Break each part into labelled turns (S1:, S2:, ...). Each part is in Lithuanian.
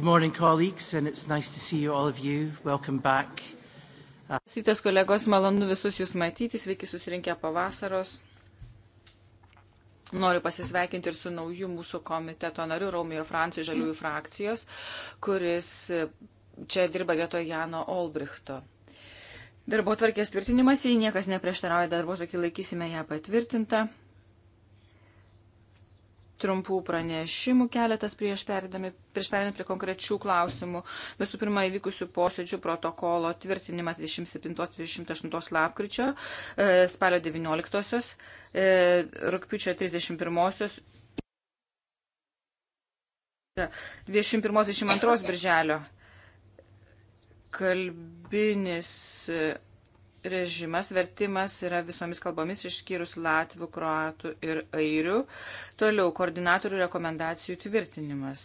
S1: Good morning, colleagues, and it's nice to see you, all of you. Welcome back.
S2: Sveikas kolegos, malonu visus jūs matyti, sveiki susirinkę pavasaros. Noriu pasisveikinti ir su nauju mūsų komiteto nariu Romijo Francijų žaliųjų frakcijos, kuris čia dirba vietoje Jano Olbrichto. Darbo tvarkės tvirtinimas, jei niekas neprieštarauja darbo tvarkį, laikysime ją patvirtintą trumpų pranešimų keletas prieš perėdami, prieš perėdami prie konkrečių klausimų. Visų pirma, įvykusių posėdžių protokolo tvirtinimas 27-28 lapkričio, e, spalio 19, rūpiučio 31. 21-22 birželio kalbinis režimas, vertimas yra visomis kalbomis išskyrus latvių, kroatų ir airių. Toliau koordinatorių rekomendacijų tvirtinimas.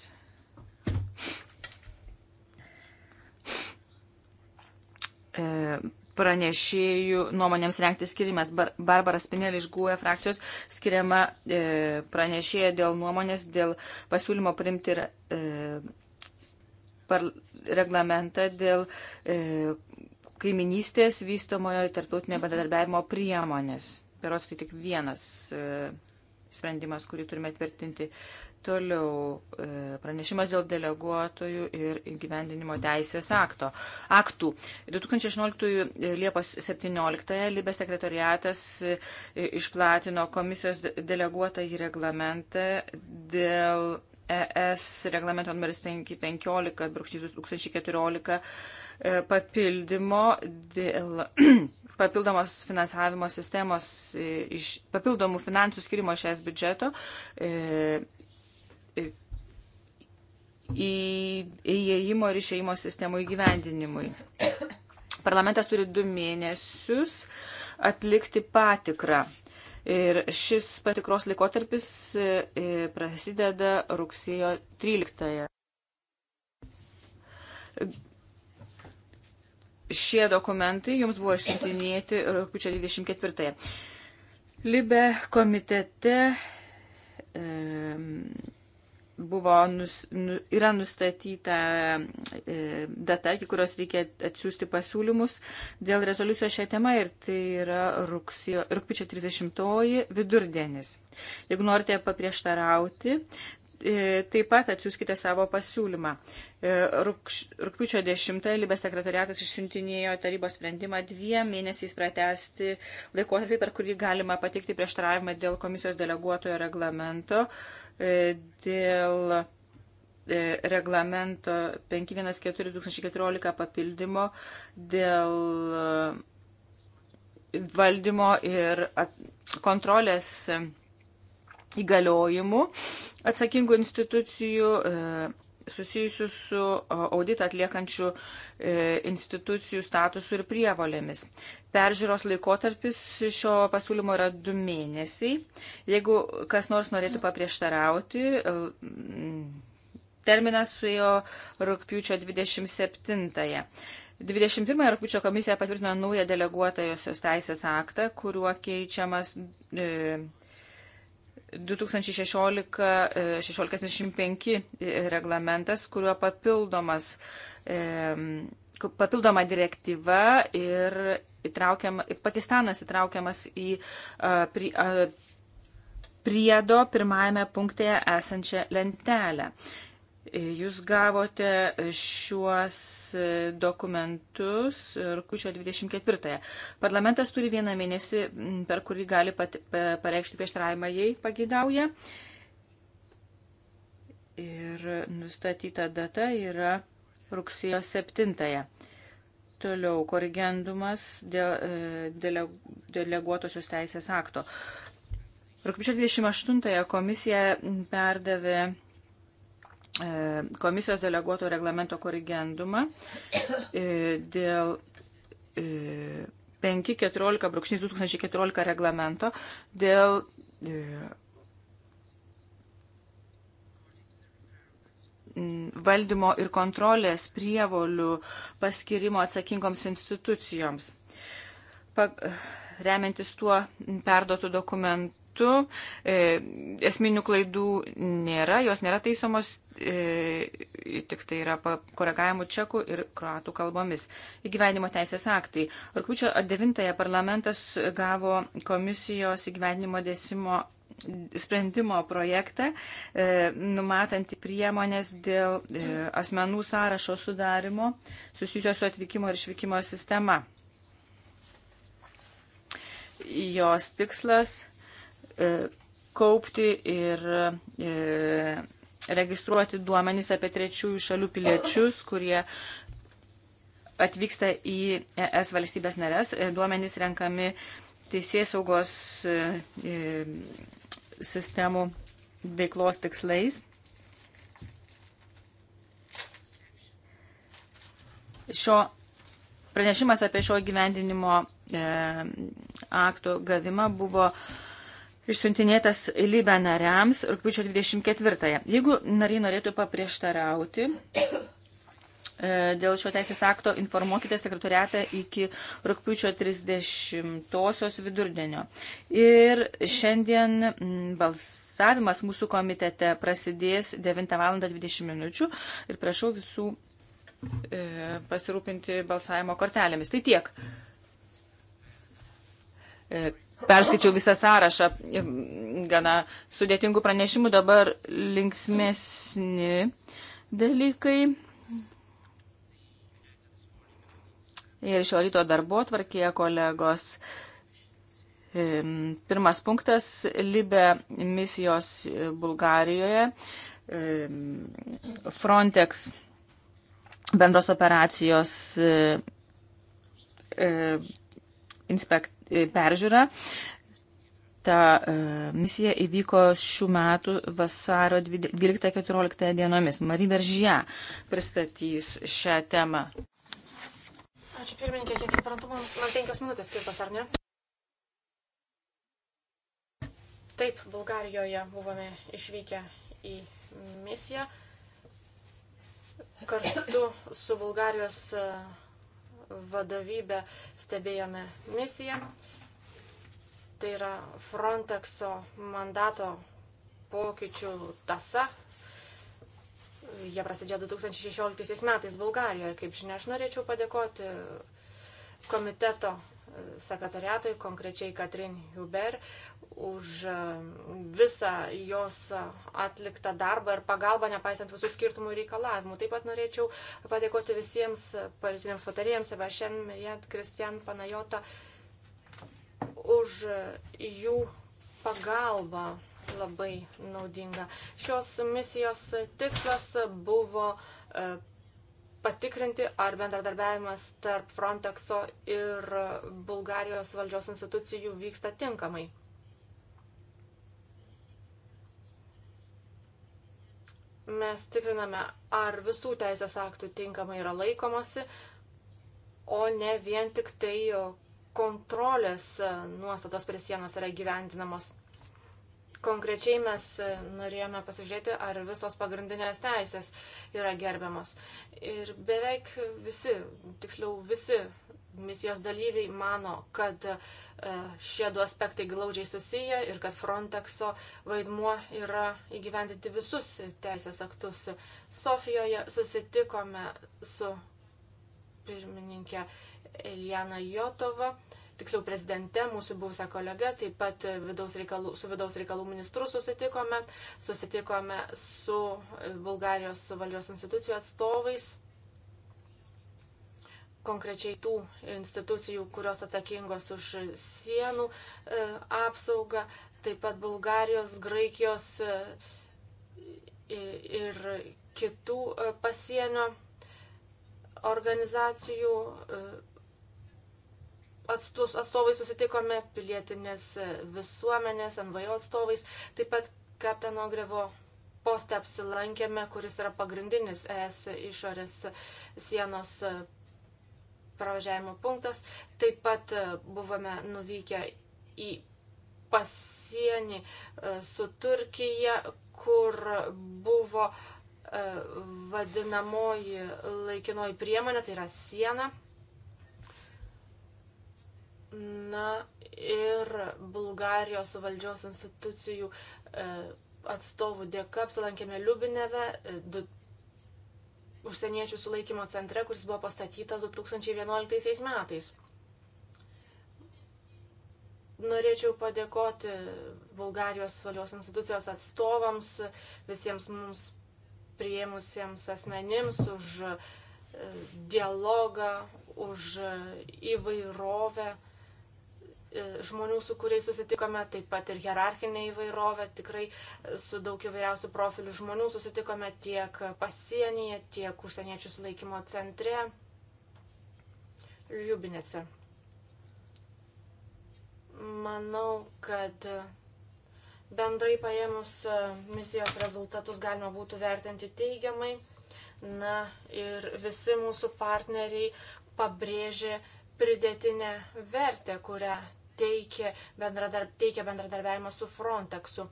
S2: E, pranešėjų nuomonėms renkti skirimas. Bar Barbara Spinelė iš GUE frakcijos skiriama e, pranešėja dėl nuomonės, dėl pasiūlymo primti e, par, reglamentą dėl e, kaiminystės vystomojo tarptautinio bendradarbiavimo priemonės. Peros tai tik vienas e, sprendimas, kurį turime tvirtinti. Toliau e, pranešimas dėl deleguotojų ir gyvendinimo teisės akto. Aktų. 2016 e, Liepos 17 Libės sekretariatas išplatino komisijos deleguotą į reglamentą dėl ES reglamento numeris 515 2014 E, papildymo dėl papildomos finansavimo sistemos, e, iš, papildomų finansų skirimo šias biudžeto e, įėjimo ir išėjimo sistemų įgyvendinimui. Parlamentas turi du mėnesius atlikti patikrą. Ir šis patikros laikotarpis prasideda rugsėjo 13. -ąją šie dokumentai jums buvo išsintinėti rūpiučio 24. Libe komitete e, buvo nus, nu, yra nustatyta e, data, iki kurios reikia atsiųsti pasiūlymus dėl rezoliucijos šią temą ir tai yra rūpiučio 30 vidurdienis. Jeigu norite paprieštarauti, E, taip pat atsiųskite savo pasiūlymą. E, rūpiučio 10 Libės sekretariatas išsiuntinėjo tarybos sprendimą dviem mėnesiais pratesti laikotarpį, per kurį galima patikti prieštaravimą dėl komisijos deleguotojo reglamento, e, dėl reglamento 514-2014 papildymo, dėl valdymo ir kontrolės įgaliojimų atsakingų institucijų e, susijusių su e, auditą atliekančių e, institucijų statusu ir prievolėmis. Peržiūros laikotarpis šio pasiūlymo yra du mėnesiai. Jeigu kas nors norėtų paprieštarauti, terminas suėjo rūpiučio 27-ąją. 21 rūpiučio komisija patvirtino naują deleguotojosios teisės aktą, kuriuo keičiamas e, 2016-1625 e, e, reglamentas, kuriuo papildomas, e, papildoma direktyva ir įtraukiam, Pakistanas įtraukiamas į pri, priedo pirmajame punkte esančią lentelę. Jūs gavote šiuos dokumentus rūpiučio 24-ąją. Parlamentas turi vieną mėnesį, per kurį gali pat, pareikšti prieštaravimą, jei pagidauja. Ir nustatyta data yra rugsėjo 7-ąją. Toliau korrigendumas dėl e, dele, deleguotosios teisės akto. Rūpiučio 28-ąją komisija perdavė E, komisijos deleguoto reglamento korigendumą e, dėl 514-2014 e, reglamento dėl valdymo ir kontrolės prievolių paskirimo atsakingoms institucijoms. Pag, remiantis tuo perdotų dokumentų metu e, esminių klaidų nėra, jos nėra taisomos, e, tik tai yra koregavimų čekų ir kroatų kalbomis. Įgyvenimo teisės aktai. Rūpiučio 9-ąją parlamentas gavo komisijos įgyvenimo dėsimo sprendimo projektą, e, numatantį priemonės dėl e, asmenų sąrašo sudarimo susijusios su atvykimo ir išvykimo sistema. Jos tikslas E, kaupti ir e, registruoti duomenys apie trečiųjų šalių piliečius, kurie atvyksta į ES valstybės narės. E, duomenys renkami teisės saugos sistemų veiklos tikslais. Šio pranešimas apie šio gyvendinimo e, akto gavimą buvo e, išsiuntinėtas Libe nariams rūpiučio 24-ąją. Jeigu nariai norėtų paprieštarauti
S3: e,
S2: dėl šio teisės akto, informuokite sekretoriatą iki rūpiučio 30-osios vidurdienio. Ir šiandien balsavimas mūsų komitete prasidės 9 val. 20 min. ir prašau visų e, pasirūpinti balsavimo kortelėmis. Tai tiek e, perskaičiau visą sąrašą gana sudėtingų pranešimų, dabar linksmėsni dalykai. Ir šio ryto darbo tvarkėje kolegos. Pirmas punktas - Libe misijos Bulgarijoje. Frontex bendros operacijos inspekt, e, peržiūra. Ta e, misija įvyko šių metų vasario 12-14 dienomis. Marija Veržyje pristatys šią temą.
S4: Ačiū pirmininkė, kiek suprantu, man, man penkios minutės skirtos, ar ne? Taip, Bulgarijoje buvome išvykę į misiją kartu su Bulgarijos uh, vadovybę stebėjome misiją. Tai yra Frontexo mandato pokyčių tasa. Jie prasidėjo 2016 metais Bulgarijoje. Kaip žinia, aš norėčiau padėkoti komiteto sekretariatui, konkrečiai Katrin Huber, už e, visą jos atliktą darbą ir pagalbą, nepaisant visų skirtumų ir reikalavimų. Taip pat norėčiau padėkoti visiems politiniams patarėjams, Sebastian Mirjant, Kristian Panajota, už jų pagalbą labai naudinga. Šios misijos tikslas buvo e, patikrinti, ar bendradarbiavimas tarp Frontexo ir Bulgarijos valdžios institucijų vyksta tinkamai. Mes tikriname, ar visų teisės aktų tinkamai yra laikomasi, o ne vien tik tai kontrolės nuostatos prie sienos yra gyvendinamos. Konkrečiai mes e, norėjome pasižiūrėti, ar visos pagrindinės teisės yra gerbiamos. Ir beveik visi, tiksliau visi misijos dalyviai mano, kad e, šie du aspektai glaudžiai susiję ir kad Frontexo vaidmuo yra įgyvendinti visus teisės aktus. Sofijoje susitikome su pirmininkė Eliana Jotova tiksliau prezidente, mūsų buvusią kolegą, taip pat vidaus reikalų, su vidaus reikalų ministru susitikome, susitikome su e, Bulgarijos valdžios institucijų atstovais, konkrečiai tų institucijų, kurios atsakingos už sienų e, apsaugą, taip pat Bulgarijos, Graikijos e, ir kitų pasienio organizacijų atstovais susitikome, pilietinės visuomenės, NVO atstovais, taip pat kapteno Grevo poste apsilankėme, kuris yra pagrindinis ES išorės sienos pravažiavimo punktas. Taip pat e, buvome nuvykę į pasienį e, su Turkija, kur buvo e, vadinamoji laikinoji priemonė, tai yra siena na ir Bulgarijos valdžios institucijų e, atstovų dėka apsilankėme Liubineve, e, užsieniečių sulaikymo centre, kuris buvo pastatytas 2011 metais. Norėčiau padėkoti Bulgarijos valdžios institucijos atstovams, visiems mums priėmusiems asmenims už e, dialogą, už įvairovę E, žmonių, su kuriais susitikome, taip pat ir hierarchinė įvairovė, tikrai e, su daug įvairiausių profilių žmonių susitikome tiek pasienyje, tiek užsieniečių sulaikymo centre, Liubinėse. Manau, kad bendrai paėmus e, misijos rezultatus galima būtų vertinti teigiamai. Na ir visi mūsų partneriai pabrėžė pridėtinę vertę, kurią teikia, bendradarb, teikia bendradarbiavimą su Frontexu.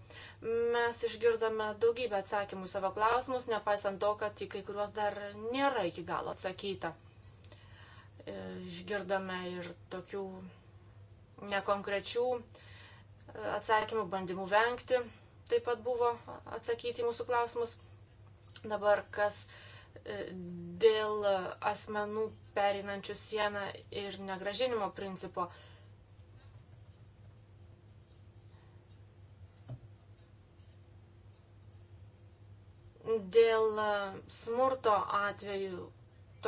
S4: Mes išgirdome daugybę atsakymų į savo klausimus, nepaisant to, kad į kai kuriuos dar nėra iki galo atsakyta. E, išgirdome ir tokių nekonkrečių e, atsakymų, bandymų vengti. Taip pat buvo atsakyti į mūsų klausimus. Dabar kas e, dėl asmenų perinančių sieną ir negražinimo principo. Dėl e, smurto atvejų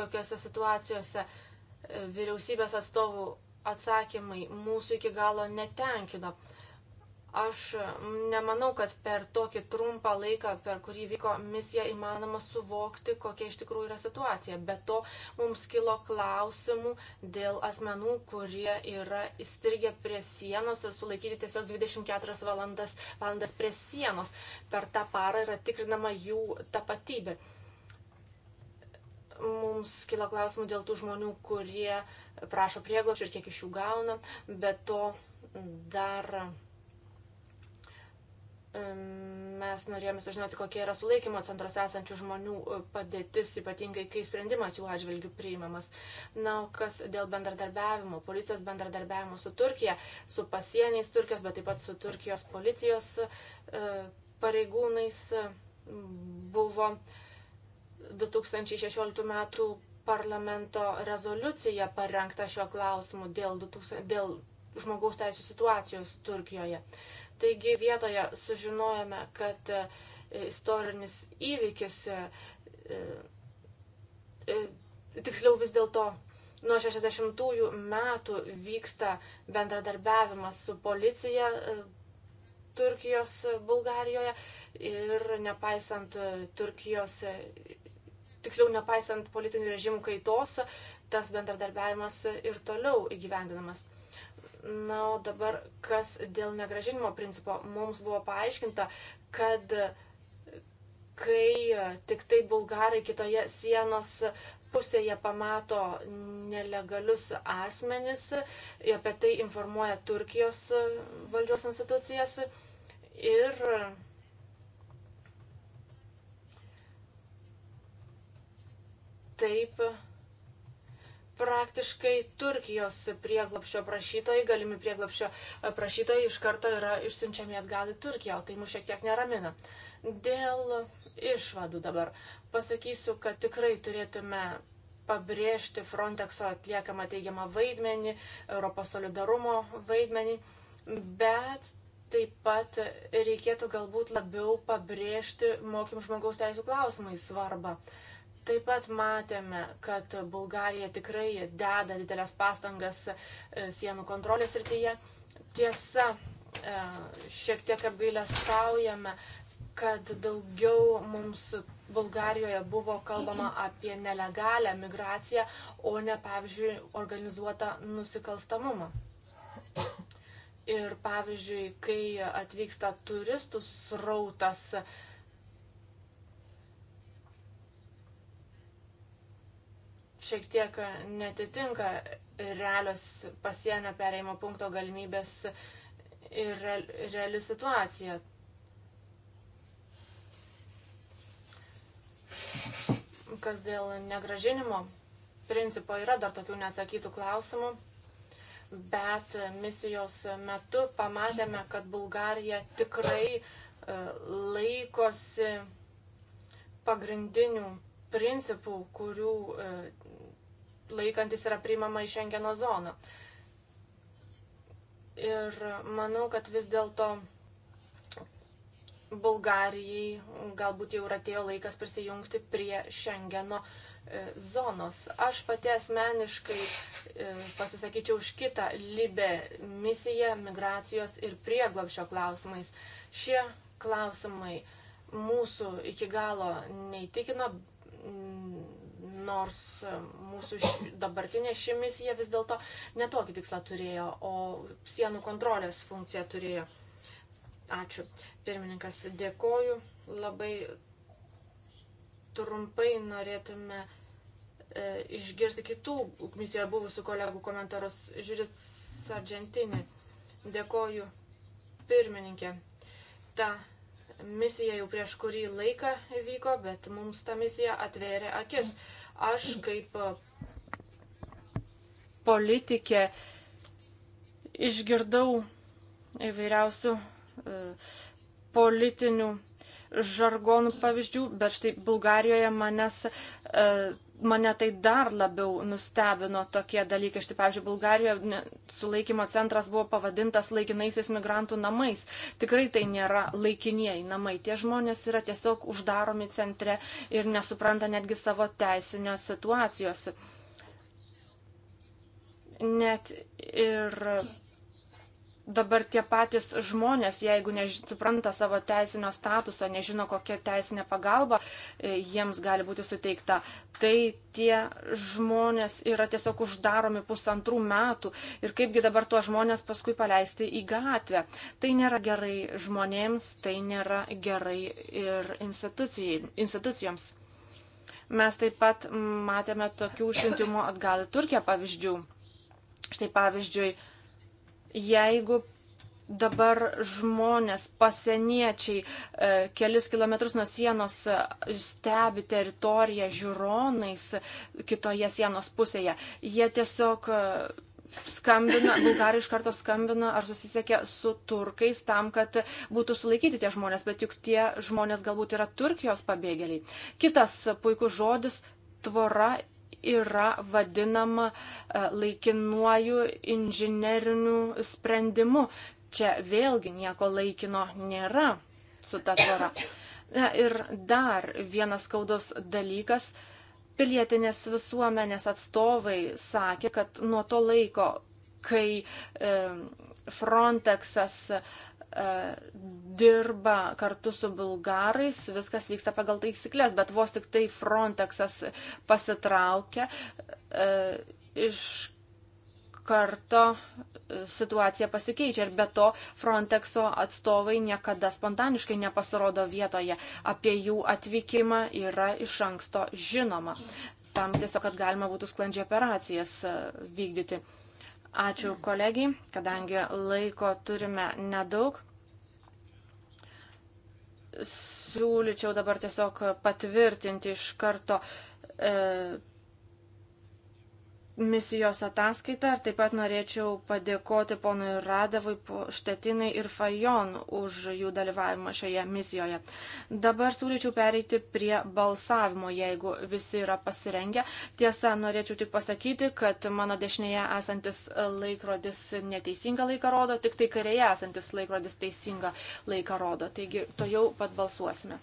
S4: tokiuose situacijose e, vyriausybės atstovų atsakymai mūsų iki galo netenkino. Aš mm, nemanau, kad per tokį trumpą laiką, per kurį vyko misija, įmanoma suvokti, kokia iš tikrųjų yra situacija. Be to, mums kilo klausimų dėl asmenų, kurie yra įstrigę prie sienos ir sulaikyti tiesiog 24 valandas, valandas prie sienos. Per tą parą yra tikrinama jų tapatybė mums kila klausimų dėl tų žmonių, kurie prašo prieglošio ir kiek iš jų gauna, bet to dar Mes norėjome sužinoti, kokia yra sulaikymo centras esančių žmonių e, padėtis, ypatingai kai sprendimas jų atžvilgių priimamas. Na, o kas dėl bendradarbiavimo, policijos bendradarbiavimo su Turkija, su pasieniais Turkijos, bet taip pat su Turkijos policijos e, pareigūnais e, buvo 2016 m. parlamento rezoliucija parengta šiuo klausimu dėl, 2000, dėl žmogaus teisų situacijos Turkijoje. Taigi vietoje sužinojome, kad e, istorinis įvykis, e, e, tiksliau vis dėlto nuo 60-ųjų metų vyksta bendradarbiavimas su policija Turkijos Bulgarijoje ir nepaisant Turkijos, tiksliau nepaisant politinių režimų kaitos, tas bendradarbiavimas ir toliau įgyvendinamas. Na, o dabar kas dėl negražinimo principo. Mums buvo paaiškinta, kad kai tik tai bulgarai kitoje sienos pusėje pamato nelegalius asmenis, apie tai informuoja Turkijos valdžios institucijas ir taip praktiškai Turkijos prieglopščio prašytojai, galimi prieglopščio e, prašytojai iš karto yra išsiunčiami atgal į Turkiją, o tai mus šiek tiek neramina. Dėl išvadų dabar pasakysiu, kad tikrai turėtume pabrėžti Frontexo atliekamą teigiamą vaidmenį, Europos solidarumo vaidmenį, bet taip pat reikėtų galbūt labiau pabrėžti mokym žmogaus teisų klausimai svarbą. Uh, Taip pat matėme, kad Bulgarija tikrai deda didelės pastangas e, sienų kontrolės rytyje. Tiesa, e, šiek tiek apgailę staujame, kad daugiau mums Bulgarijoje buvo kalbama apie nelegalią migraciją, o ne, pavyzdžiui, organizuotą nusikalstamumą. Ir pavyzdžiui, kai atvyksta turistų srautas, uh, šiek tiek netitinka realios pasienio pereimo punkto galimybės ir reali situacija. Kas dėl negražinimo principo yra dar tokių neatsakytų klausimų, bet misijos metu pamatėme, kad Bulgarija tikrai e, laikosi pagrindinių principų, kurių e, laikantis yra priimama į Šengeno zoną. Ir manau, kad vis dėlto Bulgarijai galbūt jau ir atėjo laikas prisijungti prie Šengeno e, zonos. Aš pati asmeniškai e, pasisakyčiau už kitą Libę misiją migracijos ir prieglobšio klausimais. Šie klausimai mūsų iki galo neįtikino, nors e, mūsų ši, dabartinė ši misija vis dėlto netokį tikslą turėjo, o sienų kontrolės funkciją turėjo. Ačiū. Pirmininkas, dėkoju. Labai trumpai norėtume e, išgirsti kitų misijoje buvusių kolegų komentarus. Žiūrėt, Sargentinį. Dėkoju, pirmininkė. Ta misija jau prieš kurį laiką vyko, bet mums ta misija atvėrė akis. Mm Aš kaip politikė išgirdau įvairiausių e, politinių žargonų pavyzdžių, bet štai Bulgarijoje manęs e, mane tai dar labiau nustebino tokie dalykai. Štai, pavyzdžiui, Bulgarijoje sulaikymo centras buvo pavadintas laikinaisiais migrantų namais. Tikrai tai nėra laikinieji namai. Tie žmonės yra tiesiog uždaromi centre ir nesupranta netgi savo teisinio situacijos. Net ir dabar tie patys žmonės, jeigu nesupranta savo teisinio statuso, nežino, kokia teisinė pagalba e, jiems gali būti suteikta, tai tie žmonės yra tiesiog uždaromi pusantrų metų ir kaipgi dabar tuos žmonės paskui paleisti į gatvę. Tai nėra gerai žmonėms, tai nėra gerai ir institucijoms. Mes taip pat matėme tokių siuntimo atgal į Turkiją pavyzdžių. Štai pavyzdžiui, jeigu dabar žmonės, pasieniečiai, e, kelis kilometrus nuo sienos e, stebi teritoriją žiūronais e, kitoje sienos pusėje, jie tiesiog skambina, bulgarai iš karto skambina ar susisiekia su turkais tam, kad būtų sulaikyti tie žmonės, bet juk tie žmonės galbūt yra Turkijos pabėgėliai. Kitas puikus žodis - tvora yra vadinama e, laikinuoju inžineriniu sprendimu. Čia vėlgi nieko laikino nėra su ta tvara. Na ir dar vienas skaudus dalykas. Pilietinės visuomenės atstovai sakė, kad nuo to laiko, kai e, Frontexas e, E, dirba kartu su bulgarais, viskas vyksta pagal taisyklės, bet vos tik tai Frontexas pasitraukia, e, iš karto situacija pasikeičia ir be to Frontexo atstovai niekada spontaniškai nepasirodo vietoje, apie jų atvykimą yra iš anksto žinoma, tam tiesiog, kad galima būtų sklandžiai operacijas e, vykdyti. Ačiū kolegijai, kadangi laiko turime nedaug. Siūlyčiau dabar tiesiog patvirtinti iš karto e, misijos ataskaitą ir taip pat norėčiau padėkoti ponui Radevui, Štetinai ir Fajon už jų dalyvavimą šioje misijoje. Dabar siūlyčiau pereiti prie balsavimo, jeigu visi yra pasirengę. Tiesa, norėčiau tik pasakyti, kad mano dešinėje esantis laikrodis neteisinga laika rodo, tik tai kairėje esantis laikrodis teisinga laika rodo. Taigi, to jau pat balsuosime.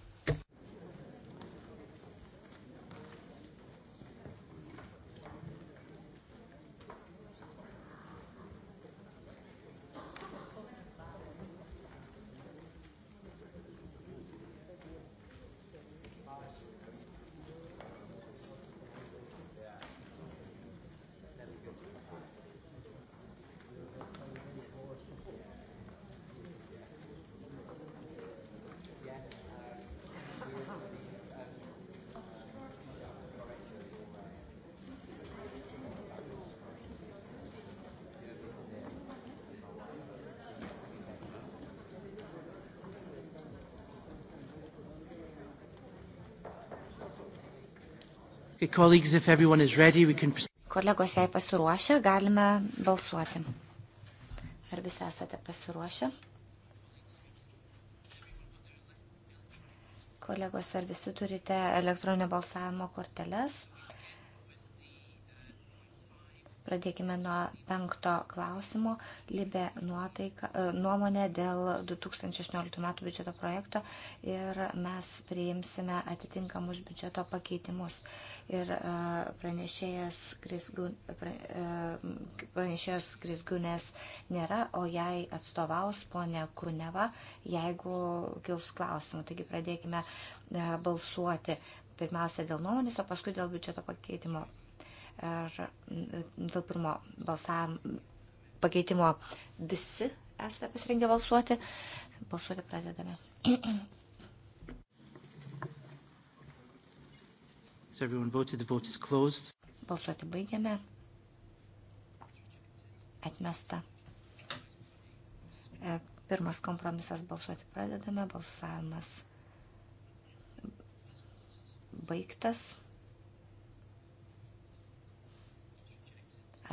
S1: Colleagues, if everyone is ready, we can...
S3: Kolegos, jei pasiruošę, galime balsuoti. Ar visi esate pasiruošę? Kolegos, ar visi turite elektroninio balsavimo korteles? Pradėkime nuo penkto klausimo. Libė nuotaika, e, nuomonė dėl 2016 m. biudžeto projekto ir mes priimsime atitinkamus biudžeto pakeitimus. Ir e, pranešėjas Grisgunės e, nėra, o jai atstovaus ponė Kuneva, jeigu kils klausimų. Taigi pradėkime balsuoti pirmiausia dėl nuomonės, o paskui dėl biudžeto pakeitimo Ir dėl pirmo balsavimo pakeitimo visi esate pasirengę balsuoti. Balsuoti pradedame. Balsuoti baigiame. Atmesta. E, pirmas kompromisas balsuoti pradedame. Balsavimas baigtas.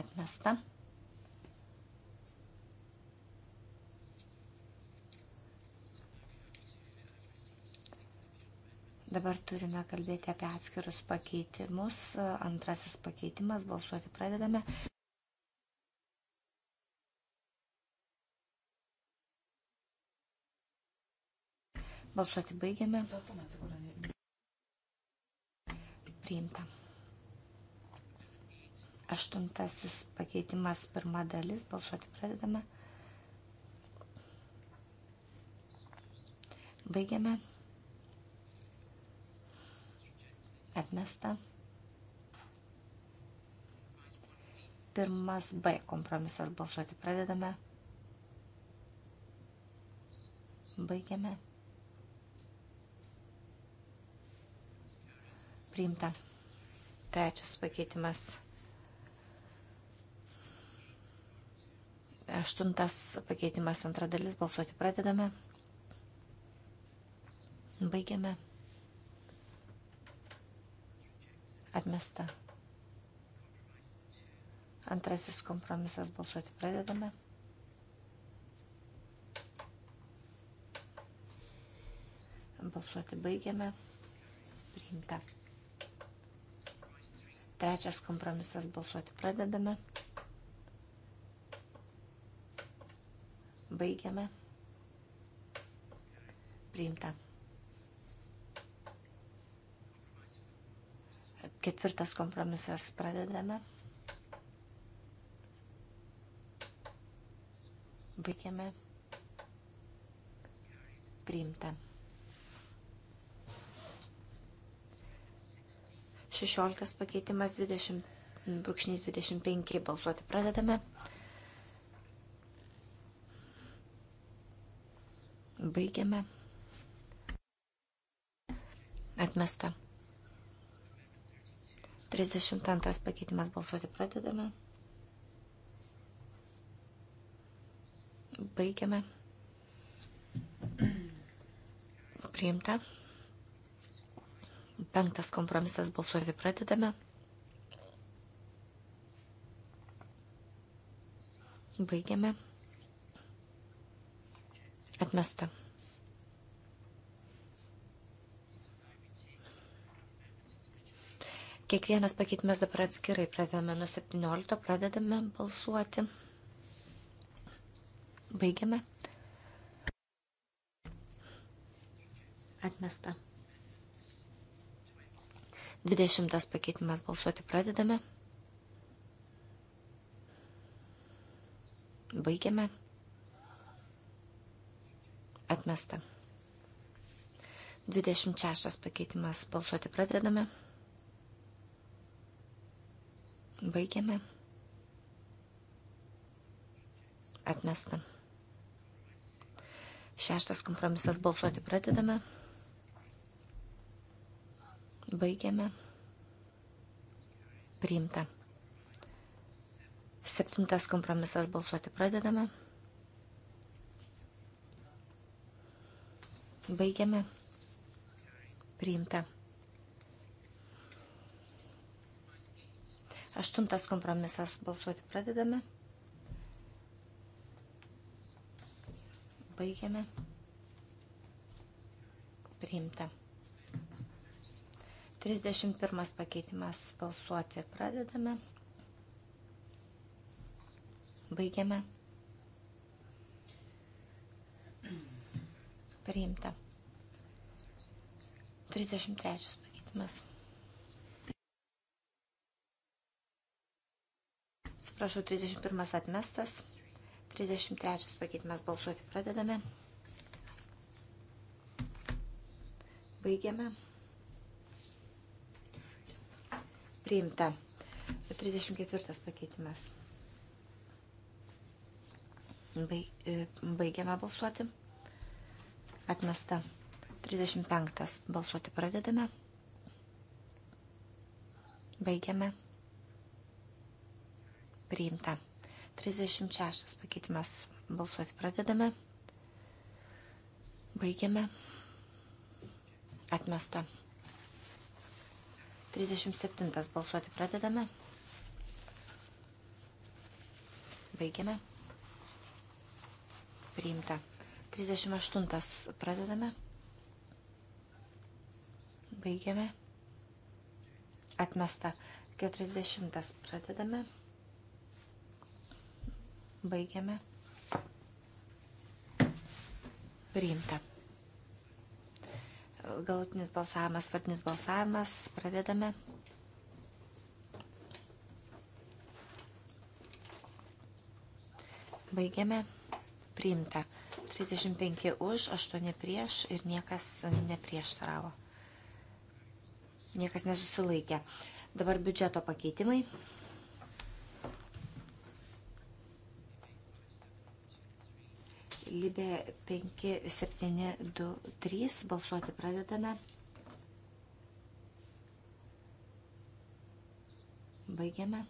S3: atmesta. Dabar turime kalbėti apie atskirus pakeitimus. Antrasis pakeitimas, balsuoti pradedame. Balsuoti baigiame. Priimta. Aštuntasis pakeitimas pirma dalis. Balsuoti pradedame. Baigiame. Atmesta. Pirmas B kompromisas balsuoti pradedame. Baigiame. Priimta. Trečias pakeitimas. Aštuntas pakeitimas antra dalis. Balsuoti pradedame. Baigiame. Atmesta. Antrasis kompromisas. Balsuoti pradedame. Balsuoti baigiame. Priimta. Trečias kompromisas. Balsuoti pradedame. Baigiame. Priimta. Ketvirtas kompromisas pradedame. Baigiame. Priimta. 16 pakeitimas 20, brūkšnys 25 balsuoti pradedame. Pradedame. Baigiame. Atmesta. 32 pakeitimas balsuoti pradedame. Baigiame. Priimta. Penktas kompromisas balsuoti pradedame. Baigiame. Atmesta. Kiekvienas pakeitimas dabar atskirai pradedame nuo 17, pradedame balsuoti. Baigiame. Atmesta. 20 pakeitimas balsuoti pradedame. Baigiame. Atmesta. 26 pakeitimas balsuoti pradedame. Baigiame. Atmesta. Šeštas kompromisas balsuoti pradedame. Baigiame. Priimta. Septintas kompromisas balsuoti pradedame. Baigiame. Priimta. Aštuntas kompromisas. Balsuoti pradedame. Baigiame. Priimta. 31 pakeitimas. Balsuoti pradedame. Baigiame. Priimta. 33 pakeitimas. Prašau, 31 atmestas. 33 pakeitimas balsuoti pradedame. Baigiame. Priimta. 34 pakeitimas. E, baigiame balsuoti. Atmesta. 35 balsuoti pradedame. Baigiame priimta. 36 pakeitimas. Balsuoti pradedame. Baigiame. Atmesta. 37 balsuoti pradedame. Baigiame. Priimta. 38 pradedame. Baigiame. Atmesta. 40 pradedame. Baigiame. Priimta. Galutinis balsavimas, vardinis balsavimas. Pradedame. Baigiame. Priimta. 35 už, 8 prieš ir niekas neprieštaravo. Niekas nesusilaikė. Dabar biudžeto pakeitimai. Lydė 5723. Balsuoti pradedame. Baigiame.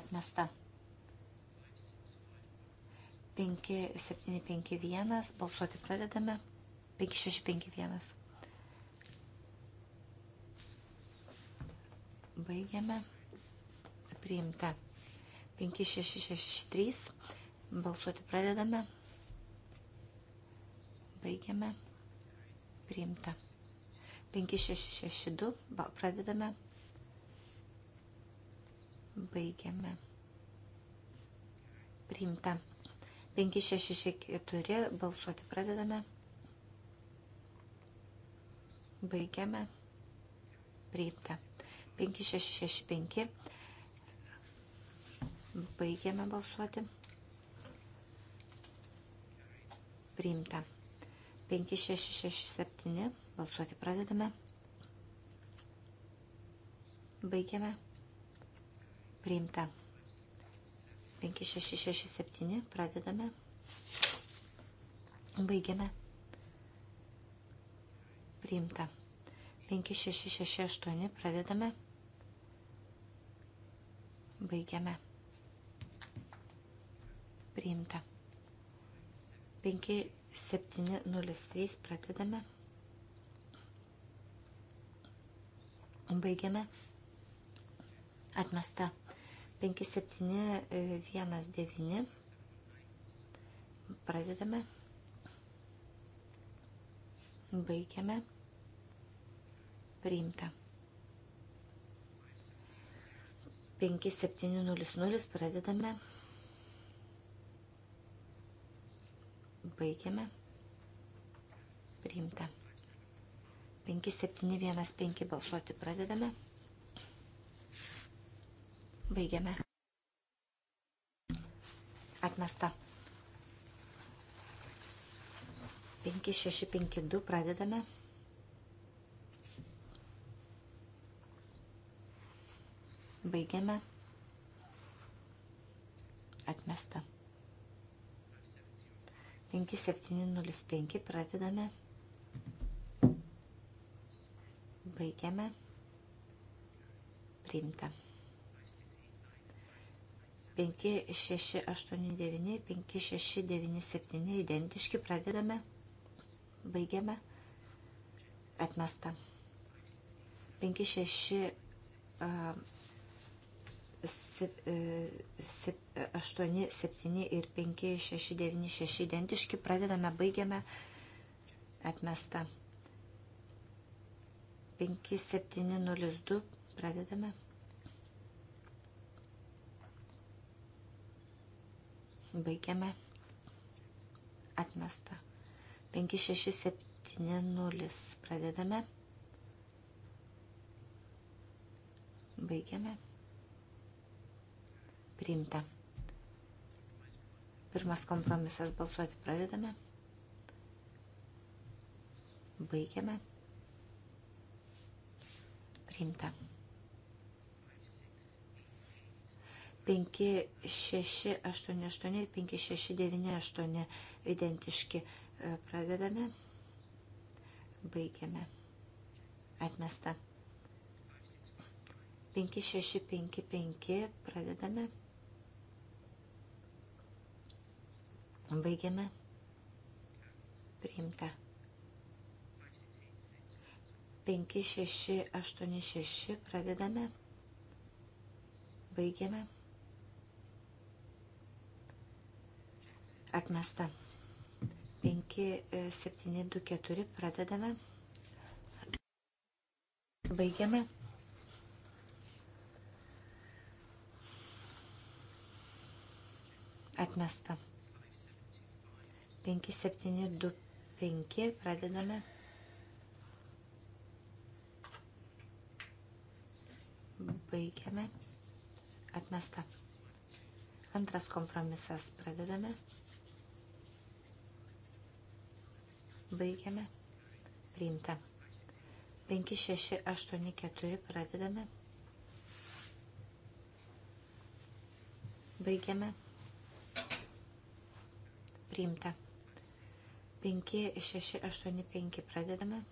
S3: Atmesta. 5751. Balsuoti pradedame. 5651. Baigiame. Priimta. 5663 Balsuoti pradedame. Baigiame. Priimta. 5662. Pradedame. Baigiame. Priimta. 5664. Balsuoti pradedame. Baigiame. Priimta. 5665. Baigiame balsuoti. priimta. 5667 balsuoti pradedame. Baigiame. Priimta. 5667 pradedame. Baigiame. Priimta. 5668 pradedame. Baigiame. Priimta. 5703 pradedame. Baigiame. Atmesta. 5719 pradedame. Baigiame. Priimta. 5700 pradedame. Baigiame. Priimta. 5715 balsuoti pradedame. Baigiame. Atmesta. 5652 pradedame. Baigiame. Atmesta. 5705 pradedame. Baigiame. Priimta. 5689 ir 5697 identiški pradedame. Baigiame. Atmesta. 56 uh, 8, 7 e, e, ir 5, 6, 9, 6 identiški. Pradedame, baigiame. Atmesta. 5, 7, 0, 2. Pradedame. Baigiame. Atmesta. 5, 6, 7, 0. Pradedame. Baigiame priimta. Pirmas kompromisas balsuoti pradedame. Baigiame. Priimta. 5688 ir 5698 identiški. E, pradedame. Baigiame. Atmesta. 5655 pradedame. Baigiame. Priimta. 5686 pradedame. Baigiame. Atmesta. 5724 e, pradedame. Baigiame. Atmesta. 5725 pradedame. Baigiame. Atmesta. Antras kompromisas pradedame. Baigiame. Priimta. 5684 pradedame. Baigiame. Priimta. 5685 pradedame.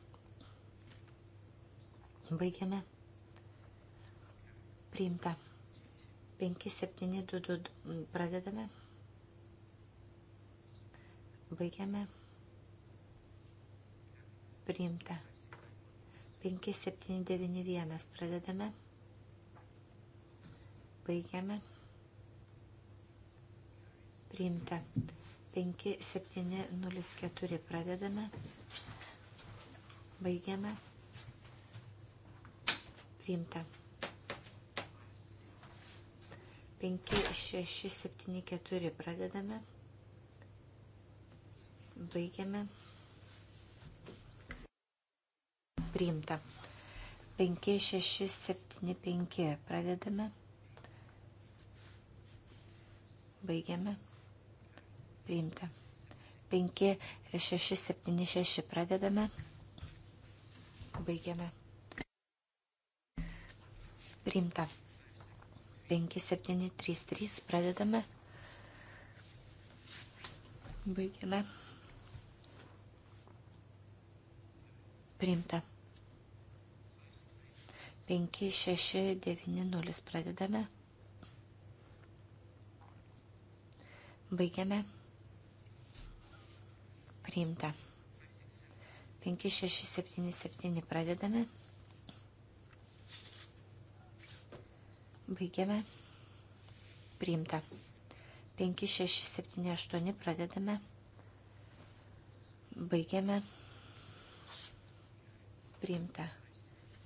S3: Baigiame. Priimta. 5722 pradedame. Baigiame. Priimta. 5791 pradedame. Baigiame. Priimta. 5704 pradedame, baigiame, priimta. 5674 pradedame, baigiame, priimta. 5675 pradedame, baigiame, priimta priimta. 5, 6, 7, 6 pradedame, baigiame. Priimta. 5, 7, 3, 3 pradedame, baigiame. Priimta. 5, 6, 9, 0 pradedame. Baigiame priimta. 5677 pradedame. Baigiame. Priimta. 5678 pradedame. Baigiame. Priimta.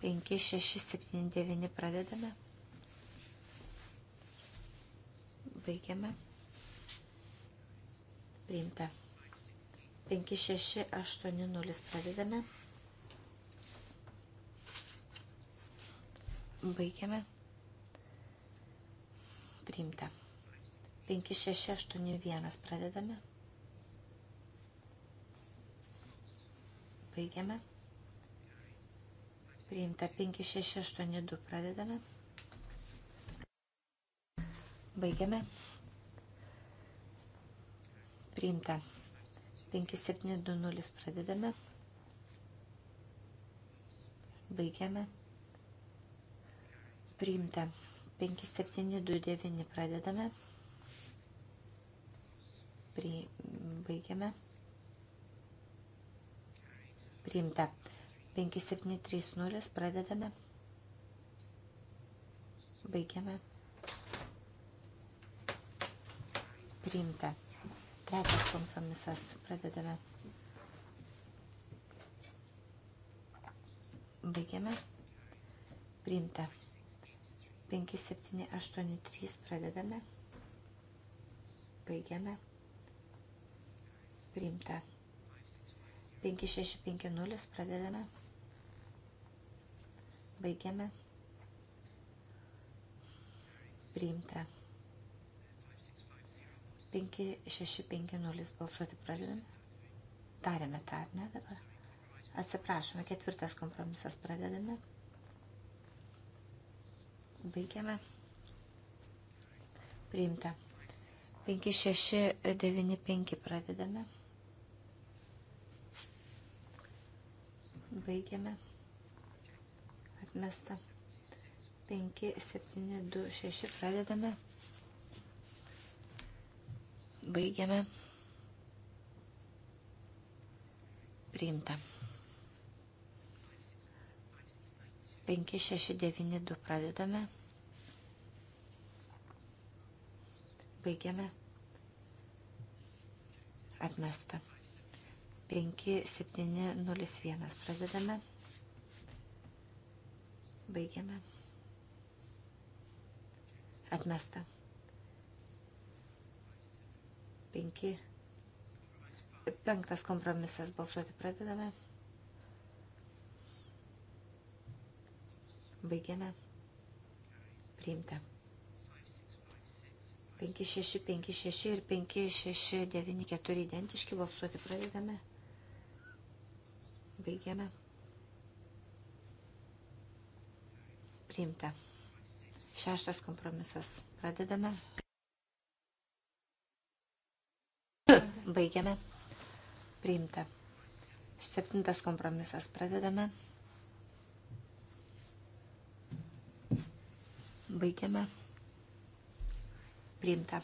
S3: 5679 pradedame. Baigiame. Priimta. 5680 pradedame. Baigiame. Priimta. 5681 pradedame. Baigiame. Priimta 5682 pradedame. Baigiame. Priimta 5720 pradedame. Baigiame. Priimta. 5729 pradedame. Pri... Baigiame. Priimta. 5730 pradedame. Baigiame. Priimta. Trečias kompromisas. Pradedame. Baigiame. Priimta. 5783 pradedame. Baigiame. Priimta. 5650 pradedame. Baigiame. Priimta. 5650 balsuoti pradedame. Darėme tą, ar ne dabar? Atsiprašome, ketvirtas kompromisas pradedame. Baigiame. Priimta. 5695 pradedame. Baigiame. Atmesta. 5726 pradedame. Baigiame. Priimta. 5692 pradedame. Baigiame. Atmesta. 5701 pradedame. Baigiame. Atmesta. 5. Penktas kompromisas. Balsuoti pradedame. Baigiame. Priimta. 5656 ir 5694 identiški. Balsuoti pradedame. Baigiame. Priimta. Šeštas kompromisas. Pradedame. Baigiame. Priimta. Septintas kompromisas. Pradedame. Baigiame. Priimta.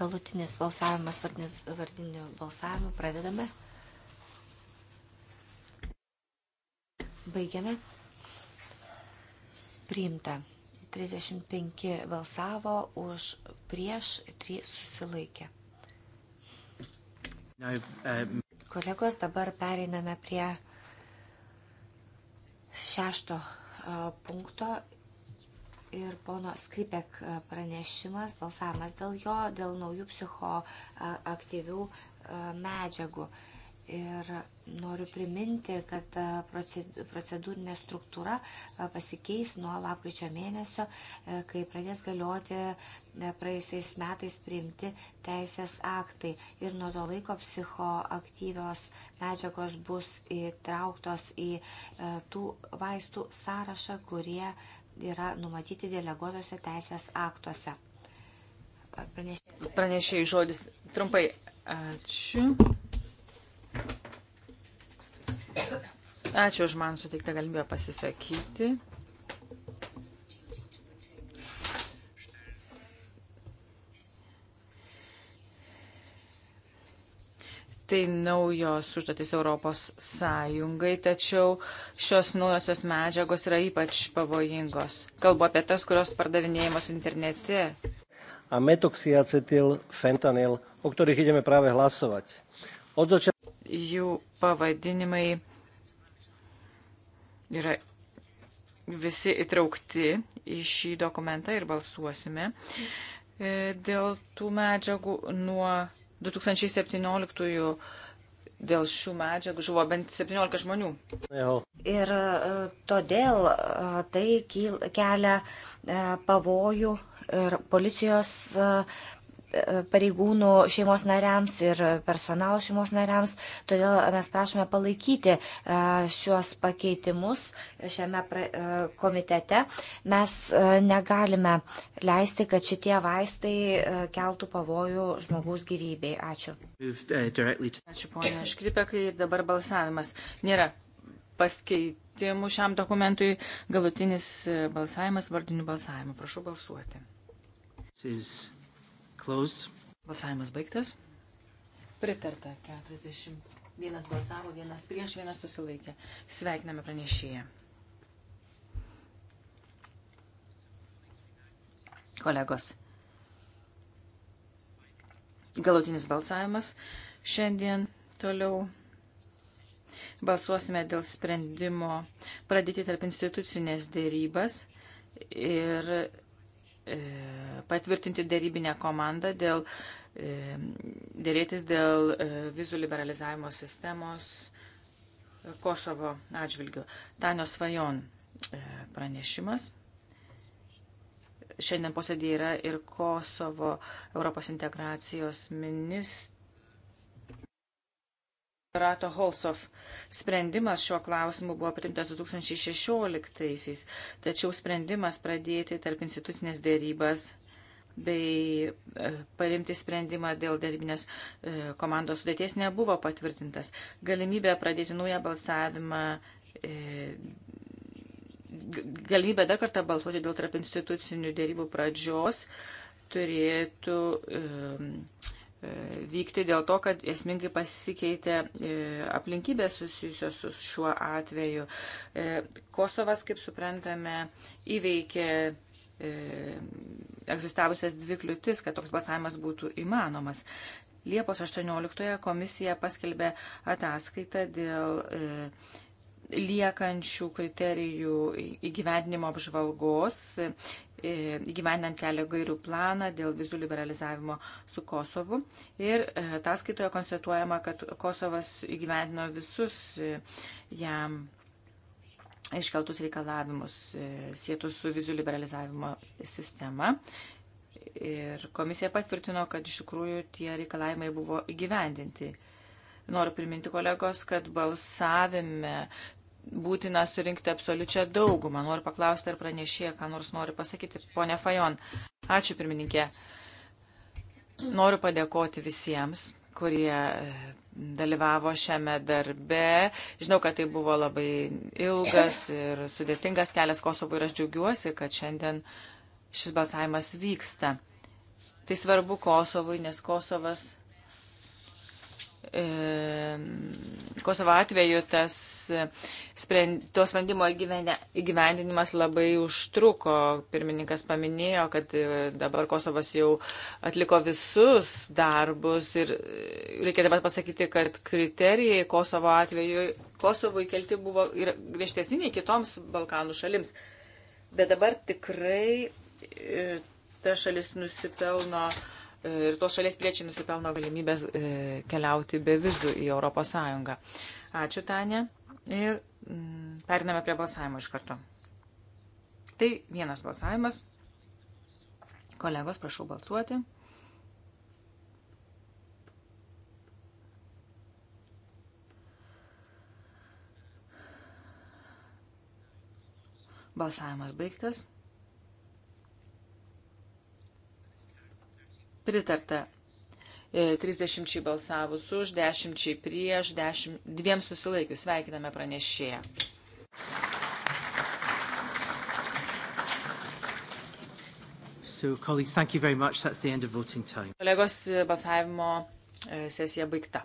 S3: Galutinis balsavimas vardinis, vardiniu balsavimu. Pradedame. Baigiame. Priimta. 35 balsavo už prieš, 3 susilaikė. Kolegos, dabar pereiname prie šešto punkto ir pono Skripek pranešimas, balsavimas dėl jo, dėl naujų psichoaktyvių medžiagų. Ir noriu priminti, kad procedūrinė struktūra pasikeis nuo lapkričio mėnesio, kai pradės galioti praėjusiais metais priimti teisės aktai. Ir nuo to laiko psichoaktyvios medžiagos bus įtrauktos į tų vaistų sąrašą, kurie yra numatyti deleguotose teisės aktuose.
S2: Pranešėjai žodis trumpai. Ačiū. Ačiū už man suteiktą galimybę pasisakyti. tai naujos užduotis Europos Sąjungai, tačiau šios naujosios medžiagos yra ypač pavojingos. Kalbu apie tas, kurios pardavinėjamos internete.
S1: A metoxiacetil, fentanyl, o ktorých ideme práve hlasovať. Od
S2: začiatku... Jų pavadinimai yra visi įtraukti į šį dokumentą ir balsuosime e, dėl tų medžiagų nuo 2017 dėl šių medžiagų žuvo bent 17 žmonių.
S3: Ir e, todėl e, tai kelia pavojų ir policijos pareigūnų šeimos nariams ir personalo šeimos nariams. Todėl mes prašome palaikyti e, šiuos pakeitimus šiame e, komitete. Mes e, negalime leisti, kad šitie vaistai keltų pavojų žmogaus gyvybei. Ačiū.
S1: Ačiū, ponia
S2: Škripekai. Ir dabar balsavimas. Nėra paskeitimų šiam dokumentui. Galutinis balsavimas vardiniu balsavimu. Prašau balsuoti.
S1: This is Close. Balsavimas baigtas.
S2: Pritarta 40. Vienas balsavo, vienas prieš, vienas susilaikė. Sveikiname pranešėją. Kolegos. Galutinis balsavimas. Šiandien toliau balsuosime dėl sprendimo pradėti tarp institucinės dėrybas ir E, patvirtinti darybinę komandą dėl e, dėrėtis dėl e, vizų liberalizavimo sistemos Kosovo atžvilgių. Danio Svajon pranešimas. Šiandien posėdėje yra ir Kosovo Europos integracijos ministras Rato Holsov sprendimas šiuo klausimu buvo priimtas 2016-aisiais, tačiau sprendimas pradėti tarp institucinės dėrybas bei e, parimti sprendimą dėl dėrybinės e, komandos sudėties nebuvo patvirtintas. Galimybė pradėti naują balsavimą e, galimybę dar kartą balsuoti dėl tarp institucinių dėrybų pradžios turėtų um, e, vykti dėl to, kad esmingai pasikeitė e, aplinkybės susijusios su šiuo atveju. E, Kosovas, kaip suprantame, įveikė e, egzistavusias dvi kliūtis, kad toks balsavimas būtų įmanomas. Liepos 18 komisija paskelbė ataskaitą dėl liekančių kriterijų įgyvendinimo apžvalgos įgyvendinant kelio gairių planą dėl vizų liberalizavimo su Kosovu. Ir e, ataskaitoje konstatuojama, kad Kosovas įgyvendino visus e, jam iškeltus reikalavimus e, sėtus su vizų liberalizavimo sistema. Ir komisija patvirtino, kad iš tikrųjų tie reikalavimai buvo įgyvendinti. Noriu priminti kolegos, kad balsavime būtina surinkti absoliučią daugumą. Noriu paklausti, ar pranešėja, ką nors nori pasakyti. Pone Fajon, ačiū pirmininkė. Noriu padėkoti visiems, kurie e, dalyvavo šiame darbe. Žinau, kad tai buvo labai ilgas ir sudėtingas kelias Kosovui ir aš džiaugiuosi, kad šiandien šis balsavimas vyksta. Tai svarbu Kosovui, nes Kosovas Kosovo atveju tas e, sprend, to sprendimo įgyvendinimas labai užtruko. Pirmininkas paminėjo, kad e, dabar Kosovas jau atliko visus darbus ir e, reikia dabar pasakyti, kad kriterijai Kosovo atveju Kosovui kelti buvo ir griežtesniai kitoms Balkanų šalims. Bet dabar tikrai ta šalis nusipelno uh, ir tos šalies piliečiai nusipelno galimybės e, keliauti be vizų į ES. Ačiū, Tanė. Ir mm, periname prie balsavimo iš karto. Tai vienas balsavimas. Kolegos, prašau balsuoti. Balsavimas baigtas. Pritarta. 30 e, balsavus už, 10 prieš, 10, dviem susilaikius. Sveikiname pranešėją.
S1: So, colleagues, thank you very much. That's the end of voting time.
S2: Kolegos, balsavimo e, sesija baigta.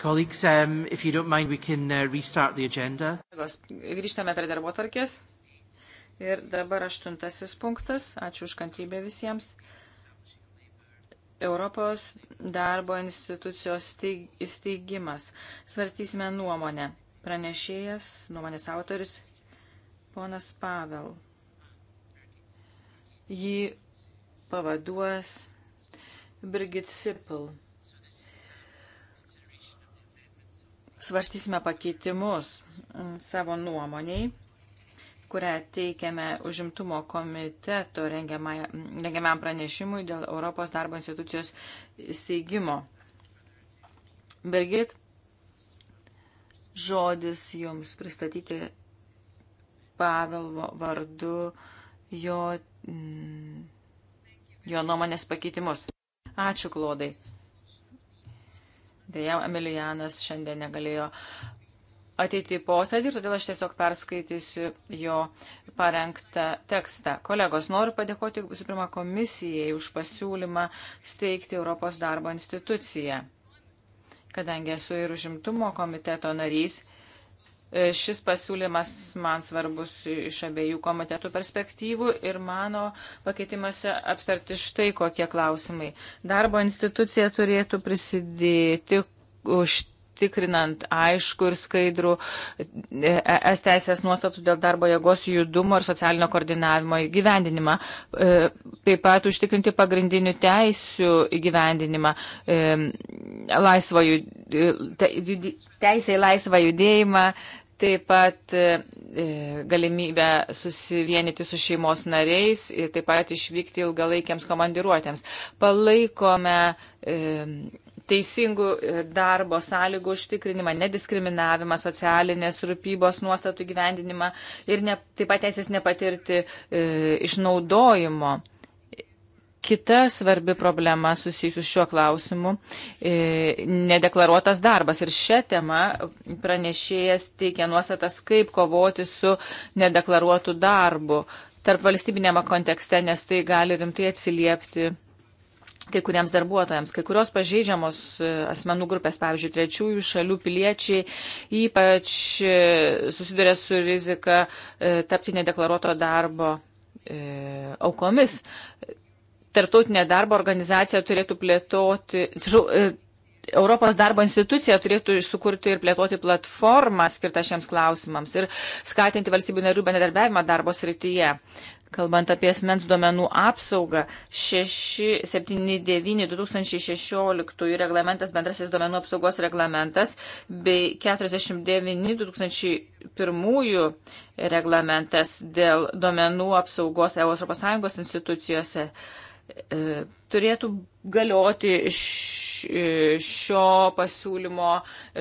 S1: Colleagues, um, if you don't mind, we can uh, restart the agenda.
S2: Grįžtame prie darbo tarkės. Ir dabar aštuntasis punktas. Ačiū už kantrybę visiems. Europos darbo institucijos įsteigimas. Svarstysime nuomonę. Pranešėjas, nuomonės autoris, ponas Pavel. Jį pavaduos Birgit Sipil. svarstysime pakeitimus mm, savo nuomoniai, kurią teikiame užimtumo komiteto mm, rengiamam pranešimui dėl Europos darbo institucijos įsteigimo. Birgit, žodis jums pristatyti Pavelvo vardu jo, mm, jo nuomonės pakeitimus. Ačiū, Klodai. Deja, Emilijanas šiandien negalėjo ateiti į posėdį ir todėl aš tiesiog perskaitysiu jo parengtą tekstą. Kolegos, noriu padėkoti visų pirma komisijai už pasiūlymą steigti Europos darbo instituciją. Kadangi esu ir užimtumo komiteto narys, E, šis pasiūlymas man svarbus iš abiejų komitetų perspektyvų ir mano pakeitimuose aptarti štai kokie klausimai. Darbo institucija turėtų prisidėti užtikrinti užtikrinant aišku ir skaidrų e, es teisės nuostatų dėl darbo jėgos judumo ir socialinio koordinavimo įgyvendinimą. E, taip pat užtikrinti pagrindinių teisių įgyvendinimą, laisvo, teisę į laisvą judėjimą, taip pat e, e, galimybę susivienyti su šeimos nariais ir taip pat išvykti ilgalaikiams komandiruotėms. Palaikome e, teisingų darbo sąlygų užtikrinimą, nediskriminavimą, socialinės rūpybos nuostatų gyvendinimą ir ne, taip pat teisės nepatirti e, išnaudojimo. Kita svarbi problema susijusiu šiuo klausimu e, - nedeklaruotas darbas. Ir šią temą pranešėjas teikia nuostatas, kaip kovoti su nedeklaruotu darbu tarp valstybinėme kontekste, nes tai gali rimtai atsiliepti kai kuriems darbuotojams. Kai kurios pažeidžiamos e, asmenų grupės, pavyzdžiui, trečiųjų šalių piliečiai, ypač e, susiduria su rizika tapti nedeklaruoto darbo aukomis tarptautinė darbo organizacija turėtų plėtoti, atsižau, e, Europos darbo institucija turėtų sukurti ir plėtoti platformą skirtą šiems klausimams ir skatinti valstybių narių bendradarbiavimą darbo srityje. Kalbant apie asmens duomenų apsaugą, 679-2016 reglamentas, bendrasis duomenų apsaugos reglamentas bei 49-2001 reglamentas dėl duomenų apsaugos ES institucijose E, turėtų galioti e, šio pasiūlymo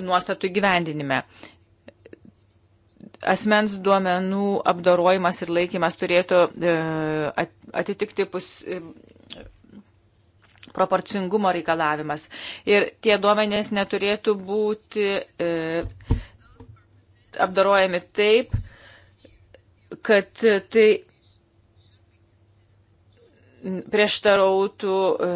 S2: nuostatų įgyvendinime. Asmens duomenų apdorojimas ir laikymas turėtų e, atitikti pus proporcingumo reikalavimas. Ir tie duomenės neturėtų būti e, apdarojami taip, kad tai prieštarautų e,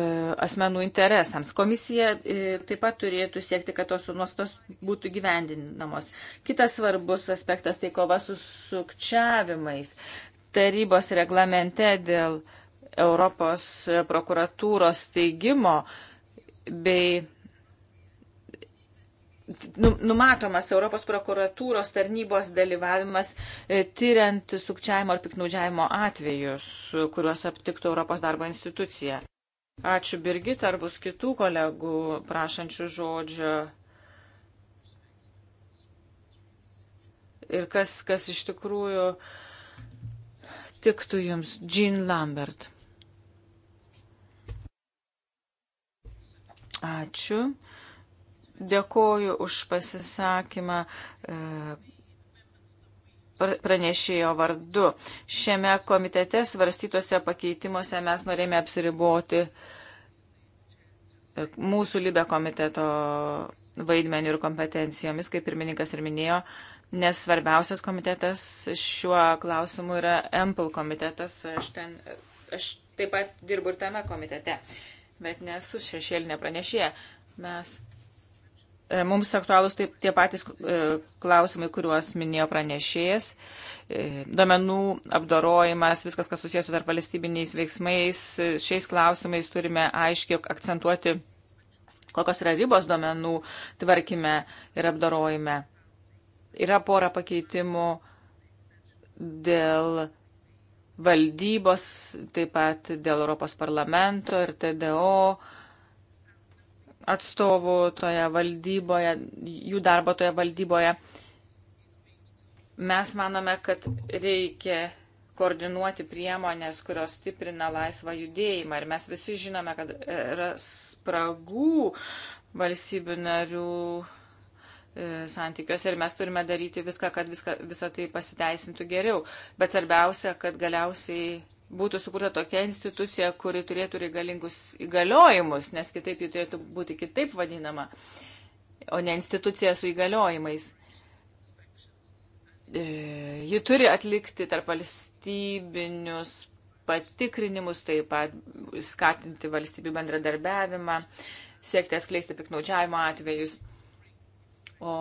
S2: asmenų interesams. Komisija e, taip pat turėtų siekti, kad tos nuostos būtų gyvendinamos. Kitas svarbus aspektas tai kova su sukčiavimais. Tarybos reglamente dėl Europos prokuratūros steigimo bei Nu, numatomas Europos prokuratūros tarnybos dalyvavimas e, tyriant sukčiavimo ar piknaudžiavimo atvejus, kuriuos aptiktų Europos darbo institucija. Ačiū Birgit, ar bus kitų kolegų prašančių žodžio. Ir kas, kas iš tikrųjų tiktų jums, Jean Lambert. Ačiū. Dėkoju už pasisakymą e, pranešėjo vardu. Šiame komitete svarstytose pakeitimuose mes norėjome apsiriboti e, mūsų libe komiteto vaidmenį ir kompetencijomis, kaip pirmininkas ir minėjo, nes svarbiausias komitetas šiuo klausimu yra Ample komitetas. Aš, ten, aš taip pat dirbu ir tame komitete, bet nesu šešėlinė pranešėja. Mes E, mums aktualūs taip, tie patys e, klausimai, kuriuos minėjo pranešėjas. E, domenų apdorojimas, viskas, kas susijęs su tarp valstybiniais veiksmais, šiais klausimais turime aiškiai akcentuoti, kokios yra ribos domenų tvarkime ir apdorojime. Yra pora pakeitimų dėl valdybos, taip pat dėl Europos parlamento ir TDO atstovų toje valdyboje, jų darbo toje valdyboje. Mes manome, kad reikia koordinuoti priemonės, kurios stiprina laisvą judėjimą. Ir mes visi žinome, kad yra spragų valstybių narių e, santykiuose ir mes turime daryti viską, kad viską, visą tai pasiteisintų geriau. Bet svarbiausia, kad galiausiai būtų sukurta tokia institucija, kuri turėtų reikalingus įgaliojimus, nes kitaip ji turėtų būti kitaip vadinama, o ne institucija su įgaliojimais. E, ji turi atlikti tarp valstybinius patikrinimus, taip pat skatinti valstybių bendradarbiavimą, siekti atskleisti piknaudžiavimo atvejus. O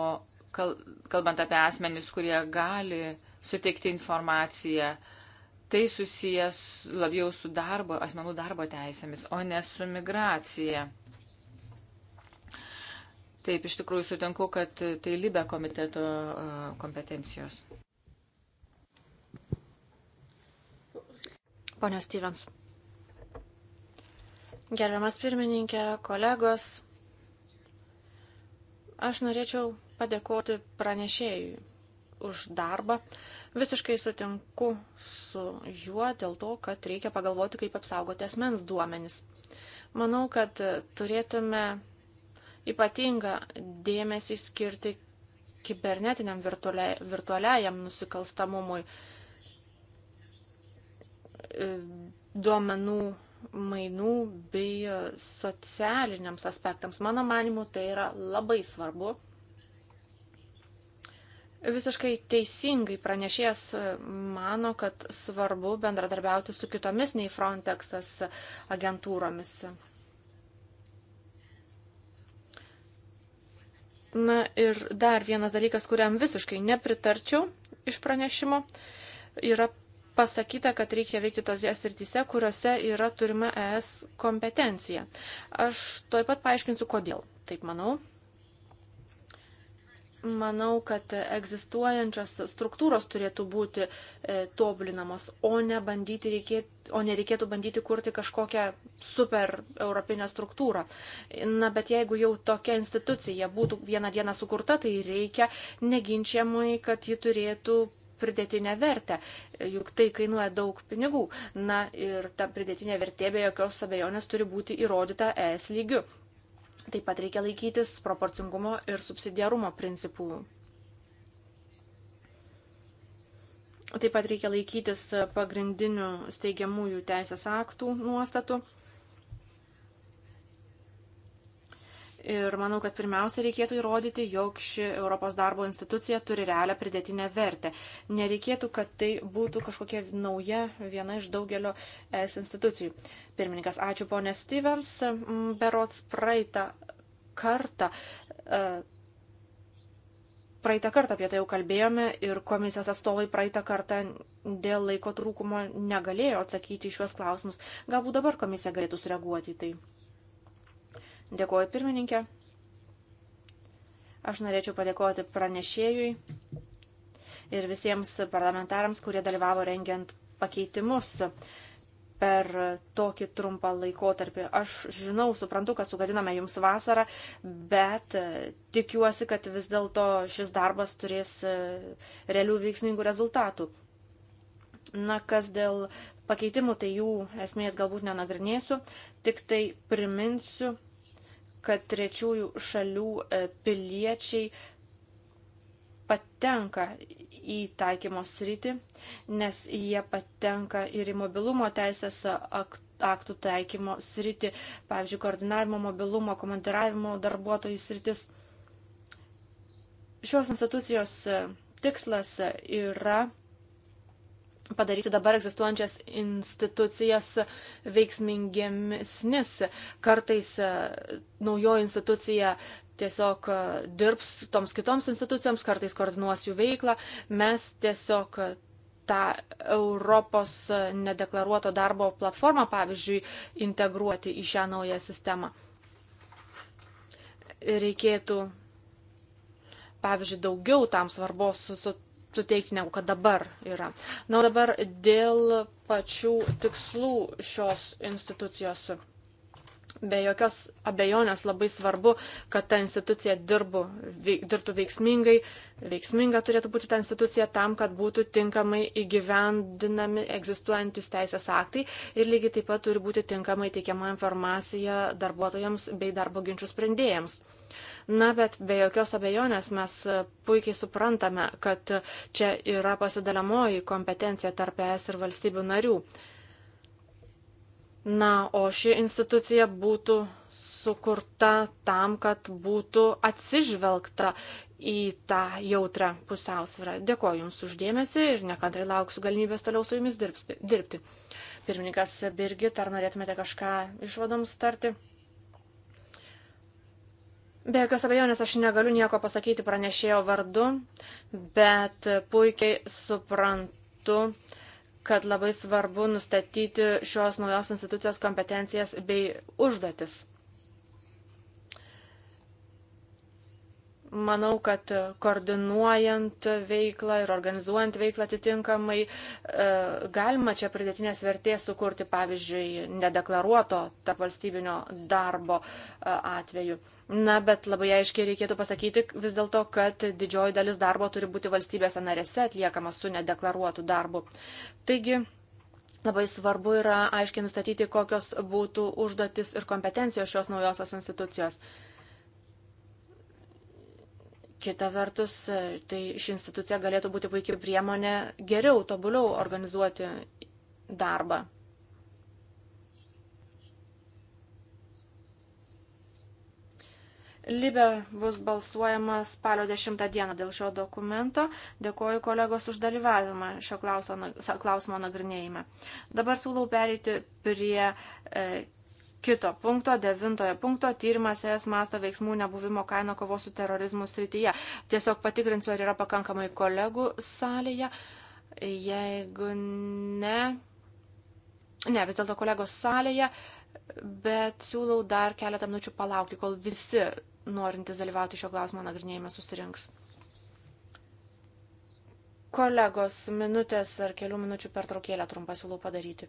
S2: kalbant apie asmenis, kurie gali suteikti informaciją, uh, tai susijęs labiau su darbo, asmenų darbo teisėmis, o ne su migracija. Taip, iš tikrųjų sutinku, kad tai libe komiteto
S4: kompetencijos. Pone Stevens. Gerbiamas pirmininkė, kolegos, aš norėčiau padėkoti pranešėjui už darbą. Visiškai sutinku su juo dėl to, kad reikia pagalvoti, kaip apsaugoti asmens duomenis. Manau, kad turėtume ypatingą dėmesį skirti kibernetiniam virtualia, virtualiajam nusikalstamumui, e, duomenų mainų bei socialiniams aspektams. Mano manimu, tai yra labai svarbu Visiškai teisingai pranešėjas mano, kad svarbu bendradarbiauti su kitomis nei Frontexas agentūromis. Na ir dar vienas dalykas, kuriam visiškai nepritarčiau iš pranešimo, yra pasakyta, kad reikia veikti tose srityse, kuriuose yra turima ES kompetencija. Aš toj pat paaiškinsiu, kodėl. Taip manau manau, kad egzistuojančios struktūros turėtų būti e, tobulinamos, o, ne reikėt, o nereikėtų bandyti kurti kažkokią super europinę struktūrą. Na, bet jeigu jau tokia institucija būtų vieną dieną sukurta, tai reikia neginčiamai, kad ji turėtų pridėtinę vertę, juk tai kainuoja daug pinigų. Na ir ta pridėtinė vertė be jokios abejonės turi būti įrodyta ES lygiu. Taip pat reikia laikytis proporcingumo ir subsidiarumo principų. Taip pat reikia laikytis pagrindinių steigiamųjų teisės aktų nuostatų. Ir manau, kad pirmiausia reikėtų įrodyti, jog ši Europos darbo institucija turi realią pridėtinę vertę. Nereikėtų, kad tai būtų kažkokia nauja viena iš daugelio es institucijų. Pirmininkas, ačiū ponė Stevens. Mm, berots praeitą kartą. E, praeitą kartą apie tai jau kalbėjome ir komisijos atstovai praeitą kartą dėl laiko trūkumo negalėjo atsakyti į šiuos klausimus. Galbūt dabar komisija galėtų sureaguoti į tai. Dėkuoju pirmininkė. Aš norėčiau padėkoti pranešėjui ir visiems parlamentarams, kurie dalyvavo rengiant pakeitimus per tokį trumpą laikotarpį. Aš žinau, suprantu, kad sugadiname jums vasarą, bet tikiuosi, kad vis dėlto šis darbas turės e, realių veiksmingų rezultatų. Na, kas dėl pakeitimų, tai jų esmės galbūt nenagrinėsiu, tik tai priminsiu, kad trečiųjų šalių e, piliečiai patenka į taikymo sritį, nes jie patenka ir į mobilumo teisės aktų taikymo sritį, pavyzdžiui, koordinavimo mobilumo, komandiravimo darbuotojų sritis. Šios institucijos e, tikslas e, yra padaryti dabar egzistuojančias institucijas veiksmingesnis. Kartais e, naujoji institucija tiesiog e, dirbs toms kitoms institucijoms, kartais koordinuos jų veiklą. Mes tiesiog tą Europos nedeklaruoto darbo platformą, pavyzdžiui, integruoti į šią naują sistemą. Reikėtų, pavyzdžiui, daugiau tam svarbos su, su suteikti, negu kad dabar yra. Na, dabar dėl pačių tikslų šios institucijos. Be jokios abejonės labai svarbu, kad ta institucija dirbu, dirbtų veiksmingai, veiksminga turėtų būti ta institucija tam, kad būtų tinkamai įgyvendinami egzistuojantis teisės aktai ir lygiai taip pat turi būti tinkamai teikiama informacija darbuotojams bei darbo ginčių sprendėjams. Uh, Na, bet be jokios abejonės mes e, puikiai suprantame, kad čia yra pasidaliamoji kompetencija tarp ES ir valstybių narių. Na, o ši institucija būtų sukurta tam, kad būtų atsižvelgta į tą jautrą pusiausvyrą. Dėkoju Jums uždėmesi ir nekantrai lauksiu galimybės toliau su Jumis dirbti. Pirmininkas Birgit, ar norėtumėte kažką išvadoms tarti? Be jokios abejonės aš negaliu nieko pasakyti pranešėjo vardu, bet puikiai suprantu, kad labai svarbu nustatyti šios naujos institucijos kompetencijas bei užduotis. Manau, kad e, koordinuojant veiklą ir organizuojant veiklą atitinkamai e, galima čia pridėtinės vertės sukurti, pavyzdžiui, nedeklaruoto tarp valstybinio darbo e, atveju. Na, bet labai aiškiai reikėtų pasakyti vis dėlto, kad didžioji dalis darbo turi būti valstybėse narėse atliekama su nedeklaruotu darbu. Taigi, Labai svarbu yra aiškiai nustatyti, kokios būtų užduotis ir kompetencijos šios naujosios institucijos. Uh, Kita vertus, e, tai ši institucija galėtų būti puikia priemonė geriau, tobuliau organizuoti darbą. Libė bus balsuojama spalio 10 dieną dėl šio dokumento. Dėkoju kolegos už dalyvavimą šio klausimo nagrinėjime. Dabar siūlau pereiti prie e, kito punkto, devintojo punkto, tyrimas ES masto veiksmų nebuvimo kaina kovos su terorizmu srityje. Tiesiog patikrinsiu, ar yra pakankamai kolegų salėje. Jeigu ne, ne, vis dėlto kolegos salėje, bet siūlau dar keletą minučių palaukti, kol visi norintys dalyvauti šio klausimo nagrinėjime susirinks. Kolegos, minutės ar kelių minučių pertraukėlę trumpą siūlau padaryti.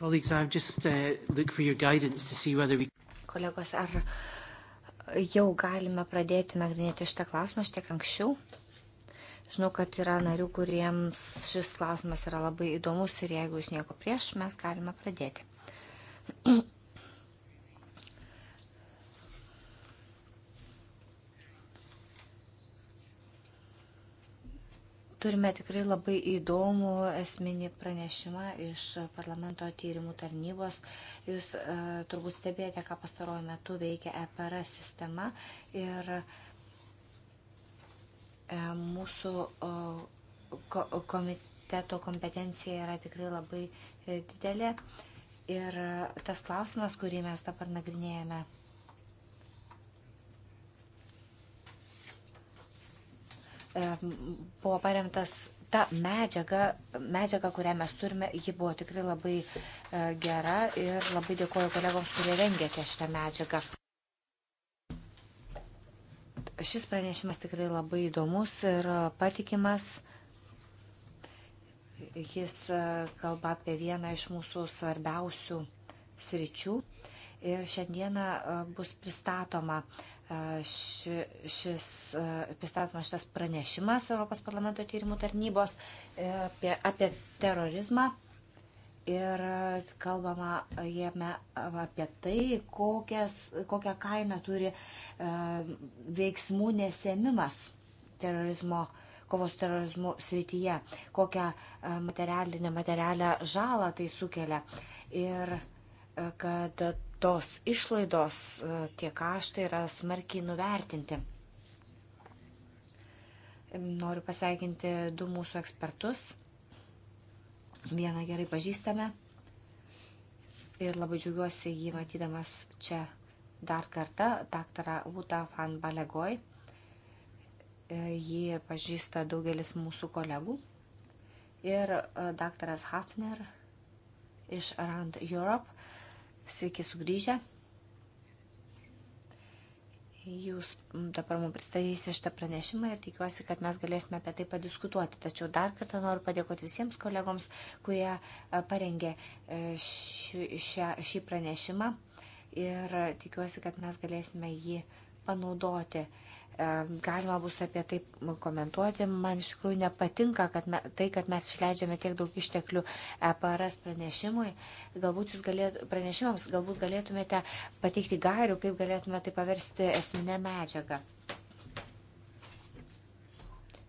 S1: Uh,
S3: Kolegos, ar jau galime pradėti nagrinėti šitą klausimą šiek tiek anksčiau? Žinau, kad yra narių, kuriems šis klausimas yra labai įdomus ir jeigu jūs nieko prieš, mes galime pradėti. Gavome tikrai labai įdomų esminį pranešimą iš parlamento tyrimų tarnybos. Jūs e, turbūt stebėjote, ką pastaruoju metu veikia EPR sistema ir e, mūsų o, ko, komiteto kompetencija yra tikrai labai e, didelė. Ir tas klausimas, kurį mes dabar nagrinėjame buvo paremtas ta medžiaga, medžiaga, kurią mes turime, ji buvo tikrai labai e, gera ir labai dėkoju kolegoms, kurie rengėte šitą medžiagą. Šis pranešimas tikrai labai įdomus ir patikimas. Jis e, kalba apie vieną iš mūsų svarbiausių sričių. Ir šiandieną e, bus pristatoma uh, ši, šis pristatomas šitas pranešimas Europos parlamento tyrimų tarnybos e, apie, apie terorizmą. Ir kalbama jame apie tai, kokias, kokią kainą turi e, veiksmų nesėmimas terorizmo, kovos terorizmų srityje, kokią e, materialinę, materialę žalą tai sukelia. Ir e, kad tos išlaidos, e, tie kaštai yra smarkiai nuvertinti. Noriu pasveikinti du mūsų ekspertus. Vieną gerai pažįstame ir labai džiaugiuosi jį matydamas čia dar kartą, daktarą Uta van Balegoj. E, jį pažįsta daugelis mūsų kolegų. Ir e, daktaras Hafner iš Rand Europe Sveiki sugrįžę. Jūs dabar mums pristatysite šitą pranešimą ir tikiuosi, kad mes galėsime apie tai padiskutuoti. Tačiau dar kartą noriu padėkoti visiems kolegoms, kurie e, parengė e, šį, šią, šį pranešimą ir tikiuosi, kad mes galėsime jį panaudoti uh, E, galima bus apie tai komentuoti. Man iš tikrųjų nepatinka kad me, tai, kad mes išleidžiame tiek daug išteklių EPRS pranešimui. Galbūt jūs galėt, pranešimams galbūt galėtumėte pateikti gairių, kaip galėtume tai paversti esminę medžiagą.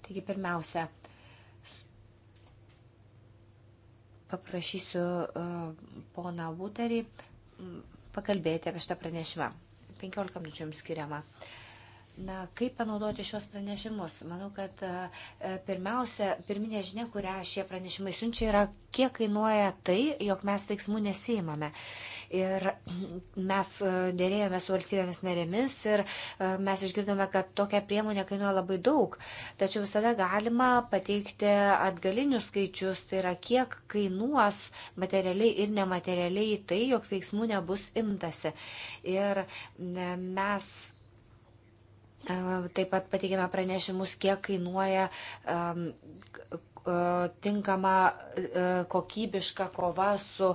S3: Taigi pirmiausia, paprašysiu uh, poną Buterį pakalbėti apie šitą pranešimą. 15 minučių jums skiriama. Uh, Na, kaip panaudoti šios pranešimus? Manau, kad e, pirmiausia, pirminė žinia, kurią šie pranešimai siunčia, yra, kiek kainuoja tai, jog mes veiksmų nesijimame. Ir mes e, dėrėjome su valstybėmis narėmis ir e, mes išgirdome, kad tokia priemonė kainuoja labai daug. Tačiau visada galima pateikti atgalinius skaičius, tai yra, kiek kainuos materialiai ir nematerialiai tai, jog veiksmų nebus imtasi. Ir mes Taip pat pateikėme pranešimus, kiek kainuoja e, tinkama e, kokybiška kova su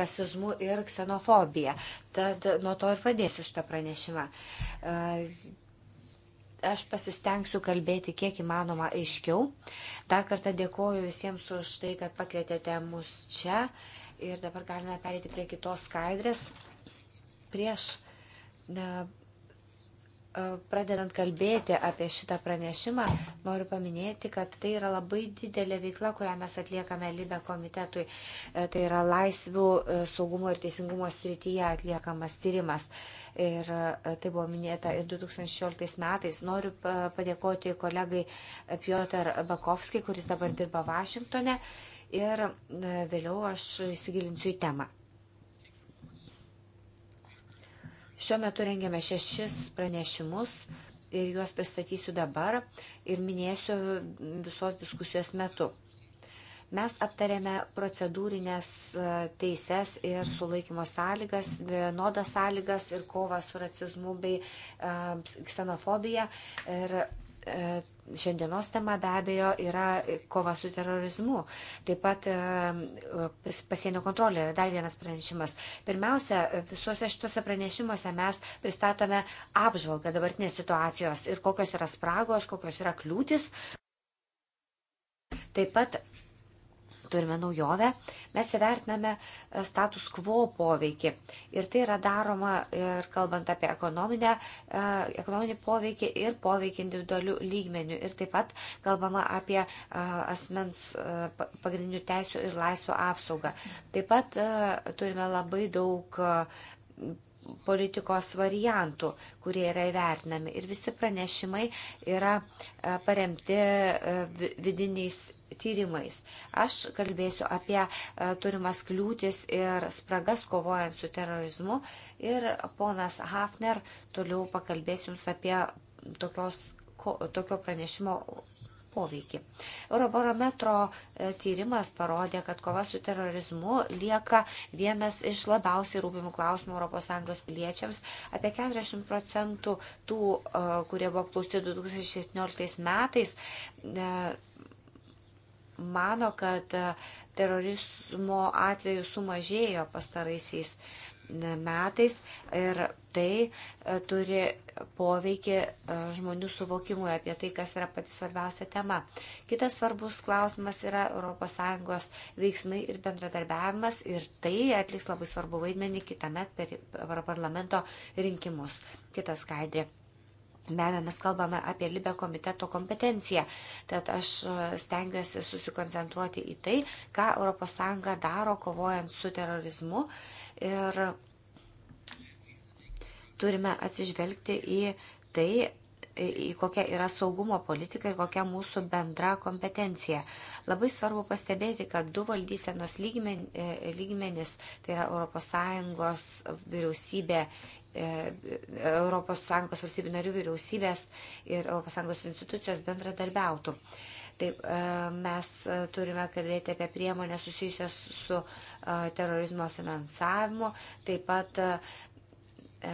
S3: rasizmu ir ksenofobija. Tad nuo to ir pradėsiu šitą pranešimą. Aš pasistengsiu kalbėti kiek įmanoma aiškiau. Dar kartą dėkoju visiems už tai, kad pakvietėte mus čia. Ir dabar galime perėti prie kitos skaidrės. Prieš e, E, pradedant kalbėti apie šitą pranešimą, noriu paminėti, kad tai yra labai didelė veikla, kurią mes atliekame Libe komitetui. E, tai yra laisvių e, saugumo ir teisingumo srityje atliekamas tyrimas. Ir tai buvo minėta ir 2016 metais. Noriu padėkoti kolegai Piotr Bakovskiai, kuris dabar dirba Vašingtone. Ir vėliau aš įsigilinsiu į temą. Šiuo metu rengiame šešis pranešimus ir juos pristatysiu dabar ir minėsiu visos diskusijos metu. Mes aptarėme procedūrinės e, teises ir sulaikymo sąlygas, vienodas sąlygas ir kovą su rasizmu bei e, ksenofobija. Ir e, šiandienos tema be abejo yra kova su terorizmu. Taip pat e, e, pasienio kontrolė yra dar vienas pranešimas. Pirmiausia, visuose šituose pranešimuose mes pristatome apžvalgą dabartinės situacijos ir kokios yra spragos, kokios yra kliūtis. Taip pat turime naujovę, mes įvertiname e, status quo poveikį. Ir tai yra daroma ir kalbant apie ekonominę, e, ekonominį poveikį ir poveikį individualių lygmenių. Ir taip pat kalbama apie e, asmens pagrindinių teisų ir laisvių apsaugą. Taip pat turime labai daug politikos variantų, kurie yra įvertinami. Ir visi pranešimai yra paremti vidiniais tyrimais. Aš kalbėsiu apie e, turimas kliūtis ir spragas kovojant su terorizmu ir ponas Hafner toliau pakalbės jums apie tokios, ko, tokio pranešimo poveikį. Eurobarometro e, tyrimas parodė, kad kova su terorizmu lieka vienas iš labiausiai rūpimų klausimų ES piliečiams. Apie 40 procentų tų, e, kurie buvo apklausti 2017 metais, mano, kad e, terorizmo atveju sumažėjo pastaraisiais metais ir tai e, turi poveikį e, žmonių suvokimui apie tai, kas yra pati svarbiausia tema. Kitas svarbus klausimas yra ES veiksmai ir bendradarbiavimas ir tai atliks labai svarbu vaidmenį kitame per Europarlamento rinkimus. Kitas skaidrė. Be abejo, mes kalbame apie Libę komiteto kompetenciją, tad aš e, stengiuosi susikoncentruoti į tai, ką ES daro kovojant su terorizmu ir turime atsižvelgti į tai, į kokią yra saugumo politika ir kokia mūsų bendra kompetencija. Labai svarbu pastebėti, kad du valdysenos lygmen, e, lygmenis, tai yra ES vyriausybė ES valstybių narių vyriausybės ir ES institucijos bendradarbiautų. Taip, e, mes turime kalbėti apie priemonę susijusias su e, terorizmo finansavimu, taip pat e, E,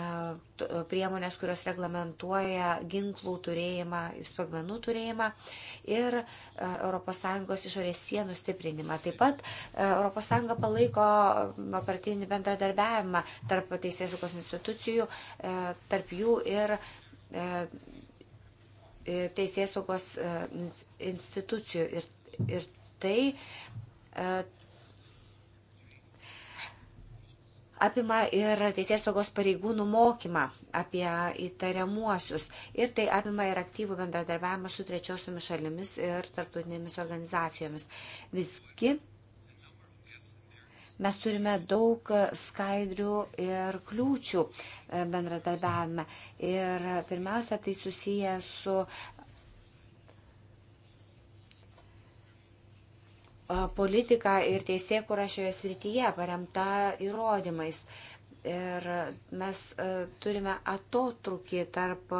S3: priemonės, kurios reglamentuoja ginklų turėjimą, sprogmenų turėjimą ir e, ES išorės sienų stiprinimą. Taip pat e, ES palaiko operatyvinį bendradarbiavimą tarp teisėsaugos institucijų, tarp jų ir teisėsaugos institucijų. Ir, ir tai apima ir teisės saugos pareigūnų mokymą apie įtariamuosius ir tai apima ir aktyvų bendradarbiavimą su trečiosiomis šalimis ir tarptautinėmis organizacijomis. Visgi mes turime daug skaidrių ir kliūčių e, bendradarbiavime. Ir pirmiausia, tai susiję su politika ir teisėkura šioje srityje paremta įrodymais. Ir mes turime atotrukį tarp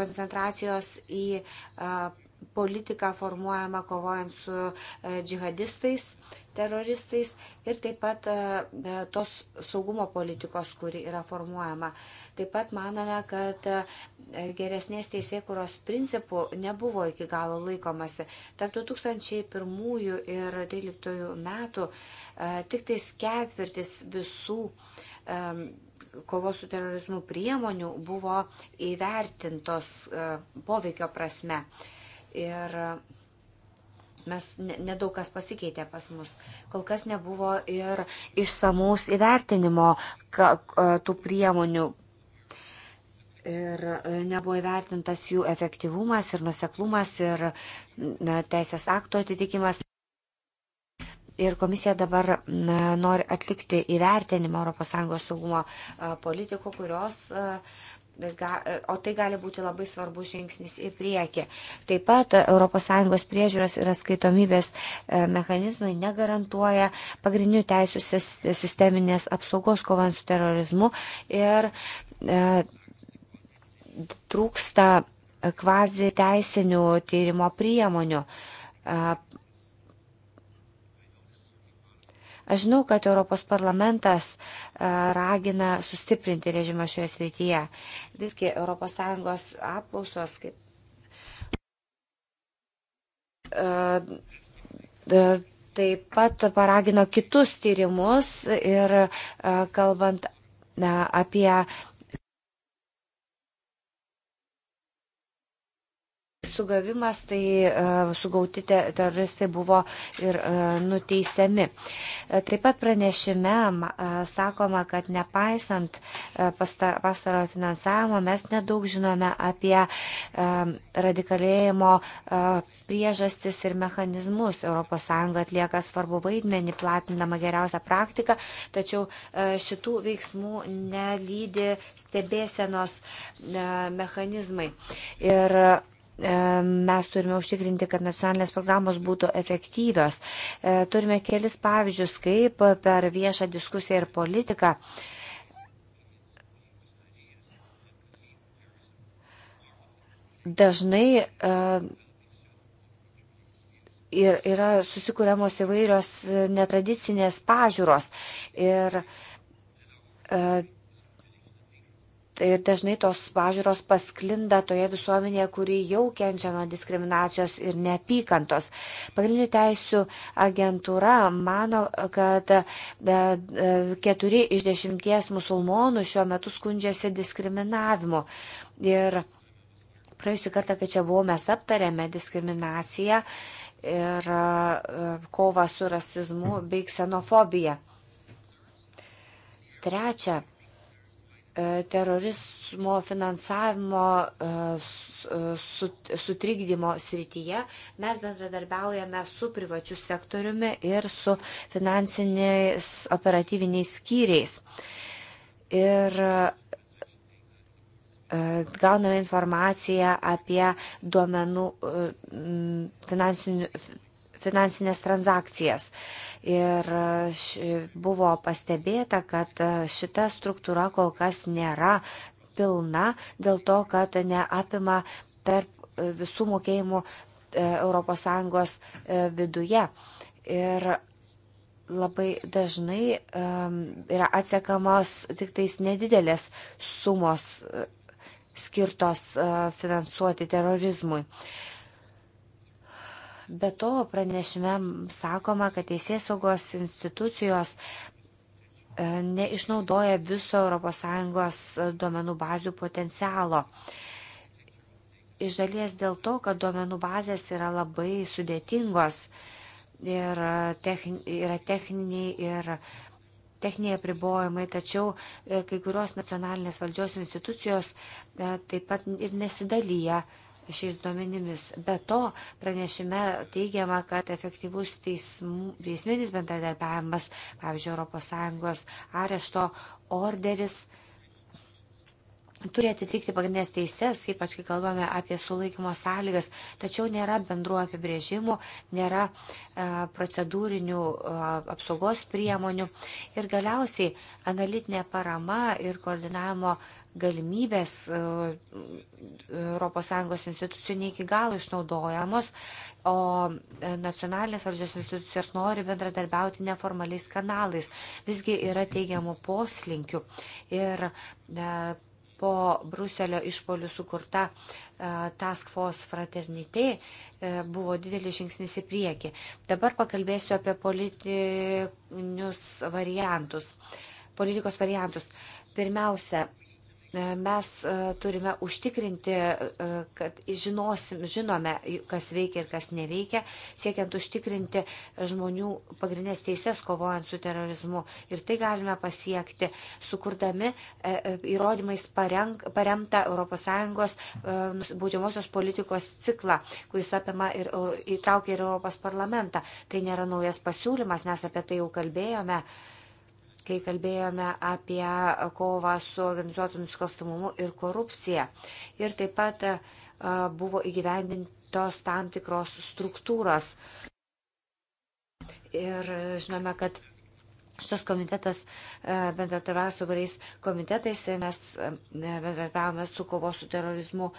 S3: koncentracijos į politika formuojama kovojant su e, džihadistais, teroristais ir taip pat e, e, tos saugumo politikos, kuri yra formuojama. Taip pat manome, kad geresnės teisėkuros principų nebuvo iki galo laikomasi. Tarp 2001 ir 2013 metų tik tais ketvirtis visų kovos su terorizmu priemonių buvo įvertintos poveikio prasme ir e, mes nedaug kas pasikeitė pas mus. Kol kas nebuvo ir išsamaus įvertinimo ka, e, tų priemonių. Ir e, nebuvo įvertintas jų efektyvumas ir nuseklumas ir na, teisės akto atitikimas. Ir komisija dabar na, nori atlikti įvertinimą ES saugumo politikų, kurios o tai gali būti labai svarbus žingsnis į priekį. Taip pat e, ES priežiūros ir atskaitomybės e, mechanizmai negarantuoja pagrindinių teisų sisteminės apsaugos kovant su terorizmu ir e, trūksta kvazi teisinių tyrimo priemonių. E, Aš žinau, kad Europos parlamentas e, ragina sustiprinti režimą šioje srityje. Visgi ES apklausos kaip. E, taip pat paragino kitus tyrimus ir e, kalbant apie sugavimas, tai e, sugauti teroristai buvo ir e, nuteisiami. E, taip pat pranešime sakoma, kad nepaisant pastarojo finansavimo mes nedaug žinome apie radikalėjimo priežastis ir mechanizmus. ES atlieka svarbu vaidmenį, platinama geriausia praktika, tačiau šitų veiksmų nelydi stebėsenos mechanizmai. Ir E, mes turime užtikrinti, kad nacionalinės programos būtų efektyvios. E, turime kelis pavyzdžius, kaip per viešą diskusiją ir politiką. Dažnai e, ir yra susikūriamos įvairios netradicinės pažiūros ir Ir dažnai tos pažiūros pasklinda toje visuomenėje, kuri jau kenčia nuo diskriminacijos ir neapykantos. Pagrindinių teisų agentūra mano, kad e, e, keturi iš dešimties musulmonų šiuo metu skundžiasi diskriminavimu. Ir praėjusį kartą, kai čia buvome, mes aptarėme diskriminaciją ir e, kovą su rasizmu bei ksenofobija. Trečia, E, terorizmo finansavimo e, e, sutrikdymo srityje mes bendradarbiaujame su privačiu sektoriumi ir su finansiniais operatyviniais skyriais. Ir gauname informaciją apie duomenų finansinių finansinės transakcijas. Ir e, buvo pastebėta, kad e, šita struktūra kol kas nėra pilna dėl to, kad neapima tarp e, visų mokėjimų ES viduje. Ir labai dažnai yra atsiekamos tik tais nedidelės sumos skirtos finansuoti terorizmui. Be to, pranešime sakoma, kad teisės saugos institucijos e, neišnaudoja viso ES duomenų bazių potencialo. Iš dalies dėl to, kad duomenų bazės yra labai sudėtingos ir e, techn, yra techniniai ir techniniai apribojimai, tačiau e, kai kurios nacionalinės valdžios institucijos taip pat ir nesidalyja šiais duomenimis. Be to, pranešime teigiama, kad efektyvus teismų, teisminis bendradarbiavimas, pavyzdžiui, ES arešto orderis turi atitikti pagrindinės teises, ypač kai kalbame apie sulaikymo sąlygas, tačiau nėra bendrų apibrėžimų, nėra e, procedūrinių e, apsaugos priemonių ir galiausiai analitinė parama ir koordinavimo galimybės ES institucijų ne iki galo išnaudojamos, o e, nacionalinės valdžios institucijos nori bendradarbiauti neformaliais kanalais. Visgi yra teigiamų poslinkių. Ir e, po Bruselio išpolių sukurta e, Task Force Fraternité buvo didelis žingsnis į priekį. Dabar pakalbėsiu apie politinius variantus. Politikos variantus. Pirmiausia, E, mes e, turime užtikrinti, e, kad žinosim, žinome, kas veikia ir kas neveikia, siekiant užtikrinti žmonių pagrindinės teises kovojant su terorizmu. Ir tai galime pasiekti, sukurdami įrodymais parenk, paremtą ES baudžiamosios politikos ciklą, kuris apima ir įtraukia ir Europos parlamentą. Tai nėra naujas pasiūlymas, mes apie tai jau kalbėjome. Yeah kai kalbėjome apie kovą su organizuotu nusikalstamumu ir korupcija. Ir taip pat e, buvo įgyvendintos tam tikros struktūros. Ir e, žinome, kad šios komitetas e, bendradarbiavo su vairiais komitetais ir mes bendradarbiavome su kovos su terorizmu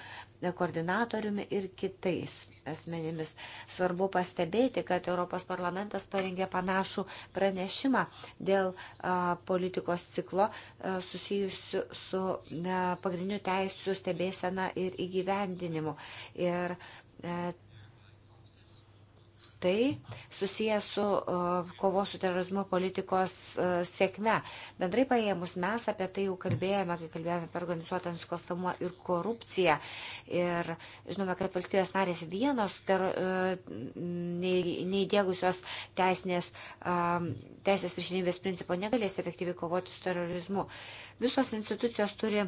S3: E, koordinatoriumi ir kitais asmenimis. Svarbu pastebėti, kad Europos parlamentas parengė panašų pranešimą dėl a, politikos ciklo a, susijusiu su pagrindiniu teisų stebėsena ir įgyvendinimu. Ir a, e, tai susijęs su e, kovos su terorizmu politikos e, sėkme. Bendrai paėmus mes apie tai jau kalbėjome, kai kalbėjome apie organizuotą nusikalstamumą ir korupciją. Ir žinome, kad valstybės narės vienos tero, e, neįdėgusios teisinės, teisės viršinybės principo negalės efektyviai kovoti su terorizmu. Visos institucijos turi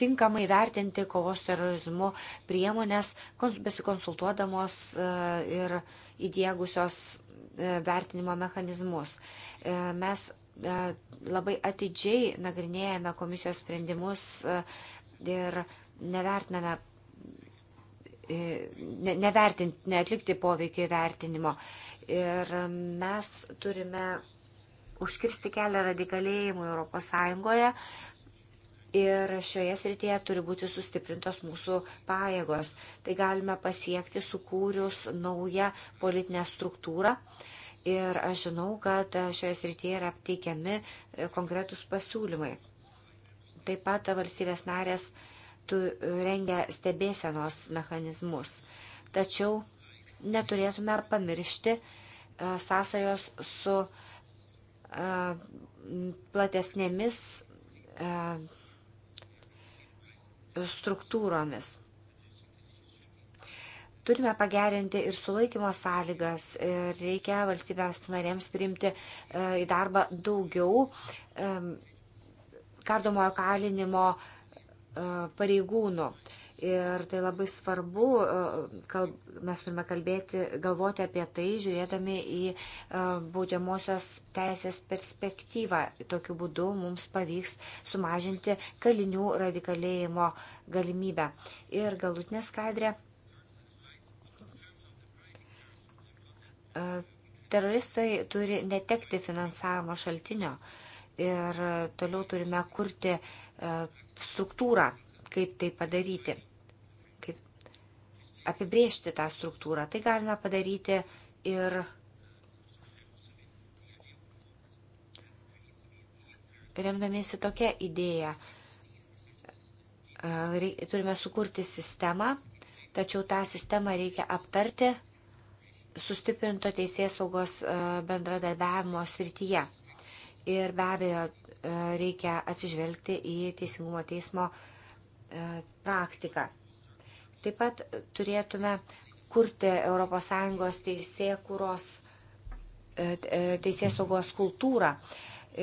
S3: tinkamai vertinti kovos terorizmu priemonės, besikonsultuodamos e, ir įdėgusios e, vertinimo mechanizmus. E, mes labai atidžiai nagrinėjame komisijos sprendimus ir nevertiname, ne, nevertint, neatlikti poveikio įvertinimo. Ir mes turime užkirsti kelią radikalėjimui Europos Sąjungoje, Ir šioje srityje turi būti sustiprintos mūsų pajėgos. Tai galime pasiekti sukūrius naują politinę struktūrą. Ir aš žinau, kad šioje srityje yra teikiami e, konkretus pasiūlymai. Taip pat valstybės narės e, rengia stebėsenos mechanizmus. Tačiau neturėtume pamiršti e, sąsajos su platesnėmis struktūromis. Turime pagerinti ir sulaikymo sąlygas, reikia valstybėms narėms priimti e, į darbą daugiau e, kardomojo kalinimo e, pareigūnų. Ir tai labai svarbu, e, mes turime kalbėti, galvoti apie tai, žiūrėdami į e, baudžiamosios teisės perspektyvą. Tokiu būdu mums pavyks sumažinti kalinių radikalėjimo galimybę. Ir galutinė skaidrė. E, teroristai turi netekti finansavimo šaltinio ir toliau turime kurti struktūrą kaip tai padaryti apibriežti tą struktūrą. Tai galime padaryti ir remdamiesi tokia idėja. Turime sukurti sistemą, tačiau tą sistemą reikia aptarti sustiprinto teisės saugos e, bendradarbiavimo srityje. Ir be abejo, e, reikia atsižvelgti į Teisingumo teismo e, praktiką. Taip pat turėtume kurti ES teisėkūros, e, e, teisės saugos kultūrą.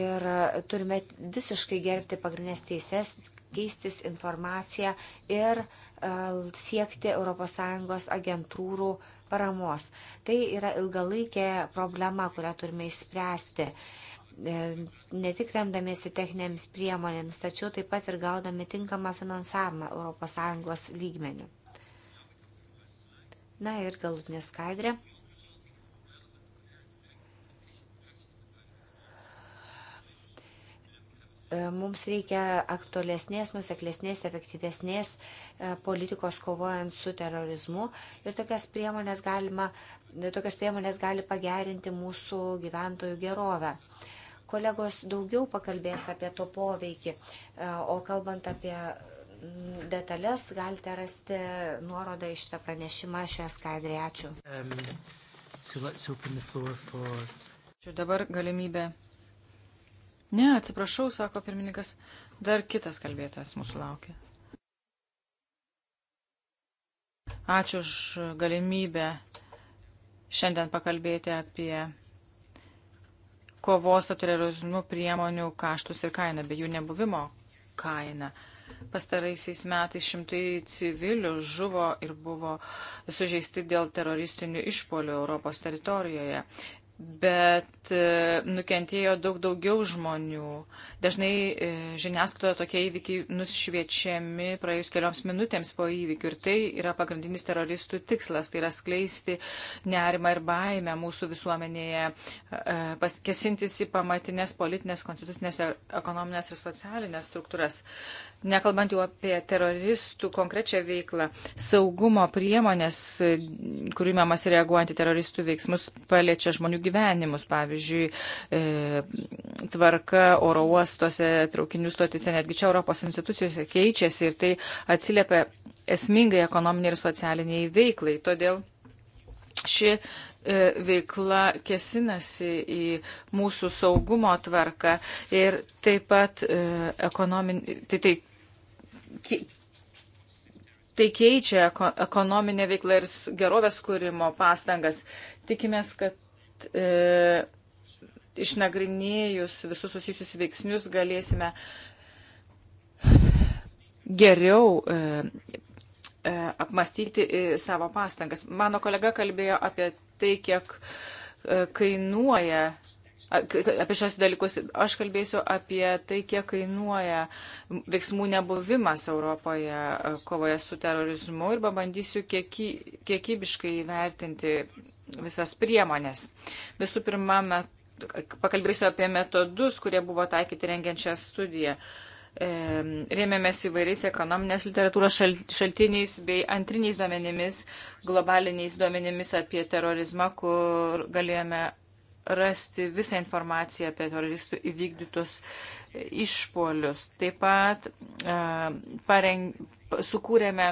S3: Ir turime visiškai gerbti pagrindinės teises, keistis informaciją ir e, siekti ES agentūrų paramos. Tai yra ilgalaikė problema, kurią turime išspręsti. Ne tik remdamiesi techninėms priemonėms, tačiau taip pat ir gaudami tinkamą finansavimą ES lygmenių. Na ir galutinė skaidrė. E, mums reikia aktualesnės, nuseklesnės, efektyvesnės e, politikos kovojant su terorizmu ir tokias priemonės, galima, tokias priemonės gali pagerinti mūsų gyventojų gerovę kolegos daugiau pakalbės apie to poveikį. E, o kalbant apie detalės galite rasti nuorodą iš šitą pranešimą šioje skaidrėje. Ačiū. Um,
S1: so for...
S3: Ačiū dabar galimybė. Ne, atsiprašau,
S2: sako pirmininkas, dar kitas kalbėtojas mūsų laukia. Ačiū už galimybę šiandien pakalbėti apie kovos su terorizmu priemonių kaštus ir kainą, bei jų nebuvimo kainą. Pastaraisiais metais šimtai civilių žuvo ir buvo sužeisti dėl teroristinių išpolių Europos teritorijoje. Bet e, nukentėjo daug daugiau žmonių. Dažnai e, žiniasklaidoje tokie įvykiai nušviečiami praėjus kelioms minutėms po įvykių. Ir tai yra pagrindinis teroristų tikslas - tai yra skleisti nerimą ir baimę mūsų visuomenėje, e, kesintis į pamatinės politinės, konstitucinės, ekonominės ir socialinės struktūras nekalbant jau apie teroristų konkrečią veiklą, saugumo priemonės, kurių mamas reaguojant į teroristų veiksmus, paliečia žmonių gyvenimus. Pavyzdžiui, e, tvarka oro uostuose, traukinių stotise, netgi čia Europos institucijose keičiasi ir tai atsiliepia esmingai ekonominiai ir socialiniai veiklai. Todėl ši e, veikla kesinasi į mūsų saugumo tvarką ir taip pat e, ekonominį, tai, tai tai keičia ekonominė veikla ir gerovės kūrimo pastangas. Tikimės, kad e, išnagrinėjus visus susijusius veiksnius galėsime geriau e, e, apmastyti e, savo pastangas. Mano kolega kalbėjo apie tai, kiek e, kainuoja apie šios dalykus. Aš kalbėsiu apie tai, kiek kainuoja veiksmų nebuvimas Europoje kovoje su terorizmu ir pabandysiu kieky, kiekybiškai įvertinti visas priemonės. Visų pirma, met, pakalbėsiu apie metodus, kurie buvo taikyti rengiančią studiją e, rėmėmės įvairiais ekonominės literatūros šaltiniais bei antriniais duomenimis, globaliniais duomenimis apie terorizmą, kur galėjome rasti visą informaciją apie teroristų įvykdytus išpolius. Taip pat e, pareng, sukūrėme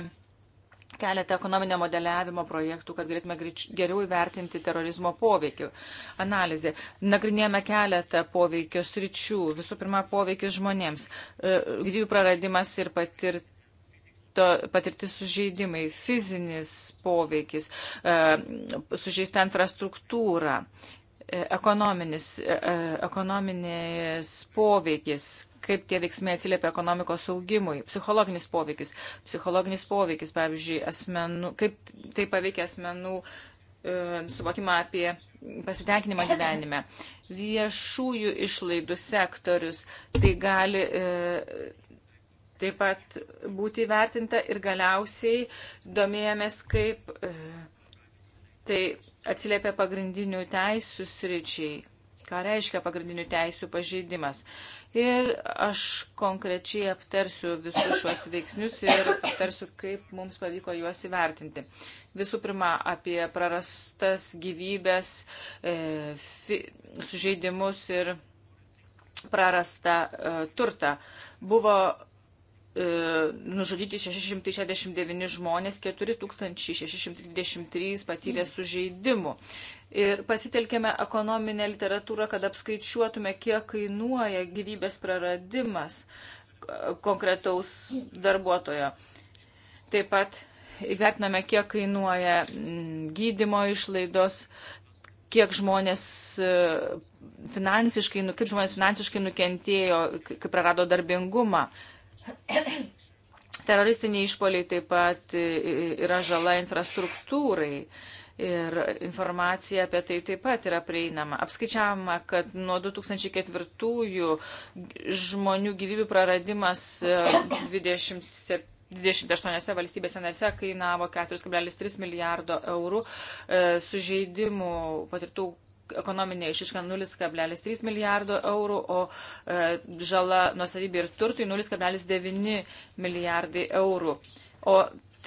S2: keletą ekonominio modeliavimo projektų, kad galėtume geriau įvertinti terorizmo poveikį. Analizė. Nagrinėjame keletą poveikio sričių. Visų pirma, poveikis žmonėms. E, gyvybių praradimas ir patirt patirti sužeidimai, fizinis poveikis, e, sužeista infrastruktūra. E, ekonominis, e, e, ekonominis poveikis, kaip tie veiksmai atsiliepia ekonomikos augimui, psichologinis poveikis, psichologinis poveikis, pavyzdžiui, asmenų, kaip tai paveikia asmenų suvokimą apie pasitenkinimą gyvenime. Viešųjų išlaidų sektorius tai gali taip pat būti įvertinta ir galiausiai domėjomės, kaip tai atsiliepia pagrindinių teisų sričiai, ką reiškia pagrindinių teisų pažeidimas. Ir aš konkrečiai aptarsiu visus šiuos veiksnius ir aptarsiu, kaip mums pavyko juos įvertinti. Visų pirma, apie prarastas gyvybės, e, fi, sužeidimus ir prarastą e, turtą. Buvo E, nužudyti 669 žmonės, 4623 patyrė mm. sužeidimų. Ir pasitelkėme ekonominę literatūrą, kad apskaičiuotume, kiek kainuoja gyvybės praradimas konkretaus darbuotojo. Taip pat įvertiname, kiek kainuoja mm, gydimo išlaidos, kiek žmonės e, finansiškai, nu, kaip žmonės finansiškai nukentėjo, kaip prarado darbingumą. Teroristiniai išpoliai taip pat yra žala infrastruktūrai ir informacija apie tai taip pat yra prieinama. Apskaičiavama, kad nuo 2004 žmonių gyvybių praradimas 27. E, 28 valstybėse narse kainavo 4,3 milijardo eurų, e, sužeidimų patirtų ekonominė išiška 0,3 milijardo eurų, o e, žala nuosavybė ir turtui 0,9 milijardai eurų. O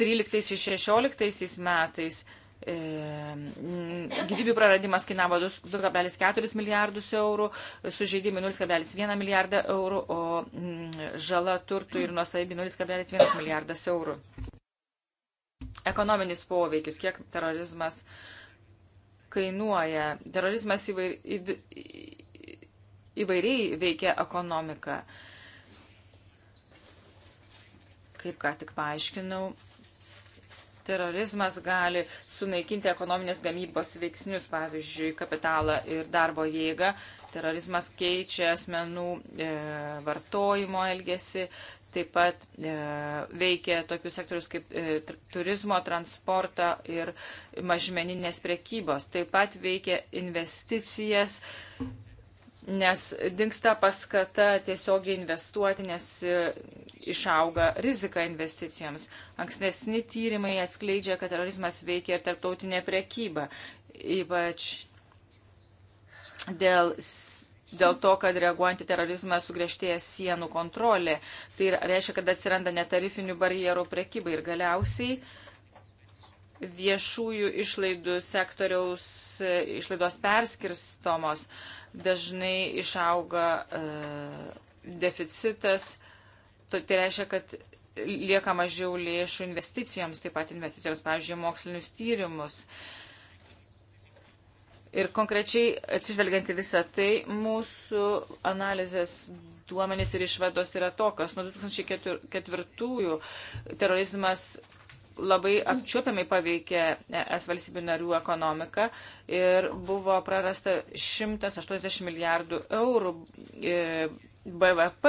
S2: 13-16 metais e, gyvybių praradimas kainavo 2,4 milijardus eurų, sužeidimai 0,1 milijardą eurų, o m, žala turtui ir nuosavybė 0,1 milijardas eurų. Ekonominis poveikis, kiek terorizmas uh, kainuoja. Terorizmas įvair, įvairiai veikia ekonomiką. Kaip ką tik paaiškinau, terorizmas gali sunaikinti ekonominės gamybos veiksnius, pavyzdžiui, kapitalą ir darbo jėgą. Terorizmas keičia asmenų e, vartojimo elgesį, Taip pat e, veikia tokius sektorius kaip e, turizmo, transporto ir mažmeninės prekybos. Taip pat veikia investicijas, nes dinksta paskata tiesiogiai investuoti, nes e, išauga rizika investicijoms. Anksnesni tyrimai atskleidžia, kad terorizmas veikia ir tarptautinė prekyba, ypač dėl dėl to, kad reaguojant į terorizmą sugriežtėja sienų kontrolė. Tai reiškia, kad atsiranda netarifinių barjerų prekybai ir galiausiai viešųjų išlaidų sektoriaus e, išlaidos perskirstomos dažnai išauga uh, deficitas. Tai reiškia, kad lieka mažiau lėšų investicijoms, taip pat investicijoms, pavyzdžiui, mokslinius tyrimus. Uh, Ir konkrečiai atsižvelgianti visą tai, mūsų analizės duomenys ir išvados yra tokios. Nuo 2004 terorizmas labai apčiuopiamai paveikė es valstybių narių ekonomiką ir buvo prarasta 180 milijardų eurų e, BVP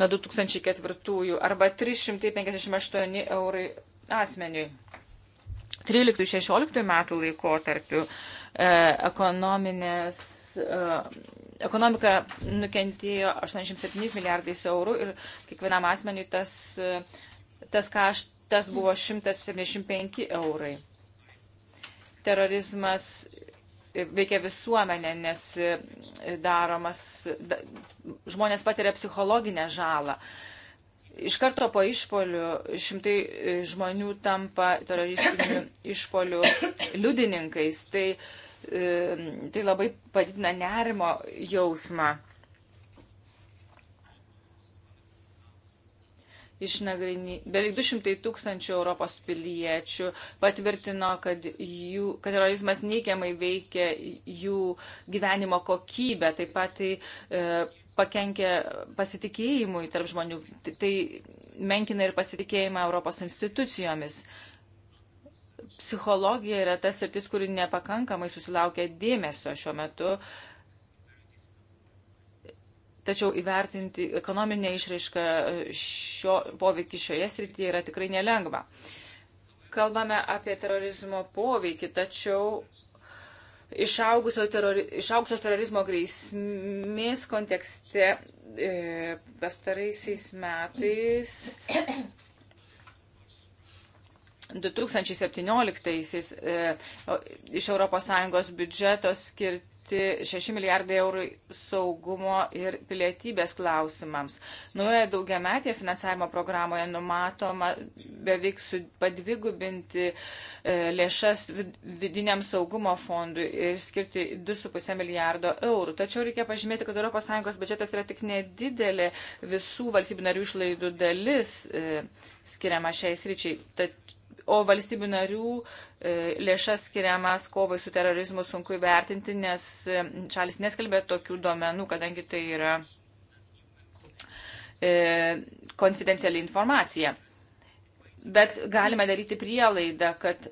S2: nuo 2004 arba 358 eurai asmeniui. 13-16 metų laikotarpiu E, ekonominės, e, ekonomika nukentėjo 87 milijardais eurų ir kiekvienam asmeniui tas, e, tas kaštas buvo 175 eurai. Terorizmas veikia visuomenė, nes daromas, da, žmonės patiria psichologinę žalą. Uh, Iš karto po išpolių šimtai e, žmonių tampa teroristinių išpolių liudininkais. Tai, e, tai labai padidina nerimo jausmą. išnagrinį, beveik 200 tūkstančių Europos piliečių patvirtino, kad, jų, kad terorizmas neigiamai veikia jų gyvenimo kokybę, taip pat tai e, pakenkia pasitikėjimui tarp žmonių, tai, tai menkina ir pasitikėjimą Europos institucijomis. Psichologija yra tas sritis, kuri nepakankamai susilaukia dėmesio šiuo metu. Tačiau įvertinti ekonominę išraišką šio poveikį šioje srityje yra tikrai nelengva. Kalbame apie terorizmo poveikį, tačiau terori, išaugusios terorizmo grėsmės kontekste e, pastaraisiais metais 2017 e, iš ES biudžeto skirti skirti 6 milijardai eurų saugumo ir pilietybės klausimams. Nuoje daugiametėje finansavimo programoje numatoma beveik padvigubinti e, lėšas vidiniam saugumo fondui ir skirti 2,5 milijardo eurų. Tačiau reikia pažymėti, kad ES biudžetas yra tik nedidelė visų valstybių narių išlaidų dalis e, skiriama šiais ryčiai. Tačiau o valstybių narių e, lėšas skiriamas kovai su terorizmu sunku įvertinti, nes e, šalis neskelbė tokių duomenų, kadangi tai yra e, konfidenciali informacija. Bet galime daryti prielaidą, kad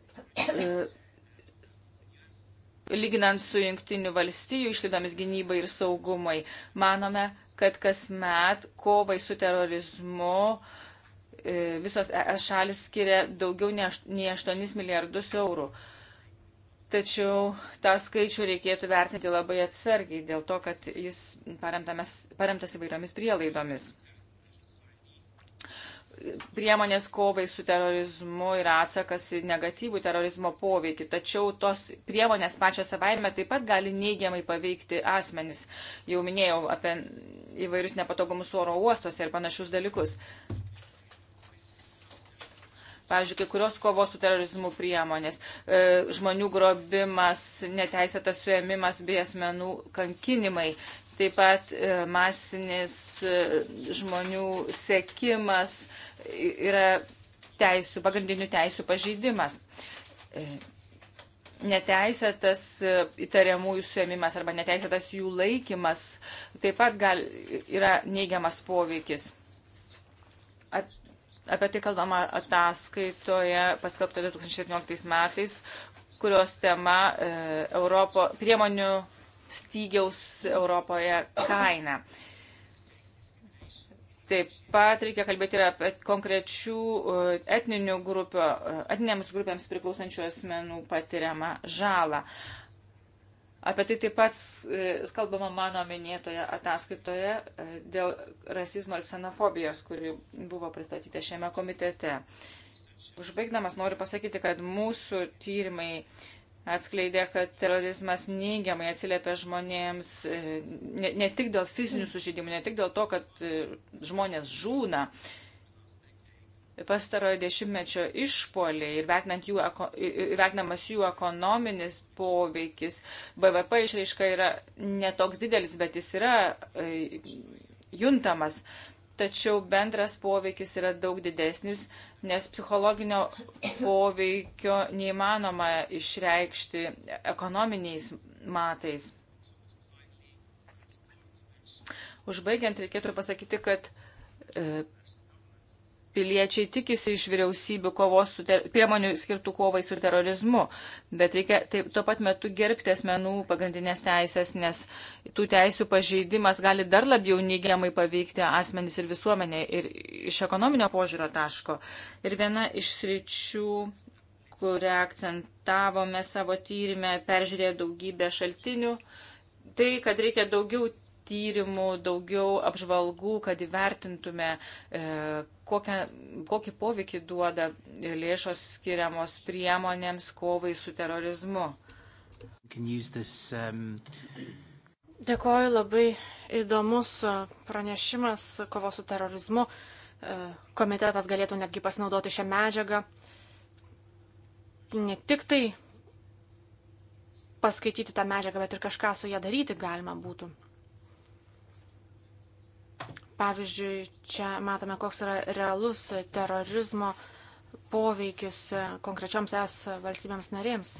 S2: lyginant su jungtinių valstijų išlaidomis gynybai ir saugumai, manome, kad kasmet kovai su terorizmu uh, E, visos ES šalis skiria daugiau nei 8 milijardus eurų. Tačiau tą skaičių reikėtų vertinti labai atsargiai dėl to, kad jis paremtas įvairiomis prielaidomis. Priemonės kovai su terorizmu ir atsakas į negatyvų terorizmo poveikį. Tačiau tos priemonės pačios savaime taip pat gali neigiamai paveikti asmenis. Jau minėjau apie įvairius nepatogumus oro uostuose ir panašius dalykus. Pavyzdžiui, kai kurios kovos su terorizmu priemonės, e, žmonių grobimas, neteisėtas suėmimas bei asmenų kankinimai, taip pat e, masinis e, žmonių sekimas yra teisų, pagrindinių teisų pažeidimas neteisėtas įtariamųjų suėmimas arba neteisėtas jų laikymas taip pat gal, yra neigiamas poveikis. At, Apie tai kalbama ataskaitoje paskelbtoje 2017 metais, kurios tema e, Europo, priemonių stygiaus Europoje kaina. Taip pat reikia kalbėti ir apie konkrečių e, etninių grupių, e, etninėms grupėms priklausančių asmenų patiriamą žalą. Apie tai taip pat e, kalbama mano minėtoje ataskaitoje e, dėl rasizmo ir xenofobijos, kuri buvo pristatyta šiame komitete. Užbaigdamas noriu pasakyti, kad mūsų tyrimai atskleidė, kad terorizmas neigiamai atsiliepia žmonėms e, ne, ne tik dėl fizinių sužydimų, ne tik dėl to, kad žmonės žūna, pastarojo dešimtmečio išpoliai ir, jų, ir vertinamas jų ekonominis poveikis. BVP išraiška yra netoks didelis, bet jis yra e, juntamas. Tačiau bendras poveikis yra daug didesnis, nes psichologinio poveikio neįmanoma išreikšti ekonominiais matais. Užbaigiant reikėtų pasakyti, kad e, piliečiai tikisi iš vyriausybių kovos su ter, priemonių skirtų kovai su terorizmu, bet reikia taip tuo pat metu gerbti asmenų pagrindinės teisės, nes tų teisų pažeidimas gali dar labiau neigiamai paveikti asmenys ir visuomenė ir iš ekonominio požiūrio taško. Ir viena iš sričių, kurią akcentavome savo tyrimę, peržiūrėjo daugybę šaltinių, tai, kad reikia daugiau tyrimų, daugiau apžvalgų, kad įvertintume, e, kokią, kokį poveikį duoda lėšos skiriamos priemonėms kovai su terorizmu.
S1: This, um...
S4: Dėkoju, labai įdomus e, pranešimas kovo su terorizmu. E, komitetas galėtų netgi pasinaudoti šią medžiagą. Ne tik tai paskaityti tą medžiagą, bet ir kažką su ją daryti galima būtų. Pavyzdžiui, čia matome, koks yra realus terorizmo poveikis konkrečioms es valstybėms narėms.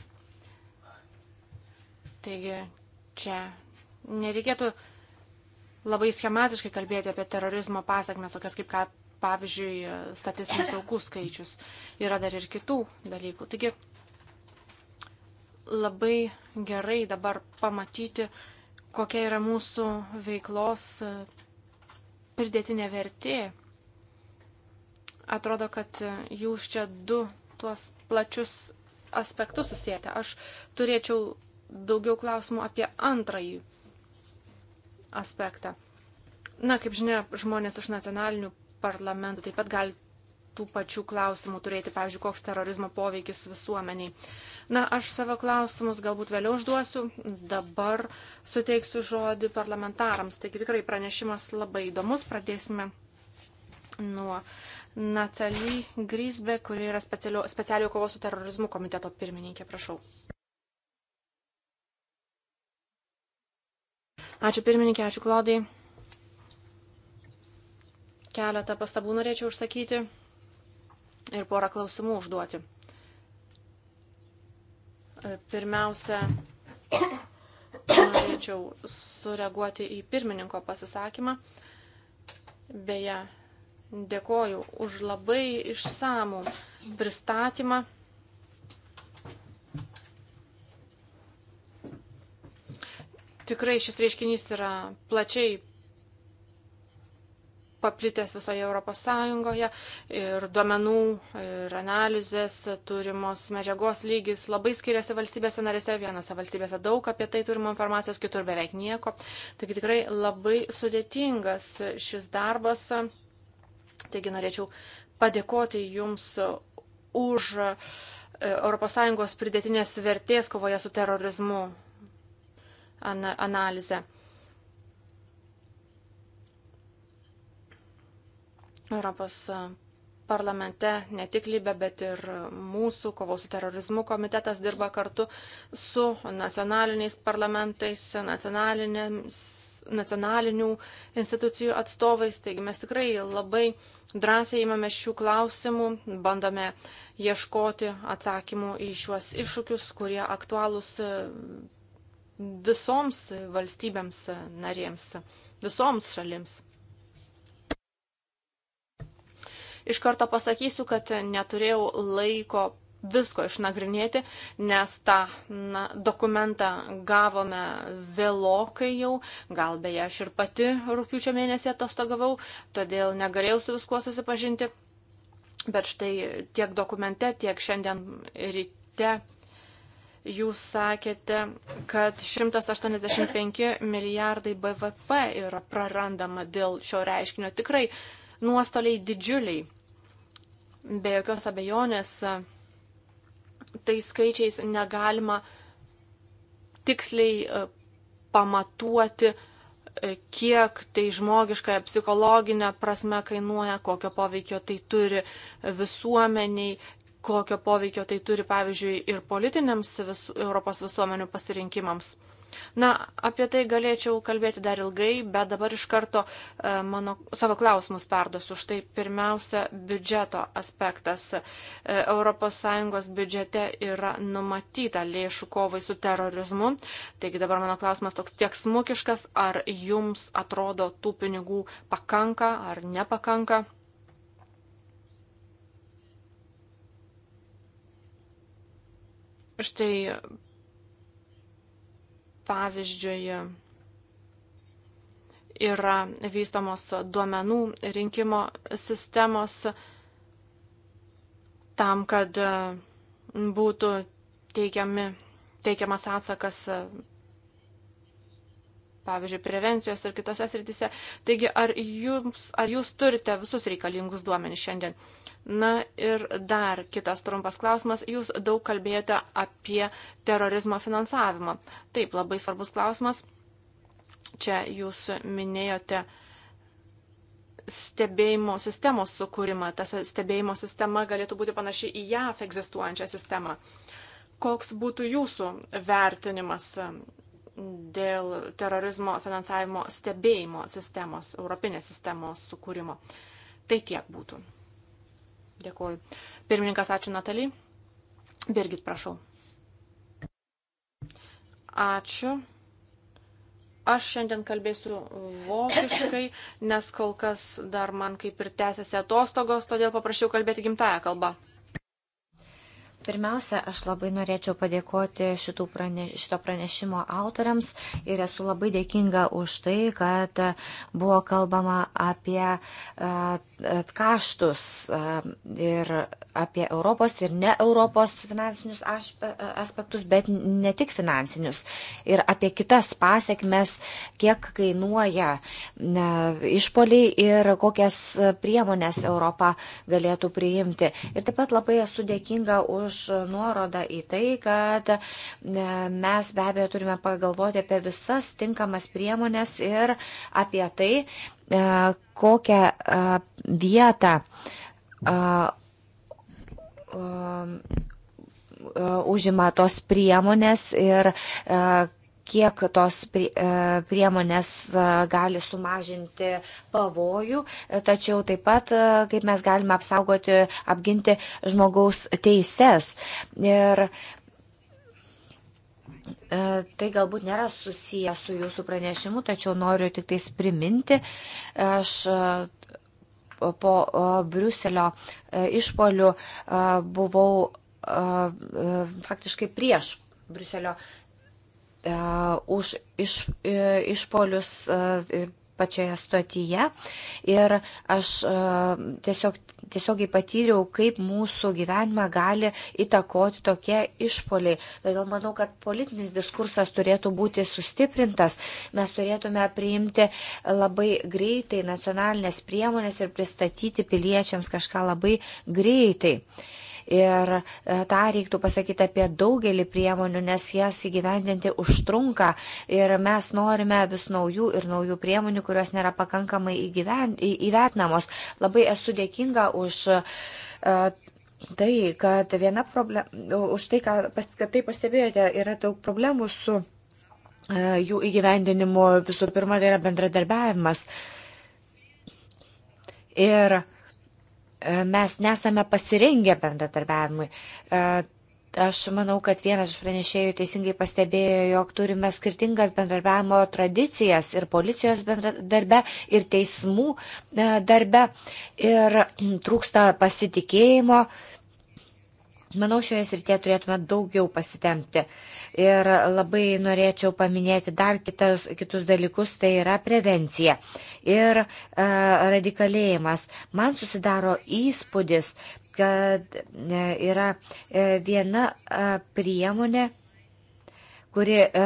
S4: Taigi čia nereikėtų labai schematiškai kalbėti apie terorizmo pasakmes, tokias kaip, ką, pavyzdžiui, statistinis aukų skaičius. Yra dar ir kitų dalykų. Taigi labai gerai dabar pamatyti, kokia yra mūsų veiklos pridėtinė vertė. Atrodo, kad jūs čia du tuos plačius aspektus susijęte. Aš turėčiau daugiau klausimų apie antrąjį aspektą. Na, kaip žinia, žmonės iš nacionalinių parlamentų taip pat gali tų pačių klausimų turėti, pavyzdžiui, koks terorizmo poveikis visuomeniai. Na, aš savo klausimus galbūt vėliau užduosiu, dabar suteiksiu žodį parlamentarams. Taigi tikrai pranešimas labai įdomus, pradėsime nuo Natalie Grisbe, kuri yra specialiojo kovos su terorizmu komiteto pirmininkė, prašau. Ačiū pirmininkė, ačiū Klaudai. Keletą pastabų norėčiau užsakyti ir porą klausimų užduoti. E, pirmiausia, norėčiau sureaguoti į pirmininko pasisakymą. Beje, dėkoju už labai išsamų pristatymą. Tikrai šis reiškinys yra plačiai paplitęs visoje Europos Sąjungoje ir duomenų ir analizės turimos medžiagos lygis labai skiriasi valstybėse narėse, vienose valstybėse daug apie tai turimo informacijos, kitur beveik nieko. Taigi tikrai labai sudėtingas šis darbas. Taigi norėčiau padėkoti Jums už ES pridėtinės vertės kovoje su terorizmu analizę. Europos e, parlamente, ne tik Libė, bet ir mūsų kovos su terorizmu komitetas dirba kartu su nacionaliniais parlamentais, nacionalinių institucijų atstovais. Taigi mes tikrai labai drąsiai įmame šių klausimų, bandome ieškoti atsakymų į šiuos iššūkius, kurie aktualūs e, visoms valstybėms narėms, visoms šalims. iš karto pasakysiu, kad neturėjau laiko visko išnagrinėti, nes tą na, dokumentą gavome vėlokai jau, gal beje aš ir pati rūpiučio mėnesį atostogavau, todėl negalėjau su viskuo susipažinti. Bet štai tiek dokumente, tiek šiandien ryte jūs sakėte, kad 185 milijardai BVP yra prarandama dėl šio reiškinio. Tikrai nuostoliai didžiuliai. Be jokios abejonės, tai skaičiais negalima tiksliai e, pamatuoti, e, kiek tai žmogiškai, psichologinė prasme kainuoja, kokio poveikio tai turi visuomeniai, kokio poveikio tai turi, pavyzdžiui, ir politiniams visu, Europos visuomenių pasirinkimams. Na, apie tai galėčiau kalbėti dar ilgai, bet dabar iš karto e, mano, savo klausimus perduosiu. Štai pirmiausia, biudžeto aspektas. ES biudžete yra numatyta lėšų kovai su terorizmu. Taigi dabar mano klausimas toks tiek smukiškas, ar jums atrodo tų pinigų pakanka ar nepakanka. Štai pavyzdžiui, yra vystomos duomenų rinkimo sistemos tam, kad būtų teikiami, teikiamas atsakas pavyzdžiui, prevencijos ir kitose srityse. Taigi, ar, jums, ar jūs turite visus reikalingus duomenys šiandien? Na ir dar kitas trumpas klausimas. Jūs daug kalbėjote apie terorizmo finansavimą. Taip, labai svarbus klausimas. Čia jūs minėjote stebėjimo sistemos sukūrimą. Tas stebėjimo sistema galėtų būti panaši į JAF egzistuojančią sistemą. Koks būtų jūsų vertinimas dėl terorizmo finansavimo stebėjimo sistemos, europinės sistemos sukūrimo. Tai tiek būtų. Dėkuoju. Pirmininkas, ačiū Natalijai. Birgit, prašau. Ačiū. Aš šiandien kalbėsiu vokiškai, nes kol kas dar man kaip ir tęsiasi atostogos, todėl paprašiau kalbėti gimtają kalbą.
S3: Pirmiausia, aš labai norėčiau padėkoti prane, šito pranešimo autoriams ir esu labai dėkinga už tai, kad buvo kalbama apie e, kaštus ir apie Europos ir ne Europos finansinius aspektus, bet ne tik finansinius, ir apie kitas pasiekmes, kiek kainuoja išpoliai ir kokias priemonės Europa galėtų priimti. Ir taip pat labai esu dėkinga už nuorodą į tai, kad mes be abejo turime pagalvoti apie visas tinkamas priemonės ir apie tai, E, kokią vietą e, e, užima tos priemonės ir kiek tos priemonės gali sumažinti pavojų, tačiau taip pat kaip mes galime apsaugoti, apginti žmogaus teises. Ir E, tai galbūt nėra susiję su jūsų pranešimu, tačiau noriu tik tais priminti, aš e, po e, Briuselio išpolių buvau faktiškai prieš Briuselio E, už iš, e, išpolius e, pačioje stotyje. Ir aš tiesiog, tiesiogiai patyriau, kaip mūsų gyvenimą gali įtakoti tokie išpoliai. Todėl manau, kad politinis diskursas turėtų būti sustiprintas. Mes turėtume priimti labai greitai nacionalinės priemonės ir pristatyti piliečiams kažką labai greitai. Uh, Ir e, tą reiktų pasakyti apie daugelį priemonių, nes jas įgyvendinti užtrunka. Ir mes norime vis naujų ir naujų priemonių, kurios nėra pakankamai įgyven, į, įvertinamos. Labai esu dėkinga už. Uh, Tai, kad viena problema, už tai, kad, kad tai pastebėjote, yra daug problemų su e, jų įgyvendinimu visų pirma tai yra bendradarbiavimas. Ir uh, E, mes nesame pasirengę bendradarbiavimui. E, aš manau, kad vienas iš pranešėjų teisingai pastebėjo, jog turime skirtingas bendradarbiavimo tradicijas ir policijos darbe, ir teismų e, darbe, ir trūksta pasitikėjimo Manau, šioje srityje turėtume daugiau pasitemti. Ir labai norėčiau paminėti dar kitas, kitus dalykus, tai yra prevencija ir e, radikalėjimas. Man susidaro įspūdis, kad e, yra e, viena e, priemonė, kuri e,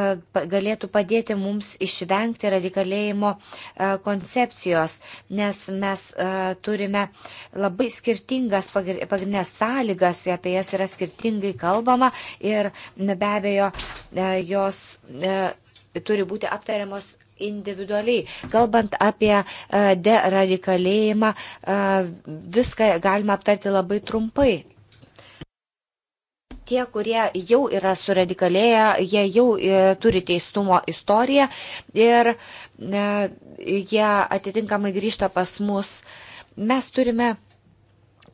S3: galėtų padėti mums išvengti radikalėjimo e, koncepcijos, nes mes e, turime labai skirtingas pagrindinės sąlygas, apie jas yra skirtingai kalbama ir be abejo jos turi būti aptariamos individualiai. Kalbant apie deradikalėjimą, viską galima aptarti labai trumpai tie, kurie jau yra suradikalėję, jie jau e, turi teistumo istoriją ir e, jie atitinkamai grįžta pas mus. Mes turime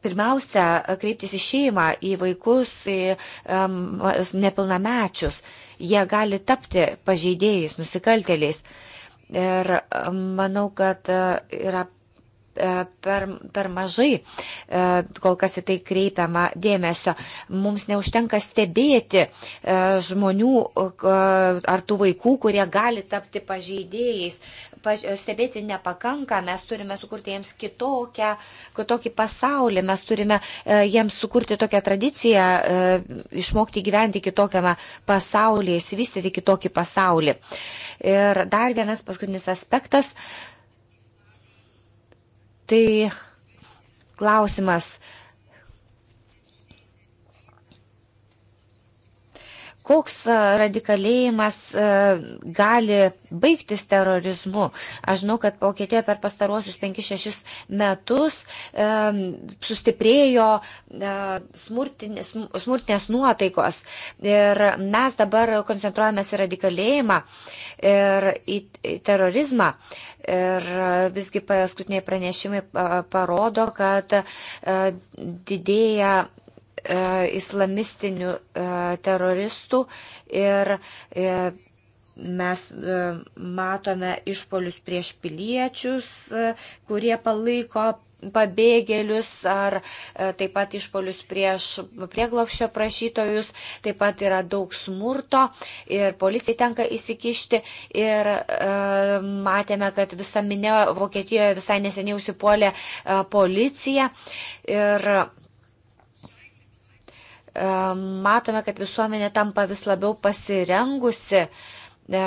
S3: pirmiausia kreiptis į šeimą, į vaikus, į um, nepilnamečius. Jie gali tapti pažeidėjais, nusikaltėliais. Ir e, manau, kad yra E, per, per mažai e, kol kas į tai kreipiama dėmesio. Mums neužtenka stebėti e, žmonių ar tų vaikų, kurie gali tapti pažeidėjais. Stebėti nepakanka, mes turime sukurti jiems kitokią, kitokį pasaulį, mes turime jiems sukurti tokią tradiciją, išmokti gyventi kitokiame pasaulyje, įsivystyti kitokį pasaulį. Ir dar vienas paskutinis aspektas. Uh, Tai klausimas, koks e, radikalėjimas e, gali baigtis terorizmu. Aš žinau, kad Vokietijoje per pastaruosius 5-6 metus e, sustiprėjo smurtinės, smurtinės nuotaikos ir mes dabar koncentruojamės į radikalėjimą ir į, į terorizmą. Ir visgi paskutiniai pranešimai parodo, kad didėja E, islamistinių e, teroristų ir e, mes matome išpolius prieš piliečius, kurie palaiko pabėgėlius ar taip pat išpolius prieš prieglopščio prašytojus, taip pat yra daug smurto ir policijai tenka įsikišti ir e, matėme, kad visa minė Vokietijoje visai neseniai užsipuolė e, policija ir E, matome, kad visuomenė tampa vis labiau pasirengusi e,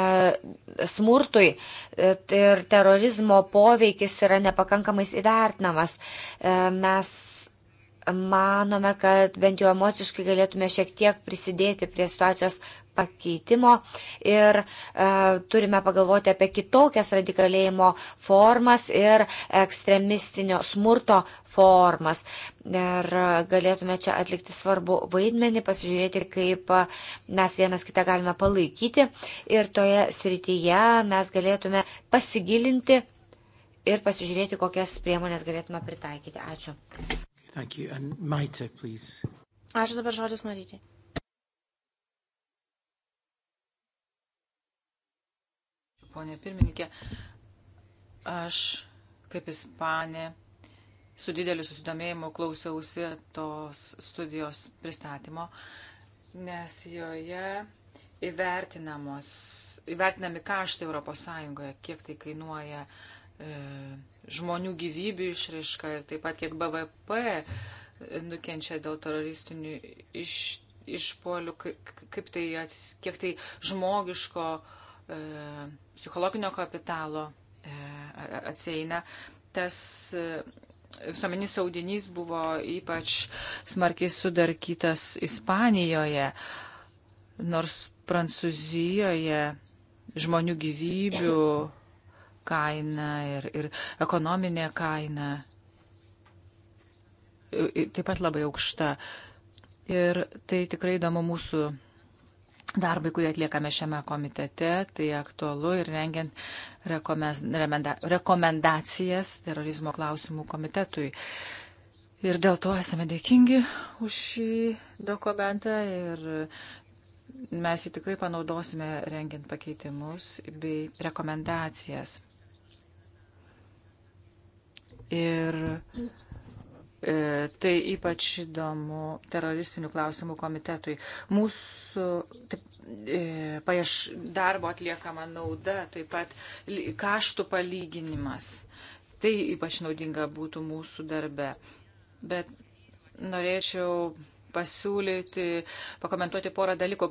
S3: smurtui e, ir terorizmo poveikis yra nepakankamai įvertinamas. Mes manome, kad bent jau emociškai galėtume šiek tiek prisidėti prie situacijos pakeitimo ir e, turime pagalvoti apie kitokias radikalėjimo formas ir ekstremistinio smurto formas. Ir galėtume čia atlikti svarbu vaidmenį, pasižiūrėti, kaip mes vienas kitą galime palaikyti ir toje srityje mes galėtume pasigilinti ir pasižiūrėti, kokias priemonės galėtume pritaikyti. Ačiū. Maite, Ačiū dabar žodis Marytė.
S2: ponė pirmininkė. Aš, kaip ispanė, su dideliu susidomėjimu klausiausi tos studijos pristatymo, nes joje įvertinami kaštai Europos Sąjungoje, kiek tai kainuoja e, žmonių gyvybių išraiška ir taip pat kiek BVP e, nukenčia dėl teroristinių iš, išpolių, kaip tai, kiek tai žmogiško e, psichologinio kapitalo e, atseina. Tas e, visuomenis audinys buvo ypač smarkiai sudarkytas Ispanijoje, nors Prancūzijoje žmonių gyvybių kaina ir, ir ekonominė kaina taip pat labai aukšta. Ir tai tikrai įdomu mūsų darbai, kurį atliekame šiame komitete, tai aktualu ir rengiant rekomendacijas terorizmo klausimų komitetui. Ir dėl to esame dėkingi už šį dokumentą ir mes jį tikrai panaudosime rengiant pakeitimus bei rekomendacijas. Ir E, tai ypač įdomu teroristinių klausimų komitetui. Mūsų taip, e, paieš darbo atliekama nauda, taip pat kaštų palyginimas. Tai ypač naudinga būtų mūsų darbe. Bet norėčiau pasiūlyti, pakomentuoti porą dalykų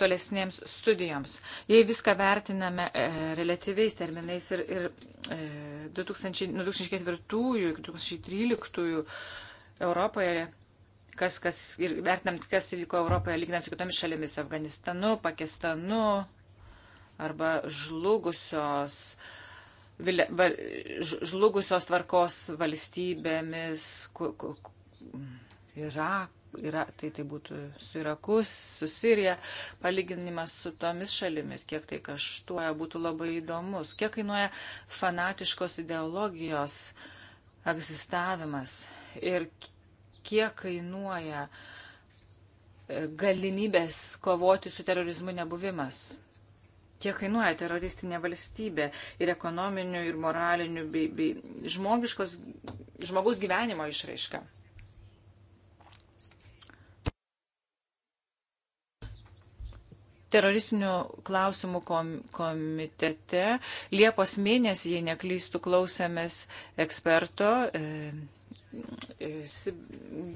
S2: tolesnėms studijoms. Jei viską vertiname e, relatyviais terminais ir, ir e, 2000, nuo 2004 iki 2013 Europoje, kas, kas, ir vertinant, kas įvyko Europoje, lyginant su kitomis šalimis - Afganistanu, Pakistanu arba žlugusios žlugusios tvarkos valstybėmis, Iraku yra, tai tai būtų su Irakus, su Sirija, palyginimas su tomis šalimis, kiek tai kaštuoja, būtų labai įdomus, kiek kainuoja fanatiškos ideologijos egzistavimas ir kiek kainuoja e, galimybės kovoti su terorizmu nebuvimas. Kiek kainuoja teroristinė valstybė ir ekonominių, ir moralinių, bei, bei žmogiškos, žmogus gyvenimo išraiška. teroristinių klausimų komitete. Liepos mėnesį, jei neklystų, klausėmės eksperto e, e,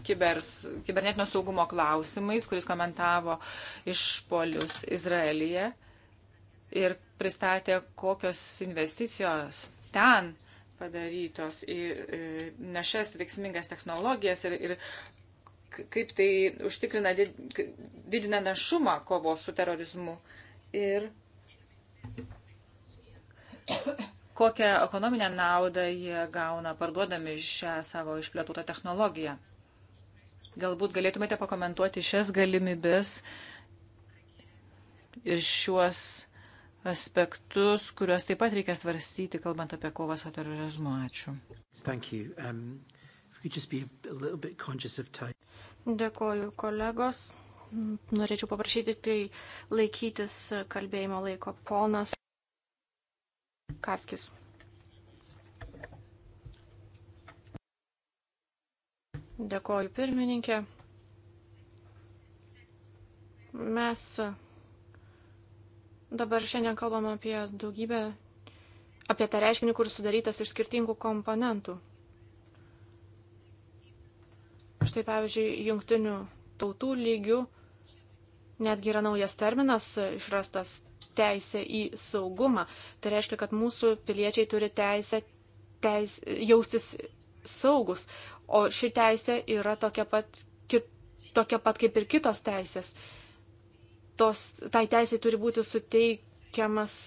S2: kibers, kibernetinio saugumo klausimais, kuris komentavo išpolius Izraelyje ir pristatė, kokios investicijos ten padarytos į e, našias veiksmingas technologijas ir, ir kaip tai užtikrina, didina našumą kovos su terorizmu ir kokią ekonominę naudą jie gauna parduodami šią savo išplėtutą technologiją. Galbūt galėtumėte pakomentuoti šias galimybės ir šiuos aspektus, kuriuos taip pat reikia svarstyti, kalbant apie kovą su terorizmu.
S1: Ačiū. Um, Dėkoju, kolegos.
S4: Norėčiau paprašyti tai laikytis kalbėjimo laiko. Ponas Karskis. Dėkoju pirmininkė. Mes dabar šiandien kalbam apie daugybę, apie tą reiškinį, kuris sudarytas iš skirtingų komponentų. Štai pavyzdžiui, jungtinių tautų lygių netgi yra naujas terminas išrastas teisė į saugumą. Tai reiškia, kad mūsų piliečiai turi teisę teis, jaustis saugus, o ši teisė yra tokia pat, kit, tokia pat kaip ir kitos teisės. Tos, tai teisė turi būti suteikiamas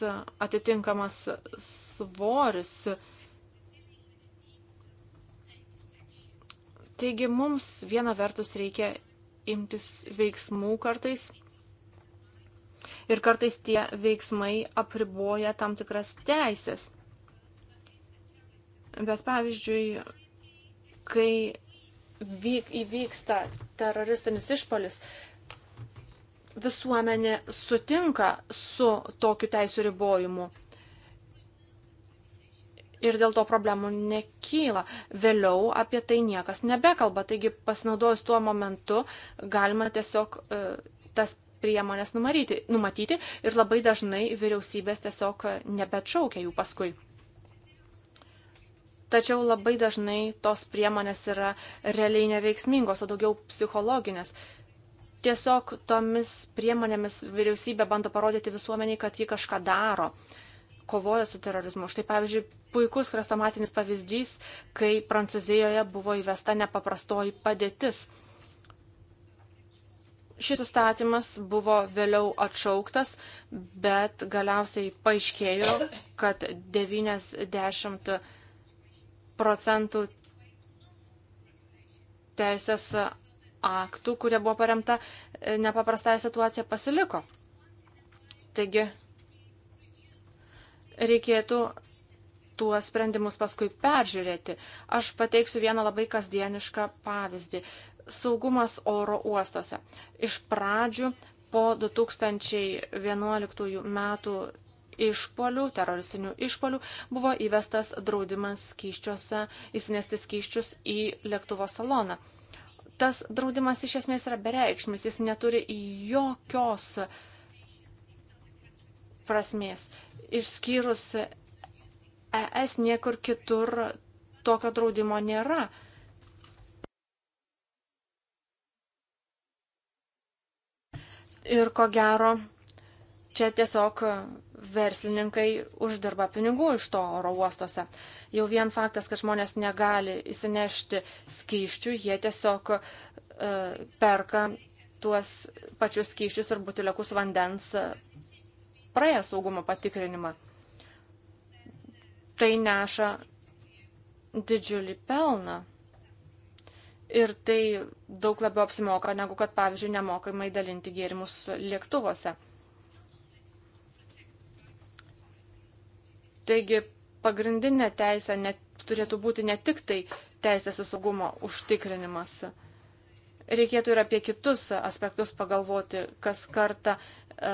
S4: atitinkamas svoris. Uh, Taigi mums viena vertus reikia imtis veiksmų kartais ir kartais tie veiksmai apriboja tam tikras teisės. Bet pavyzdžiui, kai vyk, įvyksta teroristinis išpolis, visuomenė sutinka su tokiu teisų ribojimu ir dėl to problemų nekyla. Vėliau apie tai niekas nebekalba, taigi pasinaudojus tuo momentu galima tiesiog e, tas priemonės numaryti, numatyti ir labai dažnai vyriausybės tiesiog e, nebeatšaukia jų paskui. Tačiau labai dažnai tos priemonės yra realiai neveiksmingos, o daugiau psichologinės. Tiesiog tomis priemonėmis vyriausybė bando parodyti visuomeniai, kad ji kažką daro. Uh, kovoja su terorizmu. Štai pavyzdžiui, puikus krestomatinis pavyzdys, kai Prancūzijoje buvo įvesta nepaprastoji padėtis. Šis įstatymas buvo vėliau atšauktas, bet galiausiai paaiškėjo, kad 90 procentų teisės aktų, kurie buvo paremta nepaprastąją situaciją, pasiliko. Taigi reikėtų tuos sprendimus paskui peržiūrėti. Aš pateiksiu vieną labai kasdienišką pavyzdį. Saugumas oro uostuose. Iš pradžių po 2011 metų išpolių, teroristinių išpolių buvo įvestas draudimas skyščiuose įsinesti skyščius į lėktuvo saloną. Tas draudimas iš esmės yra bereikšmis, jis neturi jokios uh, prasmės. Išskyrus ES niekur kitur tokio draudimo nėra. Ir ko gero, čia tiesiog verslininkai uždirba pinigų iš to oro uostuose. Jau vien faktas, kad žmonės negali įsinešti skyščių, jie tiesiog e, perka tuos pačius skyščius ir butiliukus vandens praėję saugumo patikrinimą. Tai neša didžiulį pelną. Ir tai daug labiau apsimoka, negu kad, pavyzdžiui, nemokamai dalinti gėrimus lėktuvuose. Taigi pagrindinė teisė net, turėtų būti ne tik tai teisės į saugumo užtikrinimas. Reikėtų ir apie kitus aspektus pagalvoti, kas kartą e,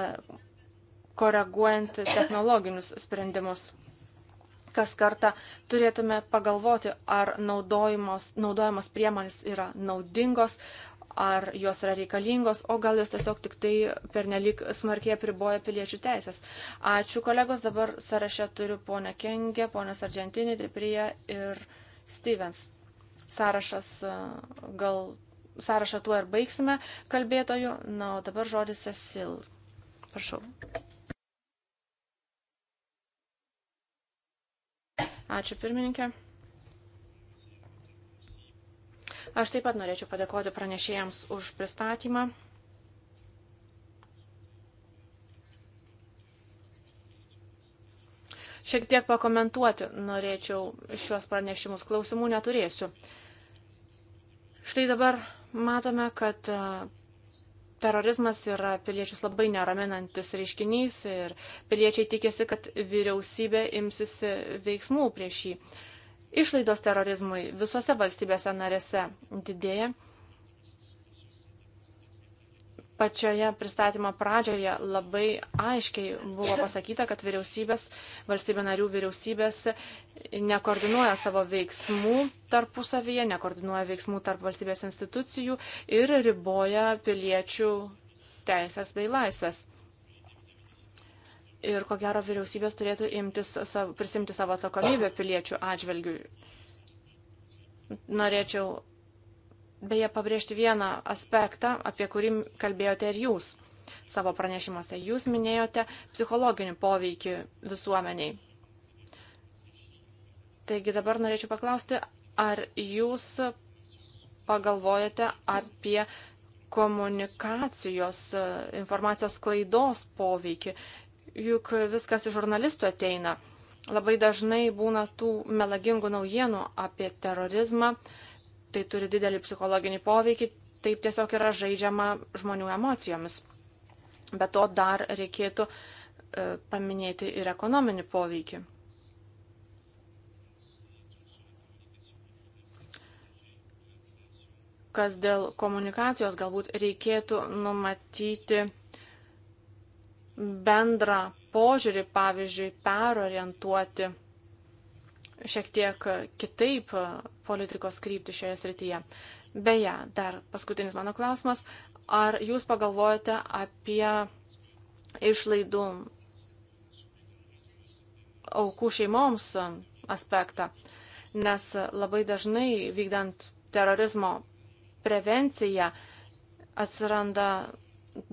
S4: koreguojant technologinius sprendimus. Kas kartą turėtume pagalvoti, ar naudojamos priemonės yra naudingos, ar jos yra reikalingos, o gal jos tiesiog tik tai pernelik smarkiai apriboja piliečių teisės. Ačiū kolegos, dabar sąraše turiu ponę Kengę, ponę Sargentinį, Deprija ir Stevens. Sąrašas gal, sąrašą tuo ir baigsime kalbėtojų, na, o dabar žodis Esil. Prašau. Ačiū pirmininkė. Aš taip pat norėčiau padėkoti pranešėjams už pristatymą. Šiek tiek pakomentuoti norėčiau šiuos pranešimus. Klausimų neturėsiu. Štai dabar matome, kad Terorizmas yra piliečius labai neraminantis reiškinys ir piliečiai tikėsi, kad vyriausybė imsis veiksmų prieš jį. Išlaidos terorizmui visose valstybėse narėse didėja pačioje pristatymo pradžioje labai aiškiai buvo pasakyta, kad vyriausybės, valstybė narių vyriausybės nekoordinuoja savo veiksmų tarpusavyje, nekoordinuoja veiksmų tarp valstybės institucijų ir riboja piliečių teisės bei laisvės. Ir ko gero vyriausybės turėtų imtis, prisimti savo atsakomybę piliečių atžvilgių. Norėčiau beje pabrėžti vieną aspektą, apie kurį kalbėjote ir jūs savo pranešimuose. Jūs minėjote psichologinį poveikį visuomeniai. Taigi dabar norėčiau paklausti, ar jūs pagalvojate apie komunikacijos, informacijos klaidos poveikį. Juk viskas iš žurnalistų ateina. Labai dažnai būna tų melagingų naujienų apie terorizmą, uh, tai turi didelį psichologinį poveikį, taip tiesiog yra žaidžiama žmonių emocijomis. Be to dar reikėtų e, paminėti ir ekonominį poveikį. Kas dėl komunikacijos galbūt reikėtų numatyti bendrą požiūrį, pavyzdžiui, perorientuoti šiek tiek kitaip politikos krypti šioje srityje. Beje, dar paskutinis mano klausimas. Ar jūs pagalvojate apie išlaidų aukų šeimoms aspektą? Nes labai dažnai vykdant terorizmo prevenciją atsiranda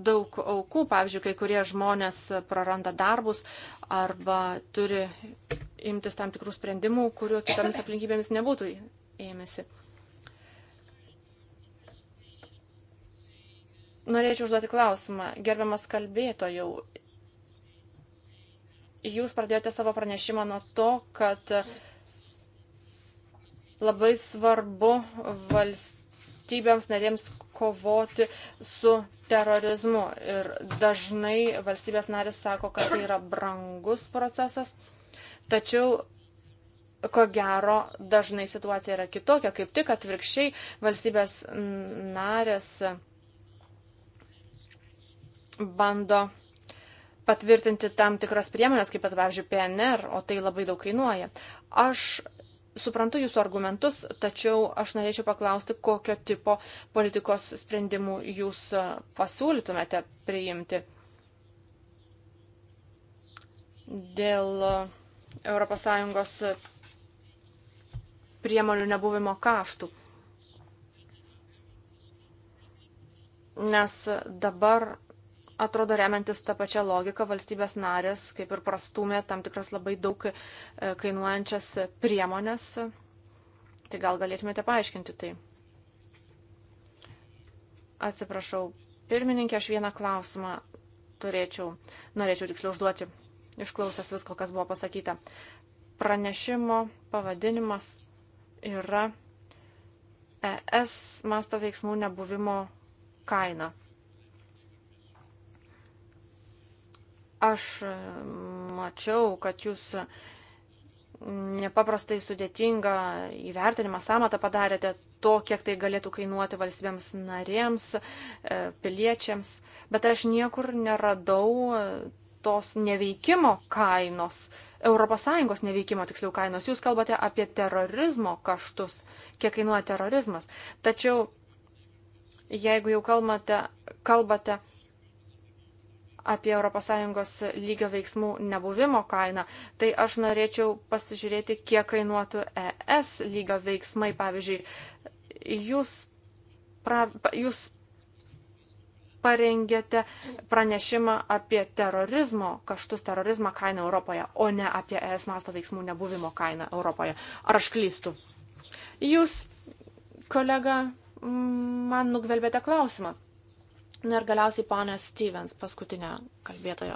S4: daug aukų, pavyzdžiui, kai kurie žmonės praranda darbus arba turi imtis tam tikrų sprendimų, kuriuo kitomis aplinkybėmis nebūtų ėmėsi. Norėčiau užduoti klausimą. Gerbiamas kalbėtojau, jūs pradėjote savo pranešimą nuo to, kad labai svarbu valstybėms narėms kovoti su terorizmu. Ir dažnai valstybės narės sako, kad tai yra brangus procesas. Tačiau ko gero, dažnai situacija yra kitokia, kaip tik atvirkščiai valstybės narės bando patvirtinti tam tikras priemonės, kaip, pavyzdžiui, PNR, o tai labai daug kainuoja. Aš suprantu jūsų argumentus, tačiau aš norėčiau paklausti, kokio tipo politikos sprendimų jūs e, pasiūlytumėte priimti dėl ES e, priemonių nebuvimo kaštų. Nes dabar atrodo remiantis tą pačią logiką valstybės narės kaip ir prastumė tam tikras labai daug e, kainuojančias priemonės. Tai gal galėtumėte paaiškinti tai? Atsiprašau, pirmininkė, aš vieną klausimą turėčiau, norėčiau tiksliau užduoti, išklausęs visko, kas buvo pasakyta. Pranešimo pavadinimas yra ES masto veiksmų nebuvimo kaina. Aš e, mačiau, kad jūs nepaprastai sudėtingą įvertinimą samatą padarėte to, kiek tai galėtų kainuoti valstybėms narėms, e, piliečiams, bet aš niekur neradau e, tos neveikimo kainos, ES neveikimo tiksliau kainos. Jūs kalbate apie terorizmo kaštus, kiek kainuoja terorizmas. Tačiau, jeigu jau kalbate, kalbate apie ES lygio veiksmų nebuvimo kainą, tai aš norėčiau pasižiūrėti, kiek kainuotų ES lygio veiksmai. Pavyzdžiui, jūs, pra, jūs parengėte pranešimą apie terorizmo kaštus, terorizmą kainą Europoje, o ne apie ES masto veiksmų nebuvimo kainą Europoje. Ar aš klystu? Jūs, kolega, man nugvelbėte klausimą. Na ir galiausiai ponė Stevens, paskutinė kalbėtojo.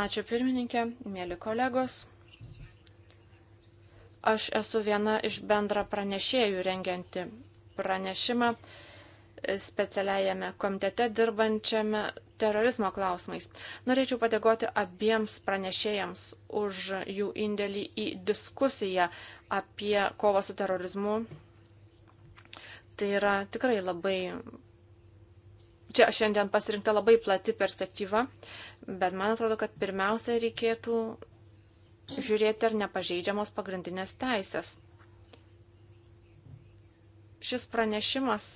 S4: Ačiū pirmininkė, mėly kolegos. Aš esu viena iš bendra pranešėjų rengianti pranešimą e, specialiajame komitete dirbančiame terorizmo klausimais. Norėčiau padėkoti abiems pranešėjams už jų indėlį į diskusiją apie kovą su terorizmu Tai yra tikrai labai. Čia šiandien pasirinkta labai plati perspektyva, bet man atrodo, kad pirmiausia reikėtų žiūrėti, ar nepažeidžiamos pagrindinės teisės. Šis pranešimas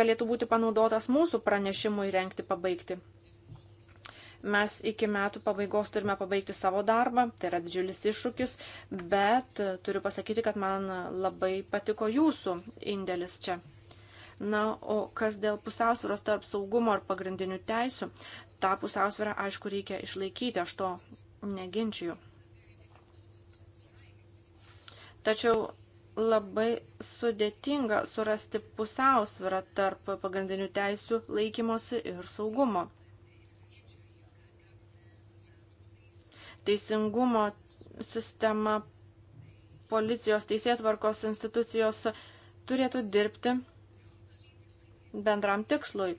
S4: galėtų būti panaudotas mūsų pranešimui renkti pabaigti. Mes iki metų pabaigos turime pabaigti savo darbą, tai yra didžiulis iššūkis, bet e, turiu pasakyti, kad man labai patiko jūsų indėlis čia. Na, o kas dėl pusiausvėros tarp saugumo ir pagrindinių teisių, tą pusiausvėrą, aišku, reikia išlaikyti, aš to neginčiu. Tačiau labai sudėtinga surasti pusiausvyrą tarp pagrindinių teisių laikymosi ir saugumo. teisingumo sistema, policijos, teisėtvarkos institucijos turėtų dirbti bendram tikslui.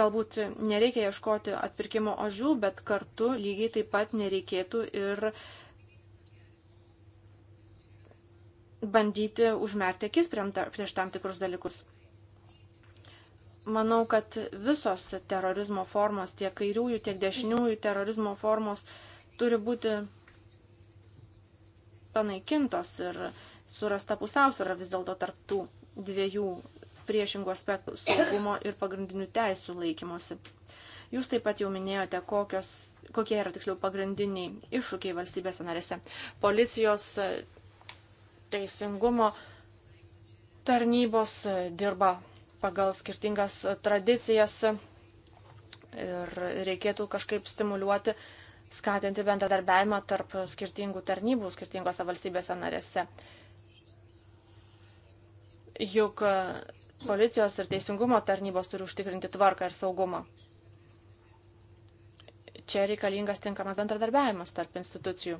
S4: Galbūt nereikia ieškoti atpirkimo ožių, bet kartu lygiai taip pat nereikėtų ir bandyti užmerkti akis prieš tam tikrus dalykus. Manau, kad visos terorizmo formos, tiek kairiųjų, tiek dešiniųjų terorizmo formos, uh, turi būti panaikintos ir surasta pusiausvėra vis dėlto tarptų dviejų priešingų aspektų - saugumo ir pagrindinių teisų laikymosi. Jūs taip pat jau minėjote, kokios, kokie yra tiksliau pagrindiniai iššūkiai valstybėse narėse. Policijos teisingumo tarnybos dirba pagal skirtingas tradicijas ir reikėtų kažkaip stimuliuoti uh, skatinti bendradarbiavimą tarp skirtingų tarnybų skirtingose valstybėse narėse. Juk e, policijos ir teisingumo tarnybos turi užtikrinti tvarką ir saugumą. Čia reikalingas tinkamas bendradarbiavimas tarp institucijų.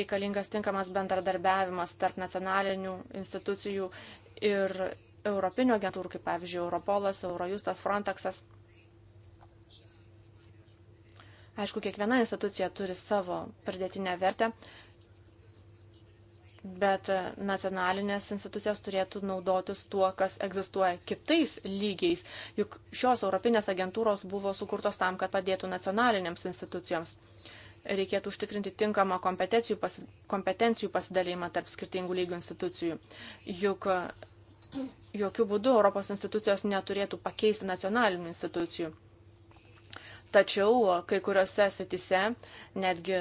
S4: Reikalingas tinkamas bendradarbiavimas tarp nacionalinių institucijų ir europinių agentūrų, kaip pavyzdžiui, Europolas, Eurojustas, Frontexas. Aišku, kiekviena institucija turi savo pridėtinę vertę, bet nacionalinės institucijos turėtų naudotis tuo, kas egzistuoja kitais lygiais, juk šios Europinės agentūros buvo sukurtos tam, kad padėtų nacionalinėms institucijoms. Reikėtų užtikrinti tinkamą kompetencijų, pasi, kompetencijų pasidalymą tarp skirtingų lygių institucijų. Juk jokių būdų Europos institucijos neturėtų pakeisti nacionalinių institucijų. Tačiau kai kuriuose sritise, netgi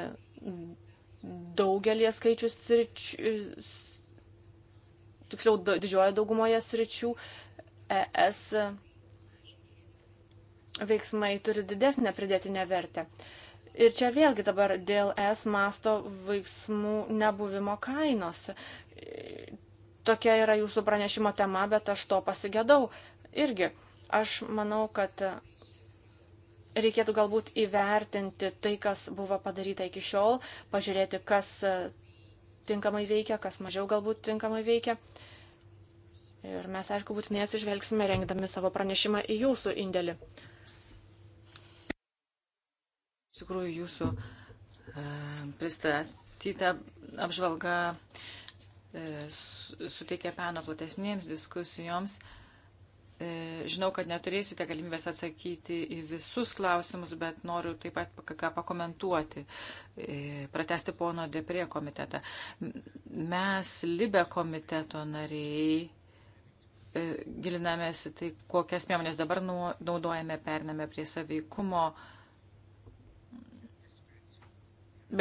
S4: daugelie skaičių sričių, tiksliau didžiojo daugumoje sričių, ES veiksmai turi didesnę pridėtinę vertę. Ir čia vėlgi dabar dėl es masto veiksmų nebuvimo kainos. Tokia yra jūsų pranešimo tema, bet aš to pasigėdau. Irgi, aš manau, kad reikėtų galbūt įvertinti tai, kas buvo padaryta iki šiol, pažiūrėti, kas e, tinkamai veikia, kas mažiau galbūt tinkamai veikia. Ir mes, aišku, būtinai atsižvelgsime, rengdami savo pranešimą į jūsų indėlį.
S2: Iš tikrųjų, jūsų e, pristatyta apžvalga e, suteikia peno platesnėms diskusijoms E, žinau, kad neturėsite galimybės atsakyti į visus klausimus, bet noriu taip pat ką pakomentuoti, e, pratesti pono Deprie komitetą. Mes, Libe komiteto nariai, e, gilinamės į tai, kokias priemonės dabar naudojame, pername prie saveikumo.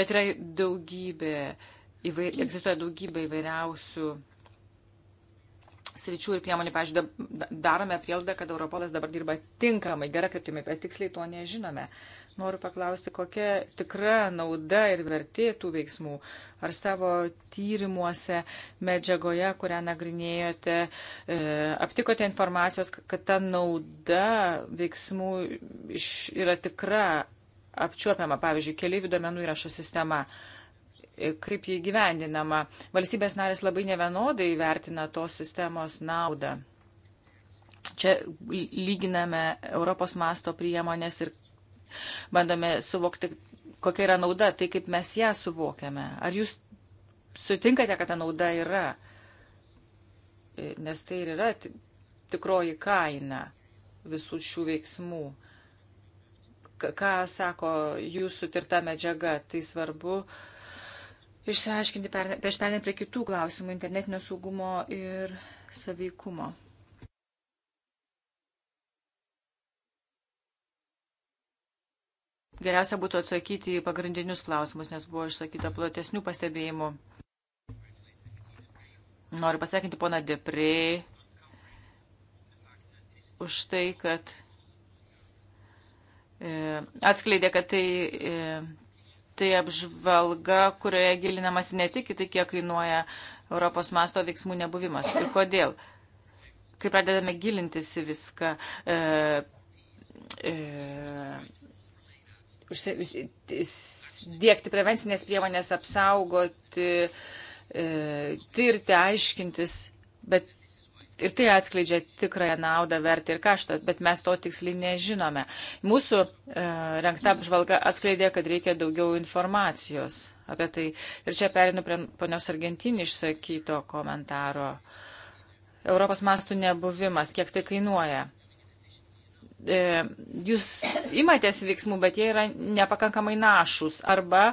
S2: Bet yra daugybė, įvair, egzistuoja daugybė įvairiausių sričių ir priemonių, pažiūrėjau, darome prielaidą, kad Europolas dabar dirba tinkamai, gerą kryptimį, bet tiksliai to nežinome. Noriu paklausti, kokia tikra nauda ir vertė tų veiksmų. Ar savo tyrimuose, medžiagoje, kurią nagrinėjote, e, aptikote informacijos, kad ta nauda veiksmų iš, yra tikra, apčiuopiama, pavyzdžiui, keliaivių duomenų įrašo sistema. E, kaip jį gyvendinama. Valstybės narės labai nevienodai vertina tos sistemos naudą. Čia lyginame Europos masto priemonės ir bandome suvokti, kokia yra nauda, tai kaip mes ją suvokiame. Ar jūs sutinkate, kad ta nauda yra? Nes tai ir yra tikroji kaina visų šių veiksmų ką sako jūsų tirta medžiaga, tai svarbu išsiaiškinti prieš perinant prie kitų klausimų internetinio saugumo ir saveikumo. Geriausia būtų atsakyti į pagrindinius klausimus, nes buvo išsakyta platesnių pastebėjimų. Noriu pasveikinti poną Deprė už tai, kad e, atskleidė, kad tai e, tai apžvalga, kurioje gilinamas ne tik į tai, kiek kainuoja Europos masto veiksmų nebuvimas ir kodėl. Kai pradedame gilintis į viską, e, e, dėkti prevencinės priemonės, apsaugoti, e, tirti, aiškintis, bet ir tai atskleidžia tikrąją naudą, vertę ir kaštą, bet mes to tiksliai nežinome. Mūsų e, renkta apžvalga atskleidė, kad reikia daugiau informacijos apie tai. Ir čia perinu prie ponios Argentinį išsakyto komentaro. Europos mastų nebuvimas, kiek tai kainuoja. E, jūs imatės veiksmų, bet jie yra nepakankamai našus arba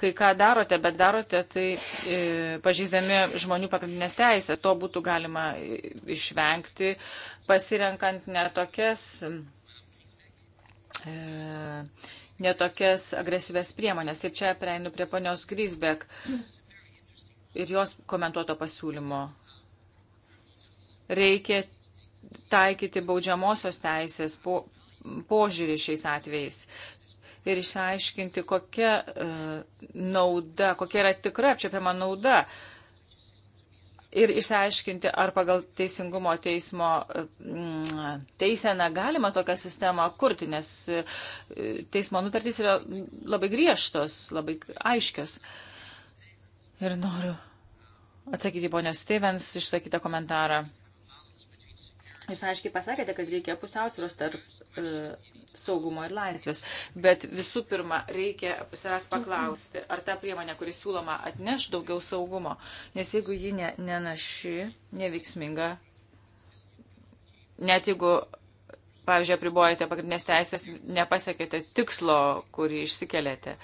S2: kai ką darote, bet darote tai e, pažįsdami žmonių pagrindinės teisės. To būtų galima e, išvengti, pasirenkant netokias. E, netokias agresyves priemonės. Ir čia prieinu prie ponios Grisbek ir jos komentuoto pasiūlymo. Reikia taikyti baudžiamosios teisės po, požiūrį šiais atvejais ir išsiaiškinti, kokia e, nauda, kokia yra tikra apčiopiama nauda. Ir išsiaiškinti, ar pagal teisingumo teismo e, teiseną galima tokią sistemą kurti, nes e, teismo nutartys yra labai griežtos, labai aiškios. Ir noriu atsakyti ponios Stevens išsakytą komentarą. Jūs aiškiai pasakėte, kad reikia pusiausvėros tarp e, saugumo ir laisvės, bet visų pirma, reikia savęs paklausti, ar ta priemonė, kuri siūloma, atneš daugiau saugumo, nes jeigu ji ne, nenaši, neveiksminga, net jeigu, pavyzdžiui, apribojate pagrindinės teisės, nepasiekėte tikslo, kurį išsikelėte.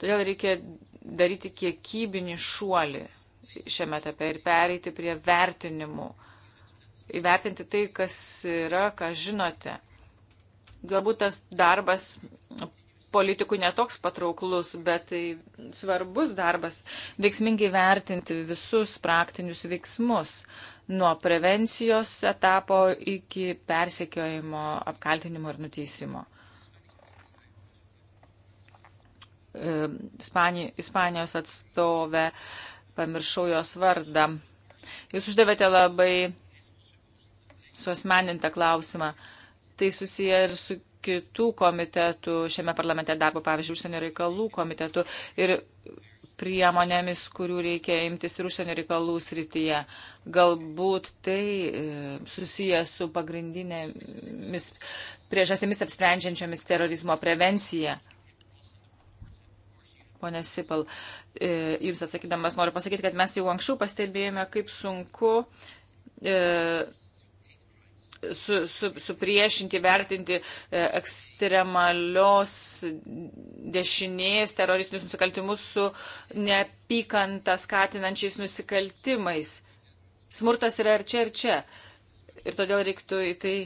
S2: Todėl reikia daryti kiekybinį šuolį šiame etape ir pereiti prie vertinimų įvertinti tai, kas yra, ką žinote. Galbūt tas darbas politikų netoks patrauklus, bet tai svarbus darbas veiksmingai vertinti visus praktinius veiksmus nuo prevencijos etapo iki persekiojimo, apkaltinimo ir nuteisimo. Ispani, Ispanijos atstovę, pamiršau jos vardą. Jūs uždavėte labai suosmenintą klausimą. Tai susiję ir su kitų komitetų šiame parlamente darbo, pavyzdžiui, užsienio reikalų komitetų ir priemonėmis, kurių reikia imtis ir užsienio reikalų srityje. Galbūt tai e, susiję su pagrindinėmis priežastimis apsprendžiančiomis terorizmo prevenciją. Pone Sipal, e, jums atsakydamas noriu pasakyti, kad mes jau anksčiau pastebėjome, kaip sunku e, su, su, supriešinti, vertinti e, ekstremalios dešinės teroristinius nusikaltimus su neapykanta skatinančiais nusikaltimais. Smurtas yra ir čia, ir čia. Ir todėl reiktų į tai,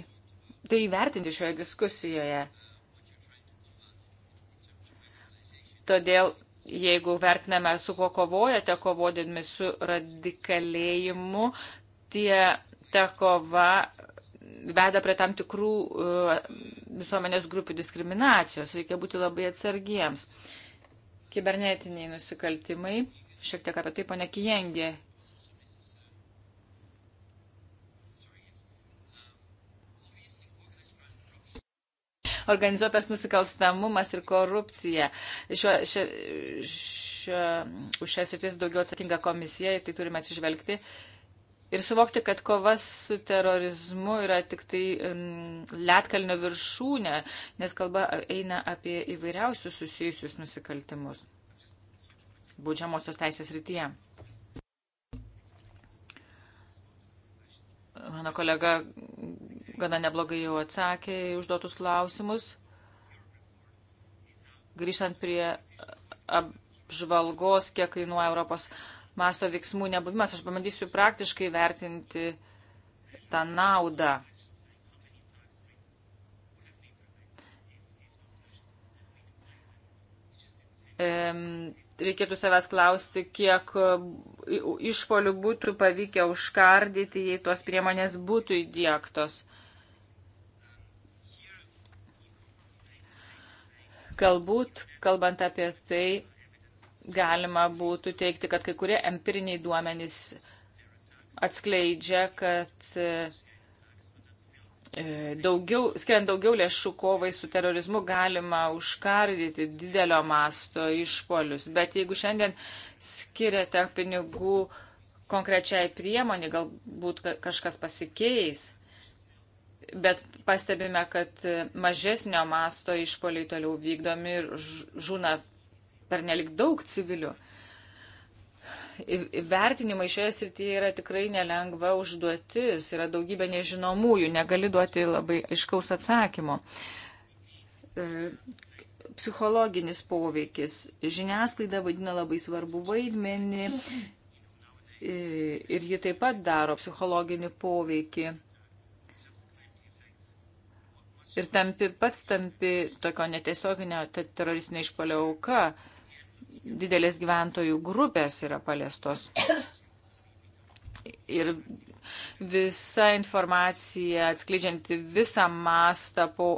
S2: tai įvertinti šioje diskusijoje. Todėl, jeigu vertiname, su kuo kovojate, kovodami su radikalėjimu, tie, ta kova veda prie tam tikrų e, visuomenės grupių diskriminacijos. Reikia būti labai atsargiems. Kibernetiniai nusikaltimai. Šiek tiek apie tai pane Kijengė. Organizuotas nusikalstamumas ir korupcija. Šio, šio, šio, už šias rytis daugiau atsakinga komisija, tai turime atsižvelgti. Uh, ir suvokti, kad kova su terorizmu yra tik tai um, Lietkalnio viršūnė, nes kalba eina apie įvairiausius susijusius nusikaltimus būdžiamosios teisės rytyje. Mano kolega gana neblogai jau atsakė į užduotus klausimus. Grįžtant prie apžvalgos, kiek kainuoja Europos masto veiksmų nebuvimas. Aš pabandysiu praktiškai vertinti tą naudą. Reikėtų savęs klausti, kiek e, išpolių būtų pavykę užkardyti, jei tos priemonės būtų įdėktos. Galbūt, kalbant apie tai, galima būtų teikti, kad kai kurie empiriniai duomenys atskleidžia, kad e, daugiau, skiriant daugiau lėšų kovai su terorizmu galima užkardyti didelio masto išpolius. Bet jeigu šiandien skiriate pinigų konkrečiai priemonį, galbūt kažkas pasikeis. Bet pastebime, kad mažesnio masto išpoliai toliau vykdomi ir žūna pernelik daug civilių. Vertinimai šioje srityje yra tikrai nelengva užduotis, yra daugybė nežinomųjų, negali duoti labai aiškaus atsakymo e, psichologinis poveikis. Žiniasklaida vadina labai svarbu vaidmenį ir ji taip pat daro psichologinį poveikį. Ir tampi, pats tampi tokio netiesioginio teroristinio išpalio auka didelės gyventojų grupės yra paliestos. Ir visa informacija atskleidžianti visą mastą, po,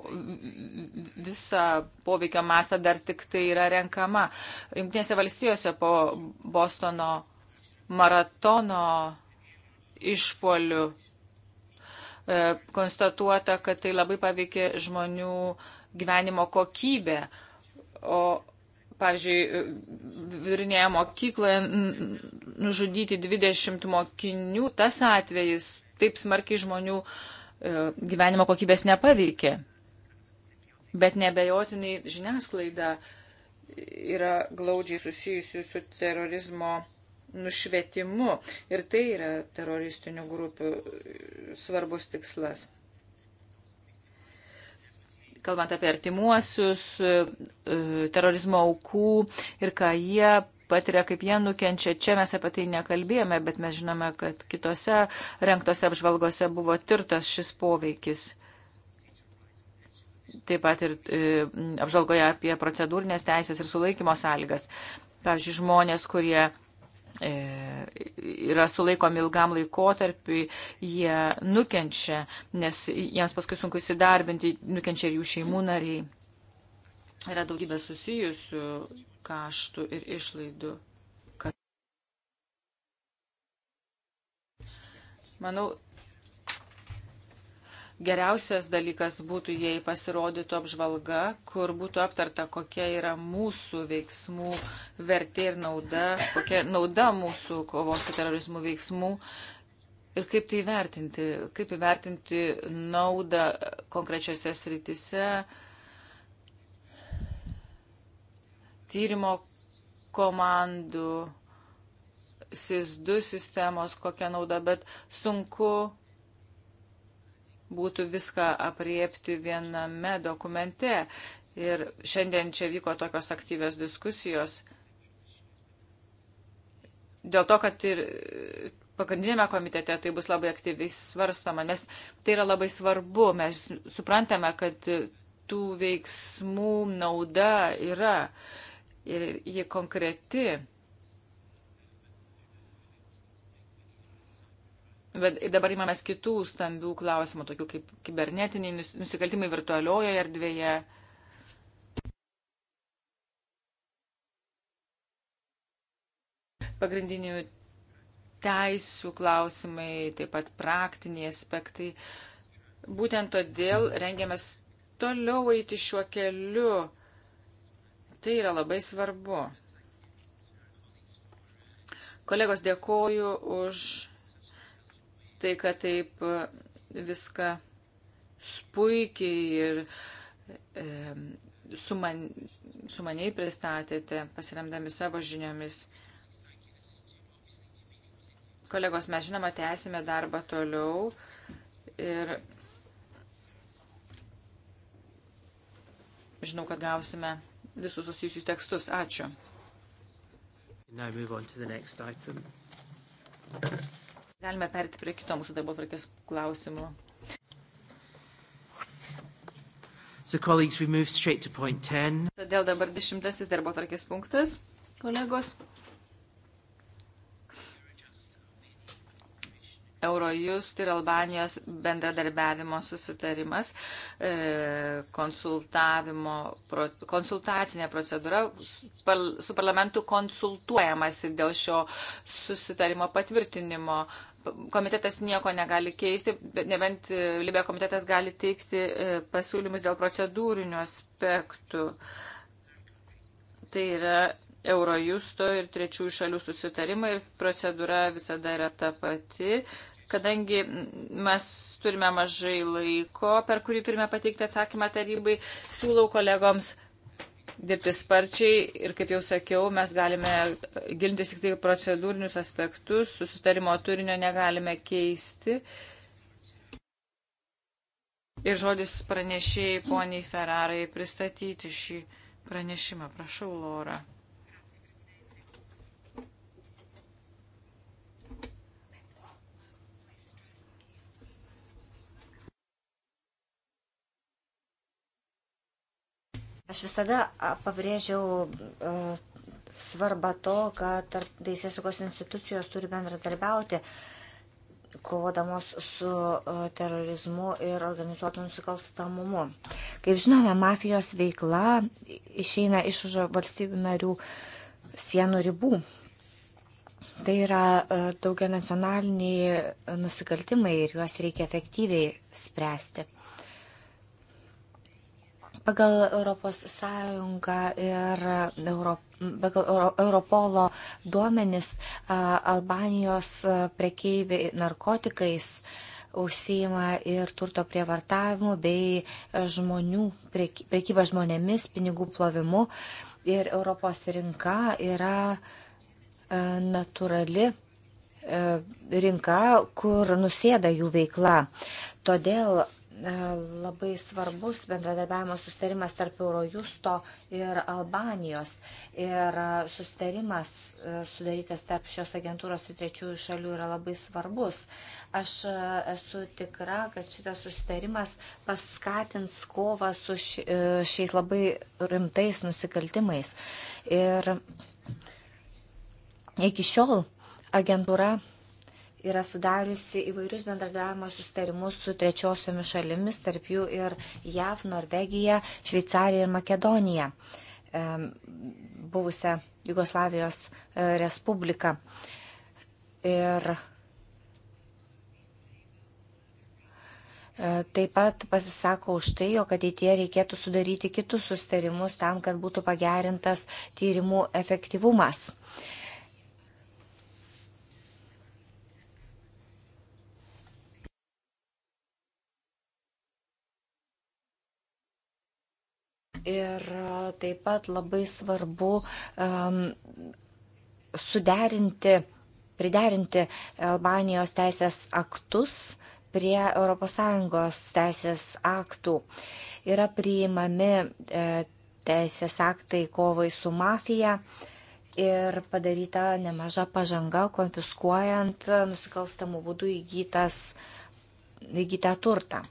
S2: visą poveikio mastą dar tik tai yra renkama. Junktinėse valstijose po Bostono maratono išpolių e, konstatuota, kad tai labai paveikė žmonių gyvenimo kokybę. O pavyzdžiui, virinėje mokykloje nužudyti 20 mokinių, tas atvejis taip smarkiai žmonių e, gyvenimo kokybės nepaveikė. Bet nebejotinai žiniasklaida yra glaudžiai susijusi su terorizmo nušvietimu ir tai yra teroristinių grupių svarbus tikslas kalbant apie artimuosius, e, terorizmo aukų ir ką jie patiria, kaip jie nukenčia. Čia mes apie tai nekalbėjome, bet mes žinome, kad kitose renktose apžvalgose buvo tirtas šis poveikis. Taip pat ir e, apžvalgoje apie procedūrinės teisės ir sulaikymo sąlygas. Pavyzdžiui, žmonės, kurie E, yra sulaikomi ilgam laikotarpiui, jie nukenčia, nes jiems paskui sunku įsidarbinti, nukenčia ir jų šeimų nariai. Yra daugybė susijusių kaštų ir išlaidų. Manau, geriausias dalykas būtų, jei pasirodytų apžvalga, kur būtų aptarta, kokia yra mūsų veiksmų vertė ir nauda, kokia nauda mūsų kovos su terorizmu veiksmų ir kaip tai vertinti, kaip įvertinti naudą konkrečiose sritise tyrimo komandų, SIS2 sistemos, kokia nauda, bet sunku būtų viską apriepti viename dokumente. Ir šiandien čia vyko tokios aktyvios diskusijos. Dėl to, kad ir pagrindinėme komitete tai bus labai aktyviai svarstama, nes tai yra labai svarbu. Mes suprantame, kad tų veiksmų nauda yra ir ji konkreti. Bet dabar įmamės kitų stambių klausimų, tokių kaip kibernetiniai nusikaltimai virtualiojoje erdvėje. Pagrindinių teisų klausimai, taip pat praktiniai aspektai. Būtent todėl rengiamės toliau eiti šiuo keliu. Tai yra labai svarbu. Kolegos, dėkoju už tai, kad taip e, viską puikiai ir e, suman, sumaniai pristatėte, pasiremdami savo žiniomis. Kolegos, mes žinoma, tęsime darbą toliau ir žinau, kad gausime visus susijusius tekstus. Ačiū.
S1: Now move on to the next item.
S2: Thank you. Galime perėti prie kito mūsų darbo tvarkės klausimų.
S1: So, colleagues, we move straight to point 10.
S2: Todėl dabar dešimtasis darbo tvarkės punktas, kolegos. Eurojust ir Albanijos bendradarbiavimo susitarimas, e, konsultacinė procedūra, su parlamentu konsultuojamasi dėl šio susitarimo patvirtinimo komitetas nieko negali keisti, nebent e, Libė komitetas gali teikti e, pasiūlymus dėl procedūrinių aspektų. Tai yra Eurojusto ir trečiųjų šalių susitarimai ir procedūra visada yra ta pati. Kadangi mes turime mažai laiko, per kurį turime pateikti atsakymą tarybai, siūlau kolegoms dirbti sparčiai ir, kaip jau sakiau, mes galime gilintis tik tai procedūrinius aspektus, susitarimo turinio negalime keisti. Ir žodis pranešėjai poniai Ferrarai pristatyti šį pranešimą. Prašau, Laura.
S3: Aš visada pabrėžiau svarbą to, kad tarp teisėsaugos institucijos turi bendradarbiauti, kovodamos su terorizmu ir organizuotų nusikalstamumu. Kaip žinome, mafijos veikla išeina iš už valstybių narių sienų ribų. Tai yra daugia nacionaliniai nusikaltimai ir juos reikia efektyviai spręsti. Pagal ES ir Euro, pagal Euro, Europolo duomenis Albanijos prekeiviai narkotikais užsijima ir turto prievartavimu bei žmonių, prekyba žmonėmis, pinigų plovimu. Ir Europos rinka yra natūrali rinka, kur nusėda jų veikla. Todėl E, labai svarbus bendradarbiavimo sustarimas tarp Eurojusto ir Albanijos. Ir e, sustarimas e, sudarytas tarp šios agentūros ir trečiųjų šalių yra labai svarbus. Aš esu tikra, kad šitas sustarimas paskatins kovą su šiais labai rimtais nusikaltimais. Ir iki šiol agentūra yra sudariusi įvairius bendradarbiavimo sustarimus su trečiosiomis šalimis, tarp jų ir JAV, Norvegija, Šveicarija ir Makedonija, buvusią Jugoslavijos e, Respubliką. Ir e, Taip pat pasisako už tai, jog ateitie reikėtų sudaryti kitus sustarimus tam, kad būtų pagerintas tyrimų efektyvumas. Uh, Ir e, taip pat labai svarbu um, suderinti, priderinti Albanijos teisės aktus prie ES teisės aktų. Yra priimami e, teisės aktai kovai su mafija ir padaryta nemaža pažanga, konfiskuojant nusikalstamų būdų įgytas, įgytą turtą.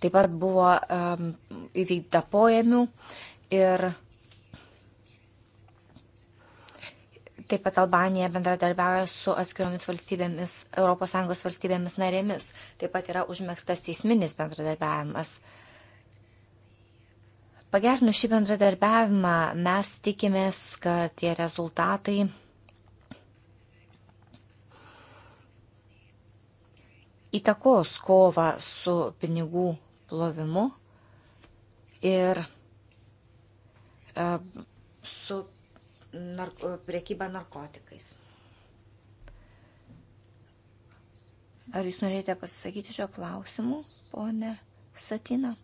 S3: Taip pat buvo um, įvykdyta poėmių ir Taip pat Albanija bendradarbiauja su atskiromis valstybėmis, ES valstybėmis narėmis. Taip pat yra užmėgstas teisminis bendradarbiavimas. Pagernus šį bendradarbiavimą mes tikimės, kad tie rezultatai įtakos kovą su pinigų plovimu ir e, su narko, priekyba narkotikais. Ar jūs norėjote pasisakyti šio klausimu, ponė Satina?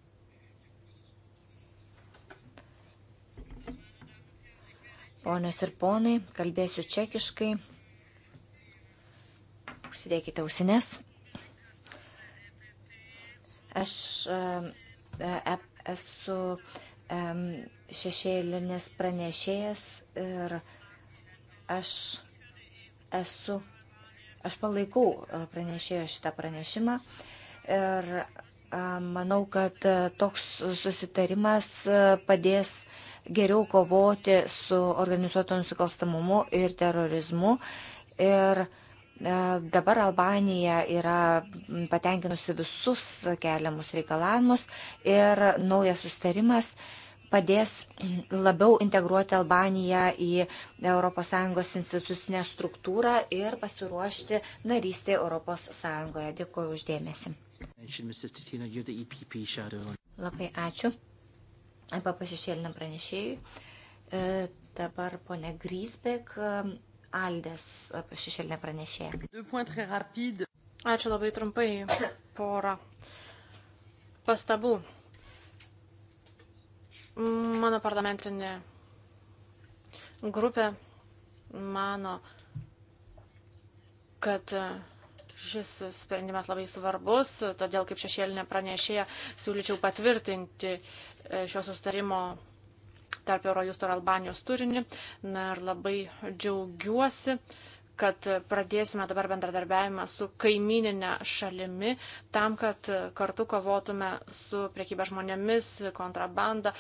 S3: Ponios ir ponai, kalbėsiu čekiškai. Užsidėkite ausines. Aš e, e, esu šešėlinis pranešėjas ir aš esu, aš palaikau e, pranešėjo šitą pranešimą ir manau, kad toks susitarimas padės geriau kovoti su organizuotu nusikalstamumu ir terorizmu. Ir uh, E, dabar Albanija yra patenkinusi visus keliamus reikalavimus ir naujas sustarimas padės labiau integruoti Albaniją į ES institucinę struktūrą ir pasiruošti narystė ES. Dėkuoju uždėmesi. Labai ačiū. Arba pašešėlinam pranešėjui. E, dabar ponia Grisbek, Aldės šešėlinė pranešėja.
S4: Ačiū labai trumpai porą pastabų. Mano parlamentinė grupė mano, kad šis sprendimas labai svarbus, todėl kaip šešėlinė pranešėja siūlyčiau patvirtinti šio sustarimo tarp Eurojusto ir Albanijos turinį. Na ir labai džiaugiuosi, kad pradėsime dabar bendradarbiavimą su kaimininė šalimi, tam, kad kartu kovotume su priekybė žmonėmis, kontrabanda,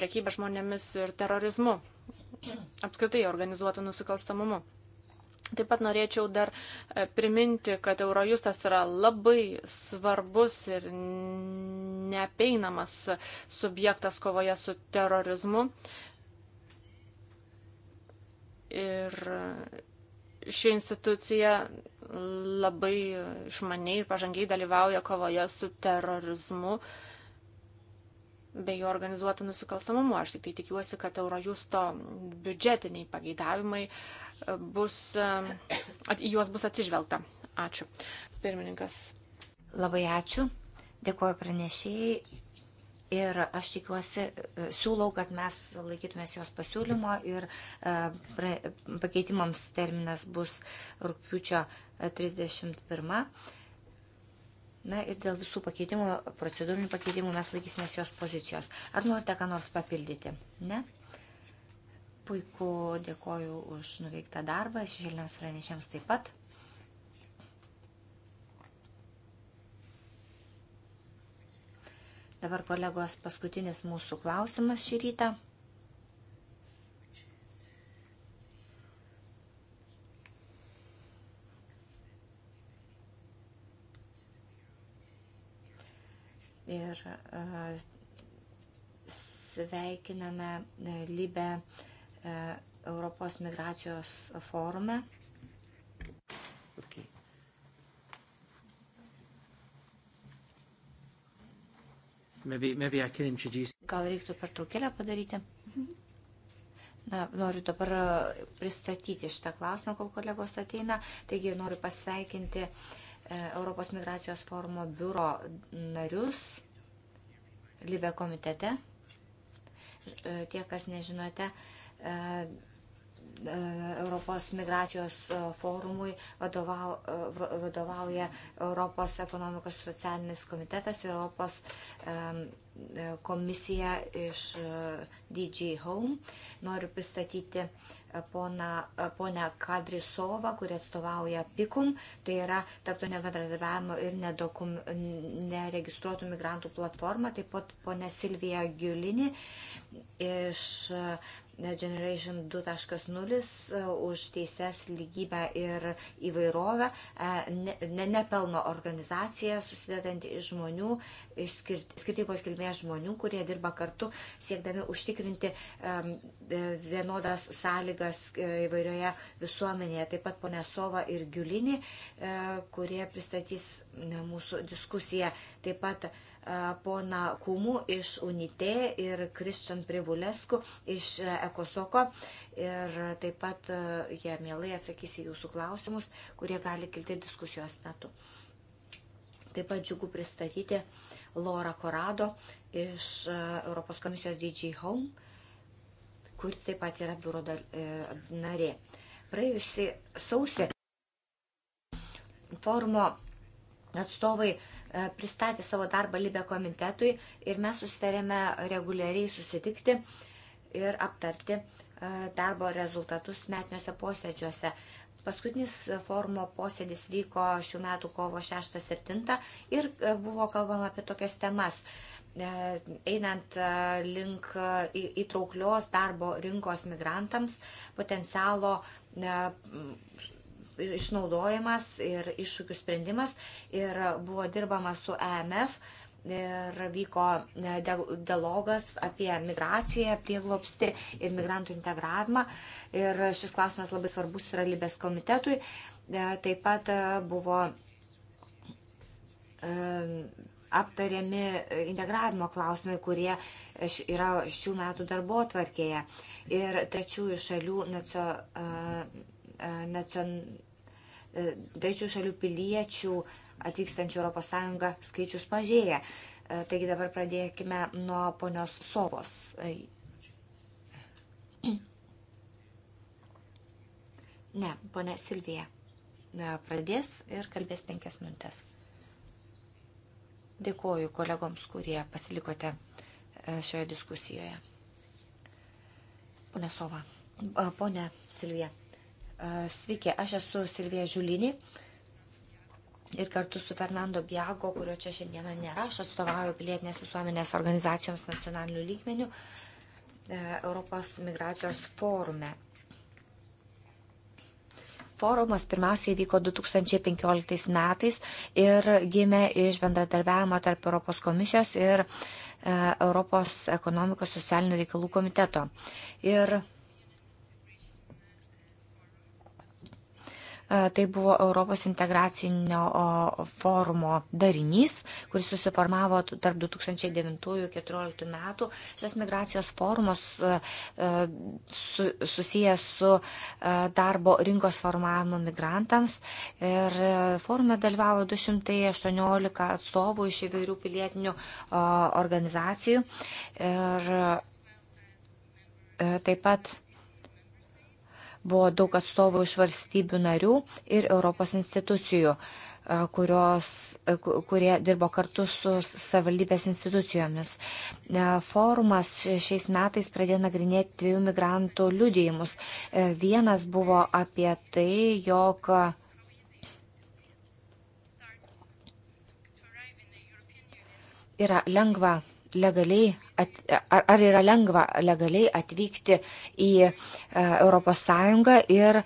S4: priekybė žmonėmis ir terorizmu, apskritai organizuotų nusikalstamumu. Taip pat norėčiau dar e, priminti, kad Eurojustas yra labai svarbus ir neapeinamas subjektas kovoje su terorizmu. Ir ši institucija labai išmaniai ir pažangiai dalyvauja kovoje su terorizmu bei jo organizuotų nusikalstamumu. Aš tik tai tikiuosi, kad Eurojusto biudžetiniai pageidavimai uh, bus, at, į juos bus atsižvelgta. Ačiū.
S3: Pirmininkas. Labai ačiū. Dėkuoju pranešėjai. Ir aš tikiuosi, e, siūlau, kad mes laikytumės jos pasiūlymo ir e, pakeitimams terminas bus rūpiučio 31. E, Na ir dėl visų pakeitimų, procedūrinių pakeitimų mes laikysimės jos pozicijos. Ar norite ką nors papildyti? Ne? Puiku, dėkoju už nuveiktą darbą, šešėliniams pranešėms taip pat. Dabar kolegos paskutinis mūsų klausimas šį rytą. Ir sveikiname e, Libę E, Europos migracijos forume.
S1: Okay. Maybe, maybe introduce...
S3: Gal reiktų per traukėlę padaryti? Na, noriu dabar e, pristatyti šitą klausimą, kol kolegos ateina. Taigi noriu pasveikinti e, Europos migracijos forumo biuro narius Libė komitete. Tie, kas nežinote, E, e, Europos migracijos e, forumui vadovau, vadovauja Europos ekonomikos socialinis komitetas, Europos komisija iš DG Home. Noriu pristatyti ponę Kadrisovą, kuri atstovauja PIKUM, tai yra tarptautinio bendradarbiavimo ir nedokum, neregistruotų migrantų platforma, taip pat ponę Silviją Giulinį iš Generation 2.0 e, už teises lygybę ir įvairovę, nepelno ne, ne organizacija susidedanti iš žmonių, iš skirtingos kilmės žmonių, kurie dirba kartu siekdami užtikrinti e, vienodas sąlygas e, įvairioje visuomenėje. Taip pat ponė Sova ir Giulini, kurie pristatys mūsų diskusiją. Taip pat E, pona Kumų iš UNITE ir Kristian Privulesku iš e, Ekosoko. Ir taip pat e, jie mielai atsakys į jūsų klausimus, kurie gali kilti diskusijos metu. Taip pat džiugu pristatyti Laura Korado iš Europos komisijos DJ Home, kuri taip pat yra biuro narė. Praėjusi sausį forumo atstovai e, pristatė savo darbą Libė komitetui ir mes susitarėme reguliariai susitikti ir aptarti e, darbo rezultatus metiniuose posėdžiuose. Paskutinis forumo posėdis vyko šių metų kovo 6-7 ir e, buvo kalbama apie tokias temas. Einant link įtrauklios darbo rinkos migrantams, potencialo išnaudojimas ir iššūkių sprendimas ir buvo dirbama su EMF ir vyko e, dialogas apie migraciją, prieglopsti ir migrantų integravimą. Ir šis klausimas labai svarbus yra Libės komitetui. E, taip pat e, buvo aptariami integravimo klausimai, kurie yra šių metų darbo tvarkėje. Ir trečiųjų šalių nacio, E, e, trečių šalių piliečių atvykstančių ES skaičius mažėja. E, taigi dabar pradėkime nuo ponios Sovos. Ne, ponė Silvija pradės ir kalbės penkias minutės. Dėkuoju kolegoms, kurie pasilikote šioje diskusijoje. Pone Sova, ponė Silvija. Sveiki, aš esu Silvija Žiulinė ir kartu su Fernando Biago, kurio čia šiandieną nėra, aš atstovauju pilietinės visuomenės organizacijoms nacionalinių lygmenių e, Europos migracijos forume. Forumas pirmiausiai vyko 2015 metais ir gimė iš bendradarbiavimo tarp Europos komisijos ir e, Europos ekonomikos socialinių reikalų komiteto. Ir Tai buvo Europos integracinio forumo darinys, kuris susiformavo tarp 2009-2014 metų. Šis migracijos forumas su, susijęs su darbo rinkos formavimu migrantams. Ir e, forume dalyvavo 218 atstovų iš įvairių pilietinių organizacijų. Ir e, taip pat Buvo daug atstovų iš valstybių narių ir Europos institucijų, e, kurios, e, kurie dirbo kartu su savivaldybės institucijomis. E, forumas šiais metais pradėjo nagrinėti dviejų migrantų liudijimus. Vienas buvo apie tai, jog yra lengva legaliai at, ar, ar yra lengva legaliai atvykti į ES ir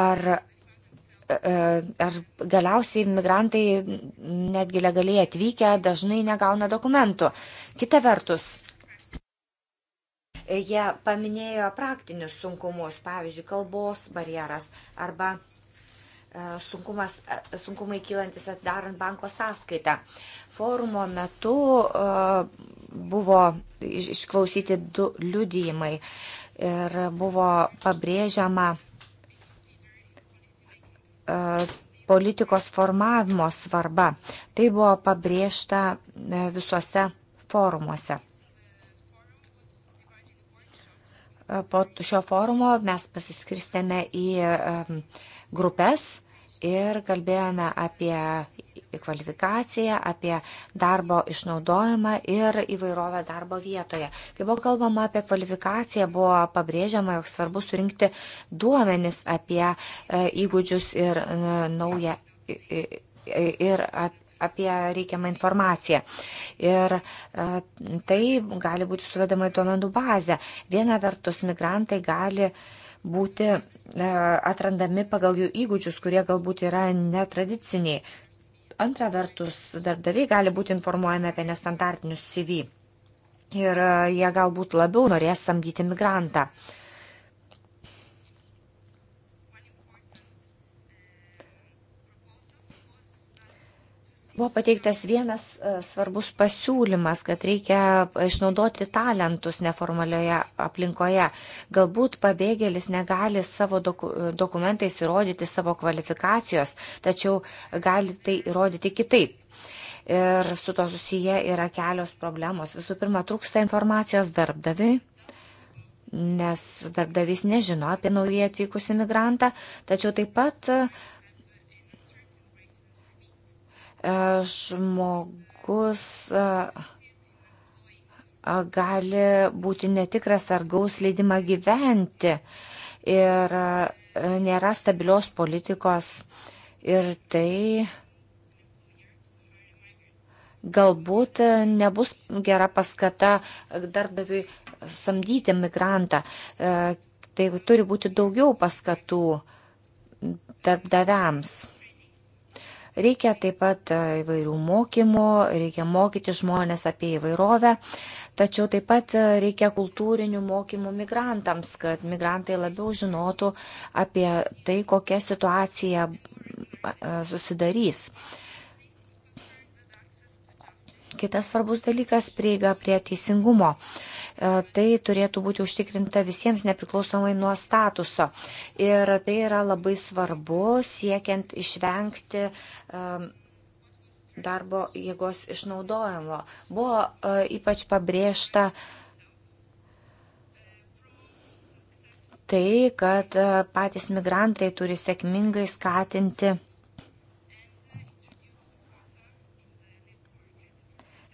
S3: ar, e, e, ar galiausiai migrantai netgi legaliai atvykę dažnai negauna dokumentų. Kita vertus, jie paminėjo praktinius sunkumus, pavyzdžiui, kalbos barjeras arba e, sunkumas, sunkumai kylantis atdarant banko sąskaitą. Forumo metu buvo išklausyti du liudijimai ir buvo pabrėžiama e, politikos formavimo svarba. Tai buvo pabrėžta e, visuose forumuose. E, po šio forumo mes pasiskirstėme į grupės ir kalbėjome apie kvalifikaciją, apie darbo išnaudojimą ir įvairovę darbo vietoje. Kai buvo kalbama apie kvalifikaciją, buvo pabrėžiama, jog svarbu surinkti duomenis apie e, įgūdžius ir e, naują ir apie reikiamą informaciją. Ir e, tai gali būti suvedama į duomenų bazę. Viena vertus, migrantai gali būti atrandami pagal jų įgūdžius, kurie galbūt yra netradiciniai. Antra vertus, darbdaviai gali būti informuojami apie nestandartinius CV ir e, jie galbūt labiau norės samdyti migrantą. Uh, Buvo pateiktas vienas e, svarbus pasiūlymas, kad reikia išnaudoti talentus neformalioje aplinkoje. Galbūt pabėgėlis negali savo doku, dokumentais įrodyti savo kvalifikacijos, tačiau gali tai įrodyti kitaip. Ir su to susiję yra kelios problemos. Visų pirma, trūksta informacijos darbdaviui nes darbdavys nežino apie naujai atvykusį migrantą, tačiau taip pat E, žmogus e, gali būti netikras ar gaus leidimą gyventi ir e, nėra stabilios politikos ir tai galbūt nebus gera paskata darbdaviui samdyti migrantą. Tai turi būti daugiau paskatų darbdaviams. Reikia taip pat e, įvairių mokymų, reikia mokyti žmonės apie įvairovę, tačiau taip pat e, reikia kultūrinių mokymų migrantams, kad migrantai labiau žinotų apie tai, kokia situacija susidarys. Uh, kitas svarbus dalykas - prieiga prie teisingumo. E, tai turėtų būti užtikrinta visiems nepriklausomai nuo statuso. Ir tai yra labai svarbu siekiant išvengti e, darbo jėgos išnaudojimo. Buvo e, ypač pabrėžta tai, kad patys migrantai turi sėkmingai skatinti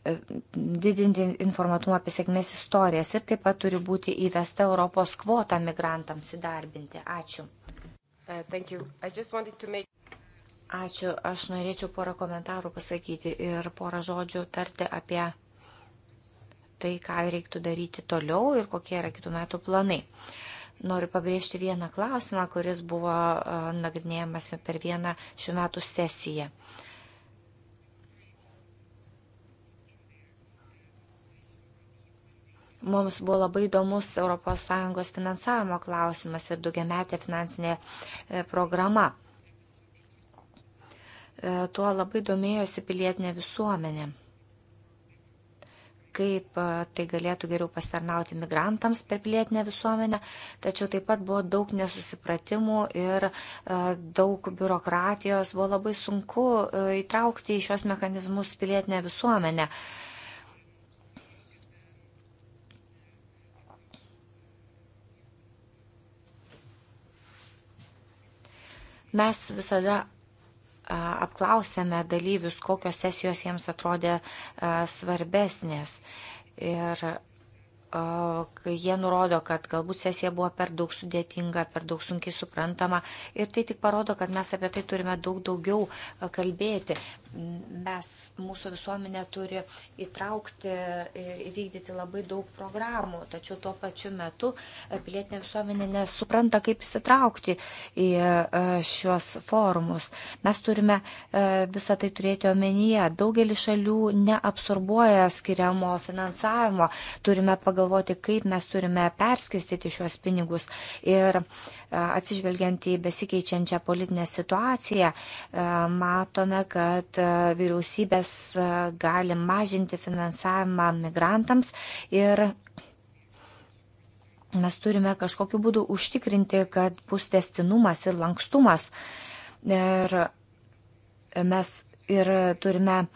S3: E, didinti informatumą apie sėkmės istorijas ir taip pat turi būti įvesta Europos kvota migrantams įdarbinti. Ačiū. Uh, make... Ačiū. Aš norėčiau porą komentarų pasakyti ir porą žodžių tarti apie tai, ką reiktų daryti toliau ir kokie yra kitų metų planai. Noriu pabrėžti vieną klausimą, kuris buvo uh, nagrinėjamas per vieną šių metų sesiją. Uh, Mums buvo labai įdomus ES finansavimo klausimas ir daugiametė finansinė e, programa. E, tuo labai domėjosi pilietinė visuomenė kaip e, tai galėtų geriau pasitarnauti migrantams per pilietinę visuomenę, tačiau taip pat buvo daug nesusipratimų ir daug biurokratijos, buvo labai sunku įtraukti į šios mechanizmus pilietinę visuomenę. Mes visada apklausėme dalyvius, kokios sesijos jiems atrodė svarbesnės. Ir kai jie nurodo, kad galbūt sesija buvo per daug sudėtinga, per daug sunkiai suprantama. Ir tai tik parodo, kad mes apie tai turime daug daugiau kalbėti mes, mūsų visuomenė turi įtraukti ir įvykdyti labai daug programų, tačiau tuo pačiu metu e, pilietinė visuomenė nesupranta, kaip įsitraukti į e, šiuos forumus. Mes turime e, visą tai turėti omenyje. Daugelis šalių neabsorbuoja skiriamo finansavimo. Turime pagalvoti, kaip mes turime perskirstyti šiuos pinigus. Ir atsižvelgiant į besikeičiančią politinę situaciją, matome, kad vyriausybės gali mažinti finansavimą migrantams ir mes turime kažkokiu būdu užtikrinti, kad bus testinumas ir lankstumas. Ir mes ir turime e,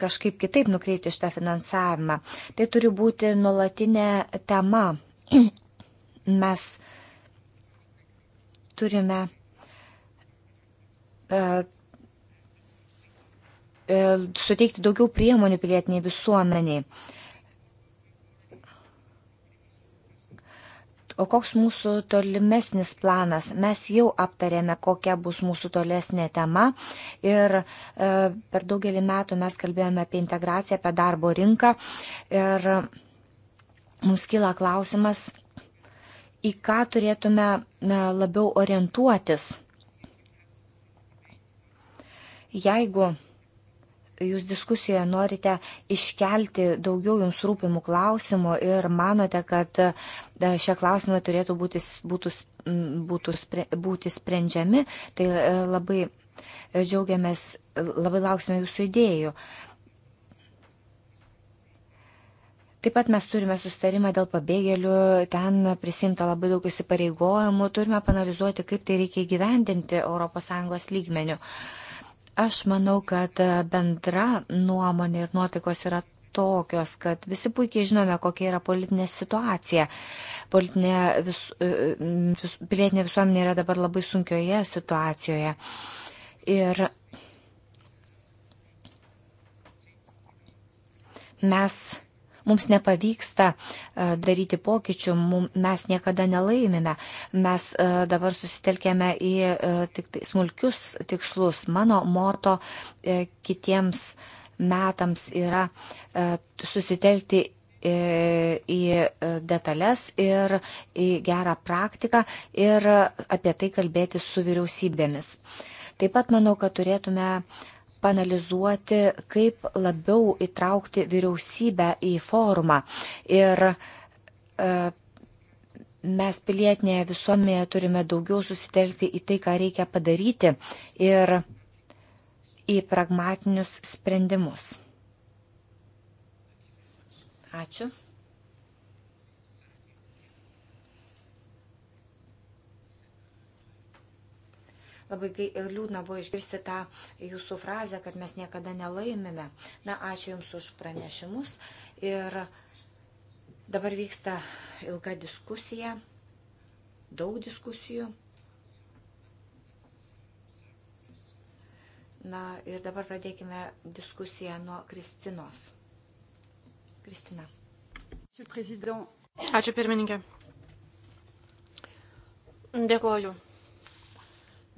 S3: kažkaip kitaip nukreipti šitą finansavimą. Tai turi būti nulatinė tema. Mes uh, turime e, e, suteikti daugiau priemonių pilietiniai visuomeniai. O koks mūsų tolimesnis planas? Mes jau aptarėme, kokia bus mūsų tolesnė tema ir e, per daugelį metų mes kalbėjome apie integraciją, apie darbo rinką ir mums kyla klausimas, į ką turėtume na, labiau orientuotis. Jeigu jūs diskusijoje norite iškelti daugiau jums rūpimų klausimų ir manote, kad e, šie klausimai turėtų būti, būtų, būtų, būti sprendžiami, tai e, labai džiaugiamės, labai lauksime jūsų idėjų. Taip pat mes turime sustarimą dėl pabėgėlių, ten prisimta labai daug įsipareigojimų, turime panalizuoti, kaip tai reikia gyvendinti ES lygmenių. Aš manau, kad bendra nuomonė ir nuotaikos yra tokios, kad visi puikiai žinome, kokia yra politinė situacija. Politinė vis, e, vis, pilietinė visuomenė yra dabar labai sunkioje situacijoje. Ir mes mums nepavyksta e, daryti pokyčių, mes niekada nelaimime. Mes e, dabar susitelkėme į e, tik tai smulkius tikslus. Mano moto kitiems metams yra susitelkti į detalės ir į gerą praktiką ir apie tai kalbėti su vyriausybėmis. Taip pat manau, kad turėtume uh, panalizuoti, kaip labiau įtraukti vyriausybę į forumą. Ir e, mes pilietinėje visuomenėje turime daugiau susitelkti į tai, ką reikia padaryti ir į pragmatinius sprendimus. Ačiū. Labai liūdna buvo išgirsti tą jūsų frazę, kad mes niekada nelaimime. Na, ačiū Jums už pranešimus. Ir dabar vyksta ilga diskusija, daug diskusijų. Na ir dabar pradėkime diskusiją nuo Kristinos. Kristina. Ačiū pirmininkė. Dėkoju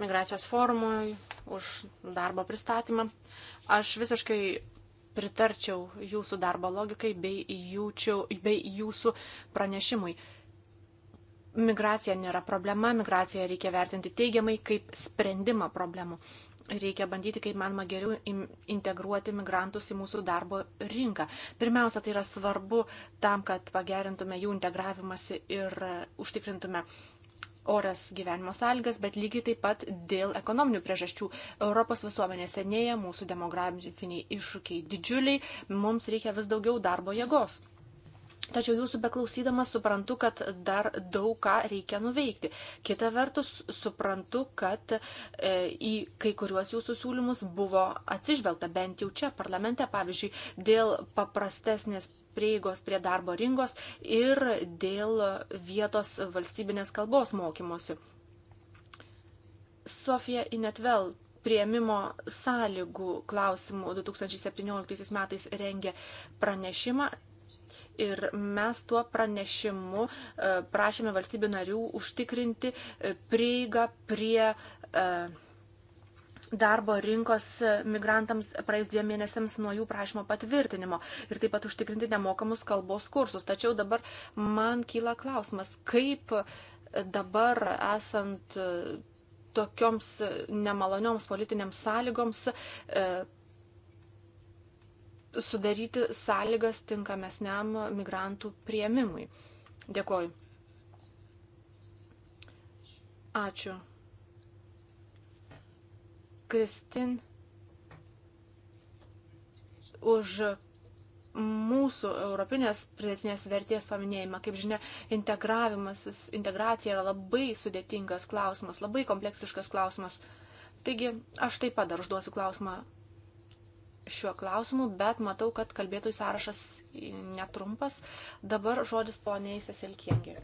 S4: migracijos formui, už darbo pristatymą. Aš visiškai pritarčiau jūsų darbo logikai bei, jūčiau, bei jūsų pranešimui. Migracija nėra problema, migraciją reikia vertinti teigiamai kaip sprendimą problemų. Reikia bandyti, kaip manoma, geriau integruoti migrantus į mūsų darbo rinką. Pirmiausia, tai yra svarbu tam, kad pagerintume jų integravimąsi ir uh, užtikrintume orias gyvenimo sąlygas, bet lygiai taip pat dėl ekonominių priežasčių. Europos visuomenė senėja, mūsų demografiniai iššūkiai didžiuliai, mums reikia vis daugiau darbo jėgos. Tačiau jūsų beklausydamas suprantu, kad dar daug ką reikia nuveikti. Kita vertus, suprantu, kad e, į kai kuriuos jūsų siūlymus buvo atsižvelgta, bent jau čia parlamente, pavyzdžiui, dėl paprastesnės prieigos prie darbo rinkos ir dėl vietos valstybinės kalbos mokymosi. Sofija Inetvel prieimimo sąlygų klausimų 2017 metais rengė pranešimą ir mes tuo pranešimu e, prašėme valstybių narių užtikrinti e, prieigą prie e, darbo rinkos migrantams praeis dviem mėnesiams nuo jų prašymo patvirtinimo ir taip pat užtikrinti nemokamus kalbos kursus. Tačiau dabar man kyla klausimas, kaip dabar esant tokioms nemalonioms politinėms sąlygoms e, sudaryti sąlygas tinkamesniam migrantų prieimimui. Dėkuoju. Ačiū Kristin už mūsų europinės pridėtinės vertės paminėjimą. Kaip žinia, integravimas, integracija yra labai sudėtingas klausimas, labai kompleksiškas klausimas. Taigi, aš taip pat dar užduosiu klausimą šiuo klausimu, bet matau, kad kalbėtojų sąrašas netrumpas. Dabar žodis poniai Sesilkiengi.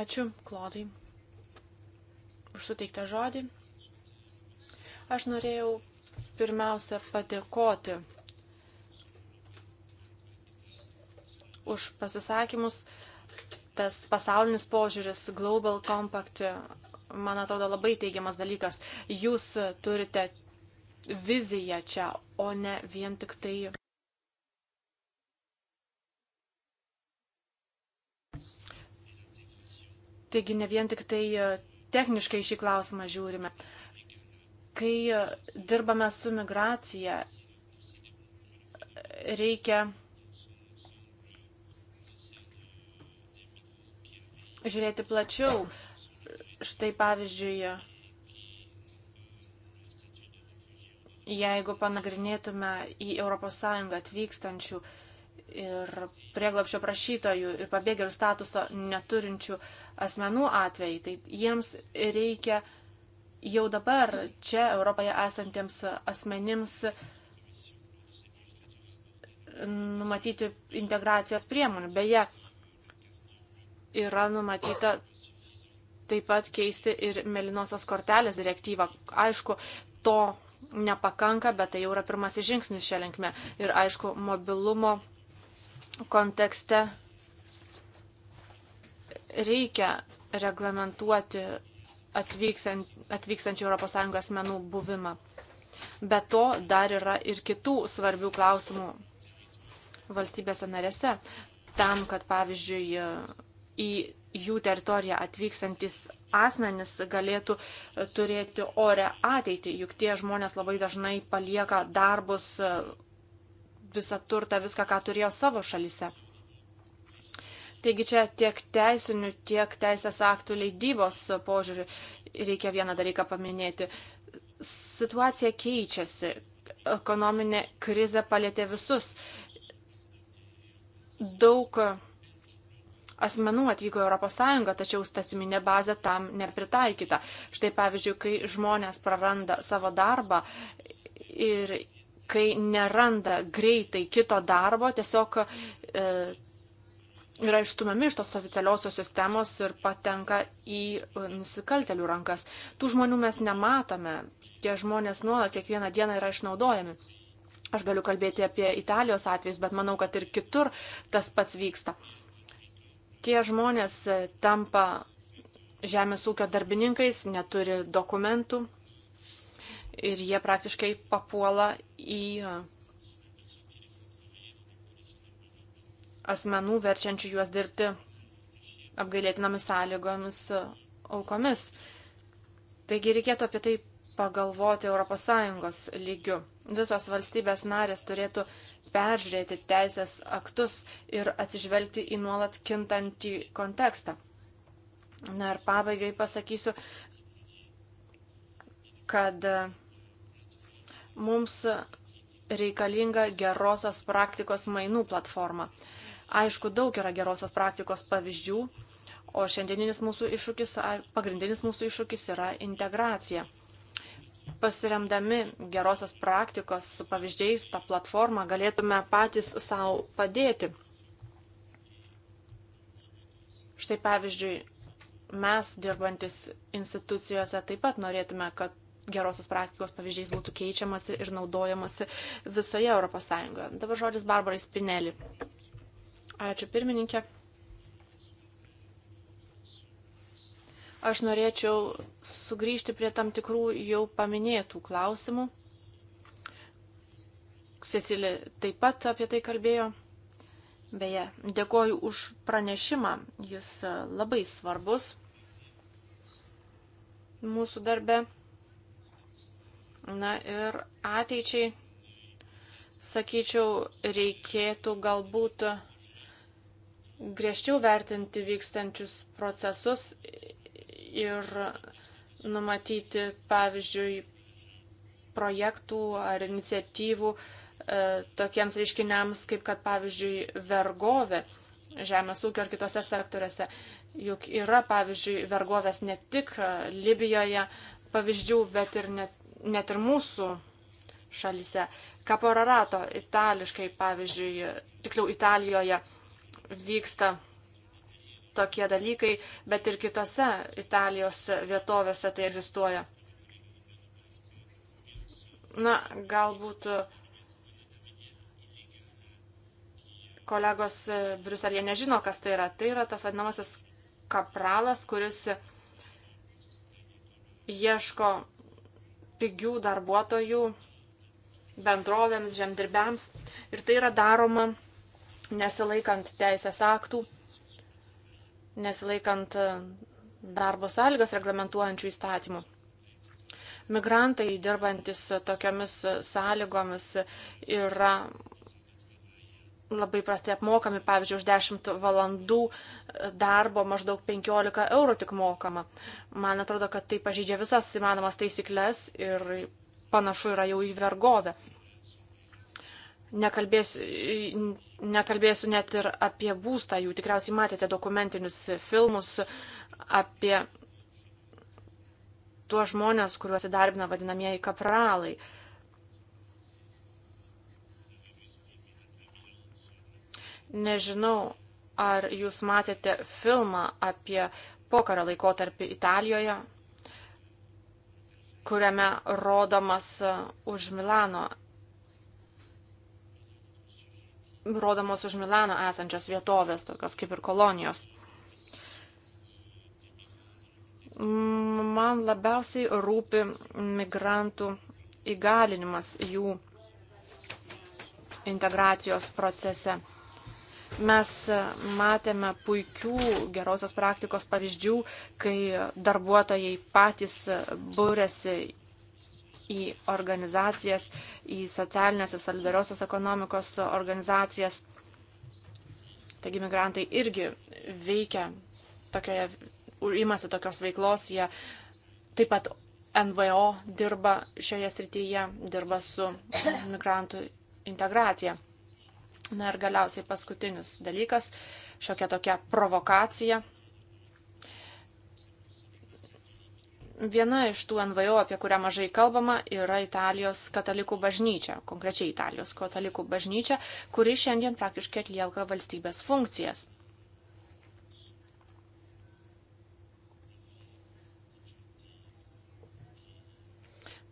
S4: Ačiū, Klodai, už suteiktą žodį. Aš norėjau pirmiausia padėkoti už pasisakymus. Tas pasaulinis požiūris Global Compact, man atrodo, labai teigiamas dalykas. Jūs turite viziją čia, o ne vien tik tai Taigi ne vien tik tai e, techniškai šį klausimą žiūrime. Kai e, dirbame su migracija, reikia žiūrėti plačiau. Štai pavyzdžiui, jeigu panagrinėtume į ES atvykstančių ir prieglapšio prašytojų ir pabėgėlių statuso neturinčių uh, asmenų atvejai, tai jiems reikia jau dabar čia Europoje esantiems asmenims numatyti integracijos priemonių. Beje, yra numatyta taip pat keisti ir melinosios kortelės direktyvą. Aišku, to nepakanka, bet tai jau yra pirmasis žingsnis šią linkmę. Ir aišku, mobilumo kontekste reikia reglamentuoti atvykstančių ES asmenų buvimą. Be to dar yra ir kitų svarbių klausimų valstybėse narėse, tam, kad pavyzdžiui į jų teritoriją atvykstantis asmenis galėtų turėti orę ateitį, juk tie žmonės labai dažnai palieka darbus, visą turtą, viską, ką turėjo savo šalyse. Taigi čia tiek teisinių, tiek teisės aktų leidybos požiūrių reikia vieną dalyką paminėti. Situacija keičiasi. Ekonominė krizė palėtė visus. Daug asmenų atvyko į ES, tačiau statiminė bazė tam nepritaikyta. Štai pavyzdžiui, kai žmonės praranda savo darbą ir kai neranda greitai kito darbo, tiesiog e, yra išstumiami iš tos oficialiosios sistemos ir patenka į uh, nusikaltelių rankas. Tų žmonių mes nematome, tie žmonės nuolat kiekvieną dieną yra išnaudojami. Aš galiu kalbėti apie Italijos atvejus, bet manau, kad ir kitur tas pats vyksta. Tie žmonės uh, tampa žemės ūkio darbininkais, neturi dokumentų ir jie praktiškai papuola į uh, asmenų verčiančių juos dirbti apgailėtinomis sąlygomis aukomis. Taigi reikėtų apie tai pagalvoti ES lygiu. Visos valstybės narės turėtų peržiūrėti teisės aktus ir atsižvelgti į nuolat kintantį kontekstą. Na ir pabaigai pasakysiu, kad mums reikalinga gerosios praktikos mainų platforma. Aišku, daug yra gerosios praktikos pavyzdžių, o šiandieninis mūsų iššūkis, pagrindinis mūsų iššūkis yra integracija. Pasiremdami gerosios praktikos pavyzdžiais tą platformą galėtume patys savo padėti. Štai pavyzdžiui, mes dirbantis institucijose taip pat norėtume, kad gerosios praktikos pavyzdžiais būtų keičiamasi ir naudojamasi visoje ES. Dabar žodis Barbarai Spinelį. Ačiū pirmininkė. Aš norėčiau sugrįžti prie tam tikrų jau paminėtų klausimų. Cecilė taip pat apie tai kalbėjo. Beje, dėkoju už pranešimą, jis e, labai svarbus mūsų darbe. Na ir ateičiai, sakyčiau, reikėtų galbūt griežčiau vertinti vykstančius procesus ir numatyti, pavyzdžiui, projektų ar iniciatyvų e, tokiems reiškiniams, kaip kad, pavyzdžiui, vergovė žemės ūkio ar kitose sektoriuose. Juk yra, pavyzdžiui, vergovės ne tik e, Libijoje pavyzdžių, bet ir net, net ir mūsų šalyse. Kaporarato itališkai, pavyzdžiui, tiksliau Italijoje vyksta tokie dalykai, bet ir kitose Italijos vietovėse tai egzistuoja. Na, galbūt e, kolegos e, Bruselėje nežino, kas tai yra. Tai yra tas vadinamasis kapralas, kuris ieško pigių darbuotojų bendrovėms, žemdirbiams. Ir tai yra daroma nesilaikant teisės aktų, nesilaikant e, darbo sąlygas reglamentuojančių įstatymų. Migrantai dirbantis tokiamis sąlygomis yra labai prastai apmokami, pavyzdžiui, už 10 valandų darbo maždaug 15 eurų tik mokama. Man atrodo, kad tai pažydžia visas įmanomas taisyklės ir panašu yra jau į vergovę. Nekalbėsiu, nekalbėsiu net ir apie būstą, jų tikriausiai matėte dokumentinius filmus apie tuos žmonės, kuriuos įdarbina vadinamieji kapralai. Nežinau, ar jūs matėte filmą apie pokarą laikotarpį Italijoje, kuriame rodomas už Milano rodomos už Milano esančias vietovės, tokios kaip ir kolonijos. Man labiausiai rūpi migrantų įgalinimas jų integracijos procese. Mes matėme puikių gerosios praktikos pavyzdžių, kai darbuotojai patys būrėsi į organizacijas, į socialinės ir solidariosios ekonomikos organizacijas. Taigi migrantai irgi veikia tokioje, imasi tokios veiklos, jie taip pat NVO dirba šioje srityje, dirba su migrantų integracija. Na ir galiausiai paskutinis dalykas, šiokia tokia provokacija. Viena iš tų NVO, apie kurią mažai kalbama, yra Italijos katalikų bažnyčia, konkrečiai Italijos katalikų bažnyčia, kuri šiandien praktiškai atlieka valstybės funkcijas.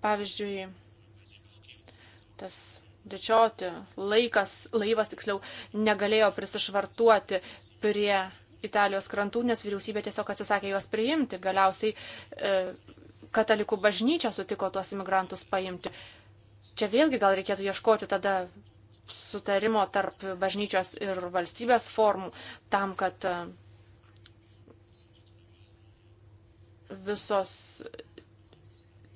S4: Pavyzdžiui, tas dečioti laikas, laivas tiksliau, negalėjo prisišvartuoti prie Italijos krantų, nes vyriausybė tiesiog atsisakė juos priimti. Galiausiai e, katalikų bažnyčia sutiko tuos imigrantus paimti. Čia vėlgi gal reikėtų ieškoti tada sutarimo tarp bažnyčios ir valstybės formų tam, kad e, visos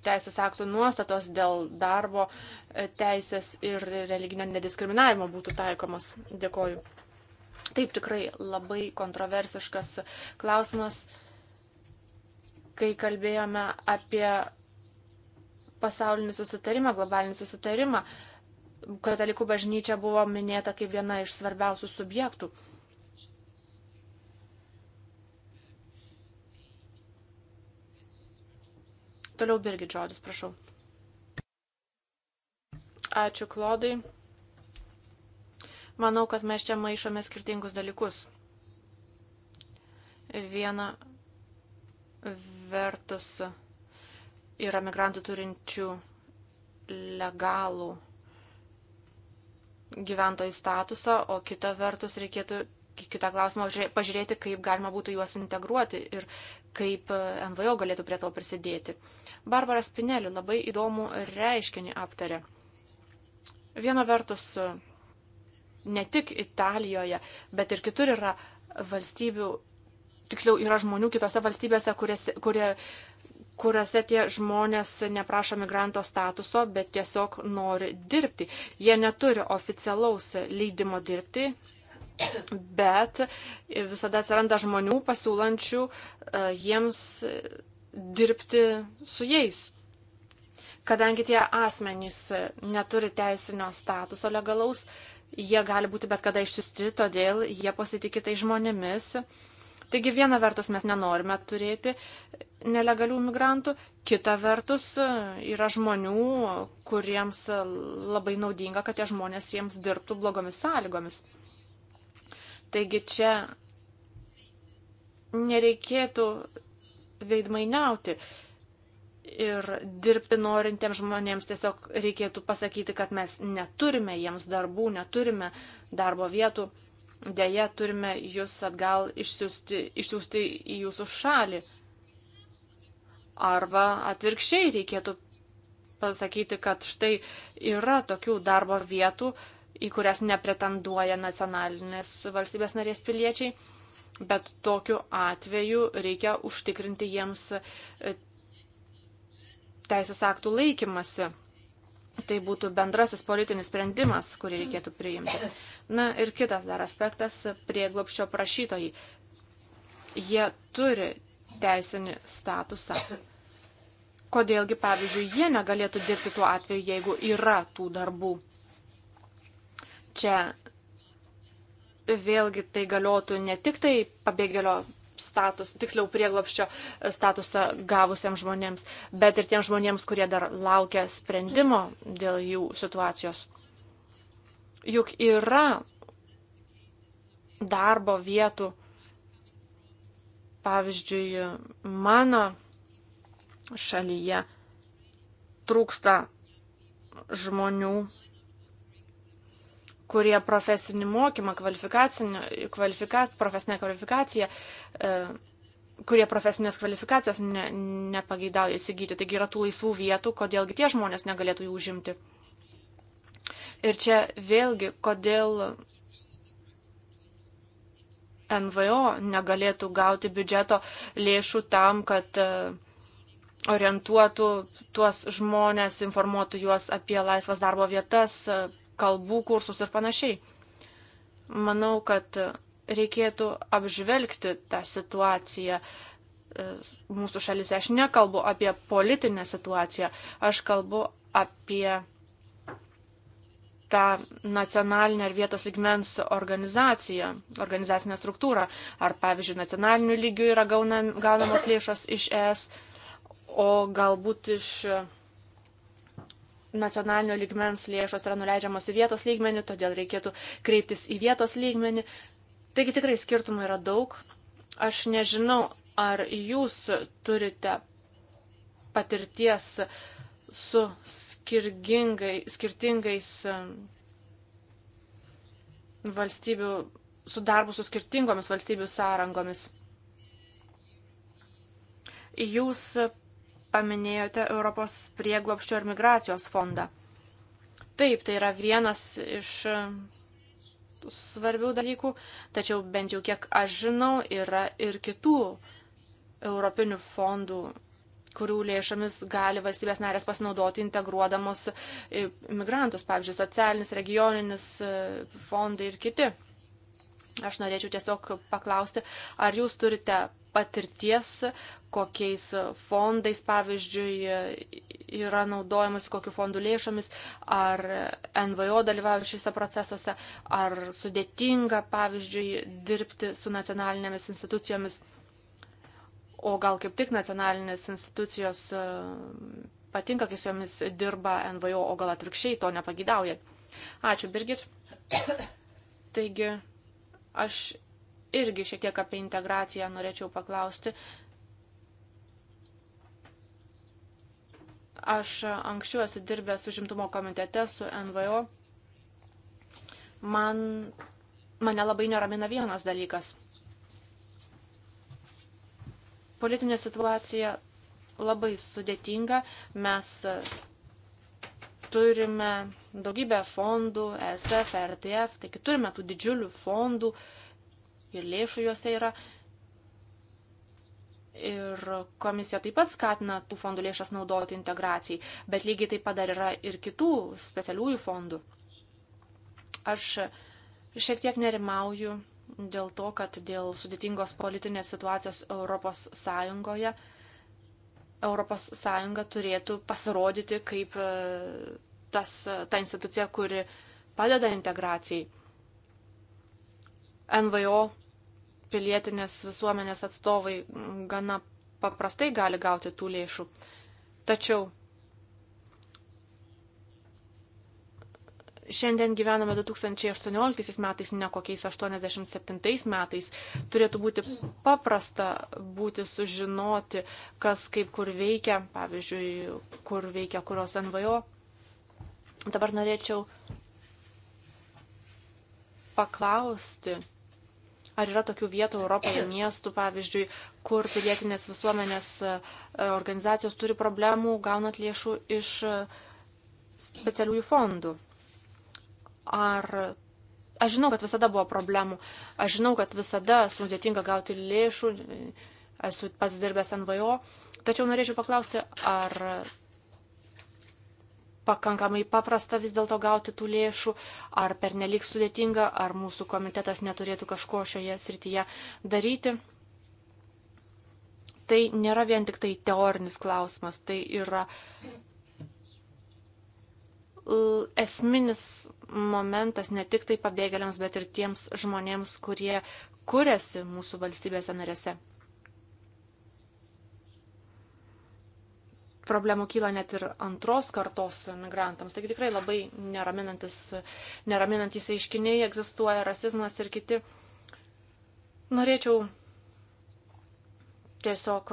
S4: teisės aktų nuostatos dėl darbo e, teisės ir religinio nediskriminavimo būtų taikomas. Dėkoju. Taip tikrai labai kontroversiškas klausimas, kai kalbėjome apie pasaulinį susitarimą, globalinį susitarimą. Katalikų bažnyčia buvo minėta kaip viena iš svarbiausių subjektų. Toliau Birgit žodis, prašau. Ačiū Klodai. Manau, kad mes čia maišome skirtingus dalykus. Viena vertus yra migrantų turinčių legalų gyventojų statusą, o kita vertus reikėtų kitą klausimą pažiūrėti, kaip galima būtų juos integruoti ir kaip e, NVO galėtų prie to prisidėti. Barbara Spinelli labai įdomų reiškinį aptarė. Viena vertus ne tik Italijoje, bet ir kitur yra valstybių, tiksliau yra žmonių kitose valstybėse, kuriuose, kurie, kuriuose tie žmonės neprašo migranto statuso, bet tiesiog nori dirbti. Jie neturi oficialaus leidimo dirbti. Bet visada atsiranda žmonių pasiūlančių e, jiems dirbti su jais kadangi tie asmenys neturi teisinio statuso legalaus, jie gali būti bet kada išsiusti, todėl jie pasitikė tai žmonėmis. Taigi viena vertus mes nenorime turėti nelegalių migrantų, kita vertus yra žmonių, kuriems labai naudinga, kad tie žmonės jiems dirbtų blogomis sąlygomis. Taigi čia nereikėtų veidmainiauti ir dirbti norintiems žmonėms tiesiog reikėtų pasakyti, kad mes neturime jiems darbų, neturime darbo vietų, dėja turime jūs atgal išsiųsti, išsiųsti į jūsų šalį. Arba atvirkščiai reikėtų pasakyti, kad štai yra tokių darbo vietų, į kurias nepretenduoja nacionalinės valstybės narės piliečiai, bet tokiu atveju reikia užtikrinti jiems teisės aktų laikymasi. Tai būtų bendrasis politinis sprendimas, kurį reikėtų priimti. Na ir kitas dar aspektas - prieglopščio prašytojai. Jie turi teisinį statusą. Kodėlgi, pavyzdžiui, jie negalėtų dirbti tuo atveju, jeigu yra tų darbų. Čia vėlgi tai galiotų ne tik tai pabėgėlio status, tiksliau prieglopščio e, statusą gavusiems žmonėms, bet ir tiems žmonėms, kurie dar laukia sprendimo dėl jų situacijos. Juk yra darbo vietų, pavyzdžiui, mano šalyje trūksta žmonių kurie profesinį mokymą, kvalifikat, profesinę kvalifikaciją, e, kurie profesinės kvalifikacijos ne, nepageidauja įsigyti. Taigi yra tų laisvų vietų, kodėlgi tie žmonės negalėtų jų užimti. Ir čia vėlgi, kodėl NVO negalėtų gauti biudžeto lėšų tam, kad e, orientuotų tuos žmonės, informuotų juos apie laisvas darbo vietas, kalbų kursus ir panašiai. Manau, kad reikėtų apžvelgti tą situaciją e, mūsų šalise. Aš nekalbu apie politinę situaciją, aš kalbu apie tą nacionalinę ar vietos ligmens organizaciją, organizacinę struktūrą. Ar, pavyzdžiui, nacionaliniu lygiu yra gaunam, gaunamos lėšos iš ES, o galbūt iš nacionalinio lygmens lėšos yra nuleidžiamos į vietos lygmenį, todėl reikėtų kreiptis į vietos lygmenį. Taigi tikrai skirtumų yra daug. Aš nežinau, ar jūs turite patirties su skirtingais um, valstybių, su darbu su skirtingomis valstybių sąrangomis. Jūs paminėjote Europos prieglopščio ir migracijos fondą. Taip, tai yra vienas iš e, svarbių dalykų, tačiau bent jau kiek aš žinau, yra ir kitų europinių fondų, kurių lėšomis gali valstybės narės pasinaudoti integruodamos e, migrantus, pavyzdžiui, socialinis, regioninis e, fondai ir kiti. Aš norėčiau tiesiog paklausti, ar jūs turite patirties, kokiais fondais, pavyzdžiui, yra naudojamas, kokiu fondu lėšomis, ar NVO dalyvauja šiuose procesuose, ar sudėtinga, pavyzdžiui, dirbti su nacionalinėmis institucijomis, o gal kaip tik nacionalinės institucijos e, patinka, kai su jomis dirba NVO, o gal atvirkščiai to nepagidauja. Ačiū, Birgit. Taigi, aš irgi šiek tiek apie integraciją norėčiau paklausti, Aš anksčiau esu dirbęs užimtumo komitete su NVO. Man, mane labai neramina vienas dalykas. Politinė situacija labai sudėtinga. Mes e, turime daugybę fondų, e SF, e RDF, taigi turime tų didžiulių fondų ir lėšų juose yra. Ir komisija taip pat skatina tų fondų lėšas naudoti integracijai, bet lygiai taip pat dar yra ir kitų specialiųjų fondų. Aš šiek tiek nerimauju dėl to, kad dėl sudėtingos politinės situacijos Europos Sąjungoje Europos Sąjunga turėtų pasirodyti kaip e, tas, e, ta institucija, kuri padeda integracijai. NVO pilietinės visuomenės atstovai gana paprastai gali gauti tų lėšų. Tačiau šiandien gyvename 2018 metais, ne kokiais 87 metais, turėtų būti paprasta būti sužinoti, kas kaip kur veikia, pavyzdžiui, kur veikia kurios NVO. Dabar norėčiau paklausti Ar yra tokių vietų Europoje, miestų, pavyzdžiui, kur pilietinės visuomenės e, organizacijos turi problemų gaunant lėšų iš e, specialiųjų fondų? Ar aš žinau, kad visada buvo problemų, aš žinau, kad visada sudėtinga gauti lėšų, e, esu pats dirbęs NVO, tačiau norėčiau paklausti, ar pakankamai paprasta vis dėlto gauti tų lėšų, ar pernelik sudėtinga, ar mūsų komitetas neturėtų kažko šioje srityje daryti. Tai nėra vien tik tai teorinis klausimas, tai yra esminis momentas ne tik tai pabėgėliams, bet ir tiems žmonėms, kurie kuriasi mūsų valstybėse narėse. problemų kyla net ir antros kartos migrantams. Taigi tikrai labai neraminantis, neraminantis reiškiniai egzistuoja, rasizmas ir kiti. Norėčiau tiesiog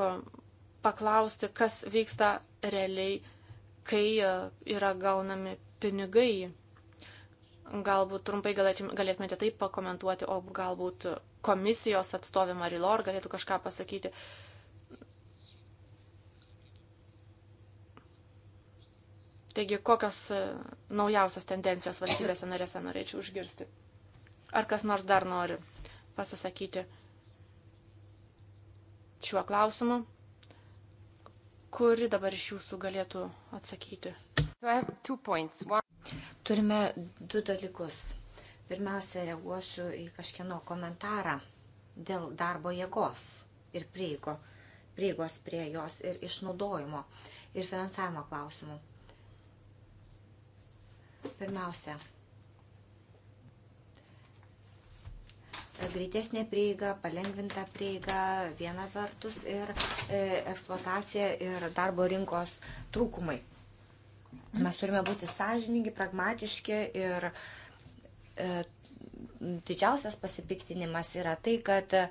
S4: paklausti, kas vyksta realiai, kai e, yra gaunami pinigai. Galbūt trumpai galėtumėte taip pakomentuoti, o galbūt komisijos atstovė Marilor galėtų kažką pasakyti. Uh, Taigi, kokios e, naujausios tendencijos valstybėse narėse norėčiau užgirsti? Ar kas nors dar nori pasisakyti šiuo klausimu? Kuri
S3: dabar iš jūsų galėtų atsakyti? Turime du dalykus. Pirmiausia, reaguosiu į kažkieno komentarą dėl darbo jėgos ir prieigo, prieigos prie jos ir išnaudojimo ir finansavimo klausimų Pirmiausia, greitesnė prieiga, palengvinta prieiga viena vertus ir e, eksploatacija ir darbo rinkos trūkumai. Mes turime būti sąžiningi, pragmatiški ir e, didžiausias pasipiktinimas yra tai, kad e,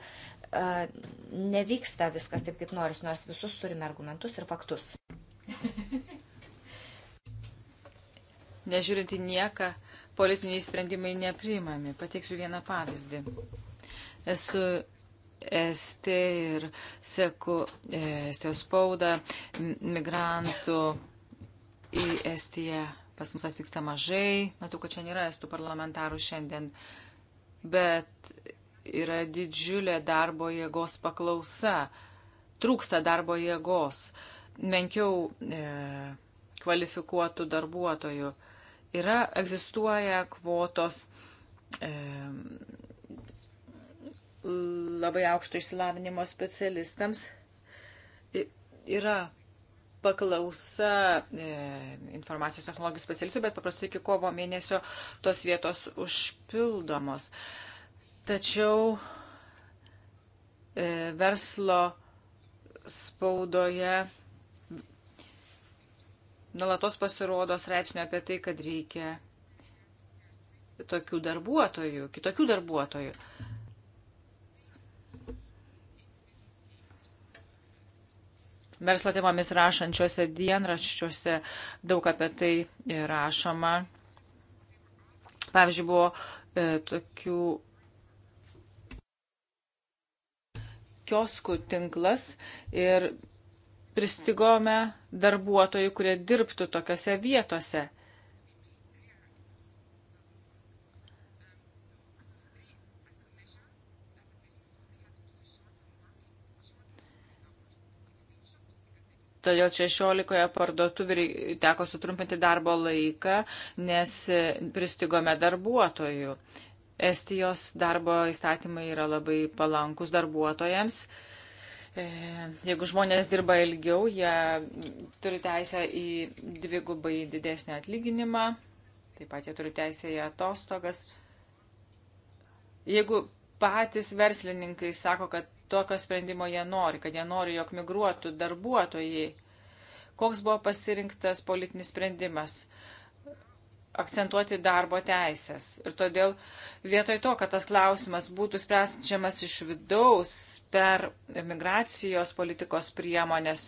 S3: nevyksta viskas taip, kaip noris, nors visus turime argumentus ir faktus. nežiūrinti nieką,
S2: politiniai sprendimai nepriimami. Pateiksiu vieną pavyzdį. Esu Estė ir seku e, Estijos spaudą, migrantų į Estiją pas mus atvyksta mažai, matau, kad čia nėra estų parlamentarų šiandien, bet yra didžiulė darbo jėgos paklausa, trūksta darbo jėgos, menkiau e, kvalifikuotų darbuotojų. E, Yra, egzistuoja kvotos e, labai aukšto išsilavinimo specialistams. Yra paklausa e, informacijos technologijų specialistų, bet paprastai iki kovo mėnesio tos vietos užpildomos. Tačiau e, verslo spaudoje Nalatos pasirodo straipsnio apie tai, kad reikia tokių darbuotojų, kitokių darbuotojų. Verslo temomis rašančiuose dienraščiuose daug apie tai rašoma. Pavyzdžiui, buvo e, tokių kioskų tinklas ir pristigome darbuotojų, kurie dirbtų tokiose vietose. Todėl 16 parduotuvį teko sutrumpinti darbo laiką, nes pristigome darbuotojų. Estijos darbo įstatymai yra labai palankus darbuotojams E, jeigu žmonės dirba ilgiau, jie turi teisę į dvigubai didesnį atlyginimą, taip pat jie turi teisę į atostogas. Jeigu patys verslininkai sako, kad tokio sprendimo jie nori, kad jie nori, jog migruotų darbuotojai, koks buvo pasirinktas politinis sprendimas? akcentuoti darbo teisės. Ir todėl vietoj to, kad tas klausimas būtų spręsčiamas iš vidaus per migracijos politikos priemonės,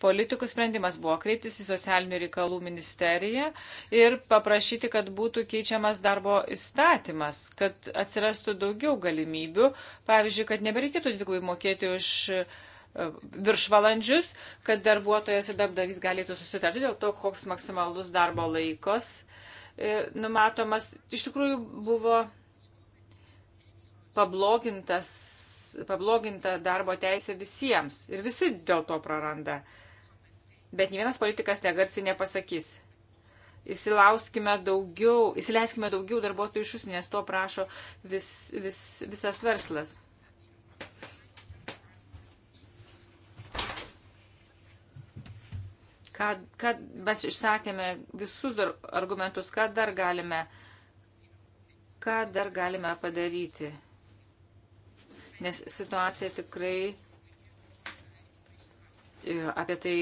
S2: politikų sprendimas buvo kreiptis į socialinių reikalų ministeriją ir paprašyti, kad būtų keičiamas darbo įstatymas, kad atsirastų daugiau galimybių, pavyzdžiui, kad nebereikėtų dvigubai mokėti už e, viršvalandžius, kad darbuotojas ir darbdavys galėtų susitarti dėl to, koks maksimalus darbo laikos E, numatomas, iš tikrųjų buvo pablogintas, pabloginta darbo teisė visiems ir visi dėl to praranda. Bet nė vienas politikas negarsiai nepasakys. Įsilauskime daugiau, įsileiskime daugiau darbuotojų iš užsienio, nes to prašo vis, vis, visas verslas. Kad, kad mes išsakėme visus dar argumentus, ką dar galime, ką dar galime padaryti. Nes situacija tikrai e, apie tai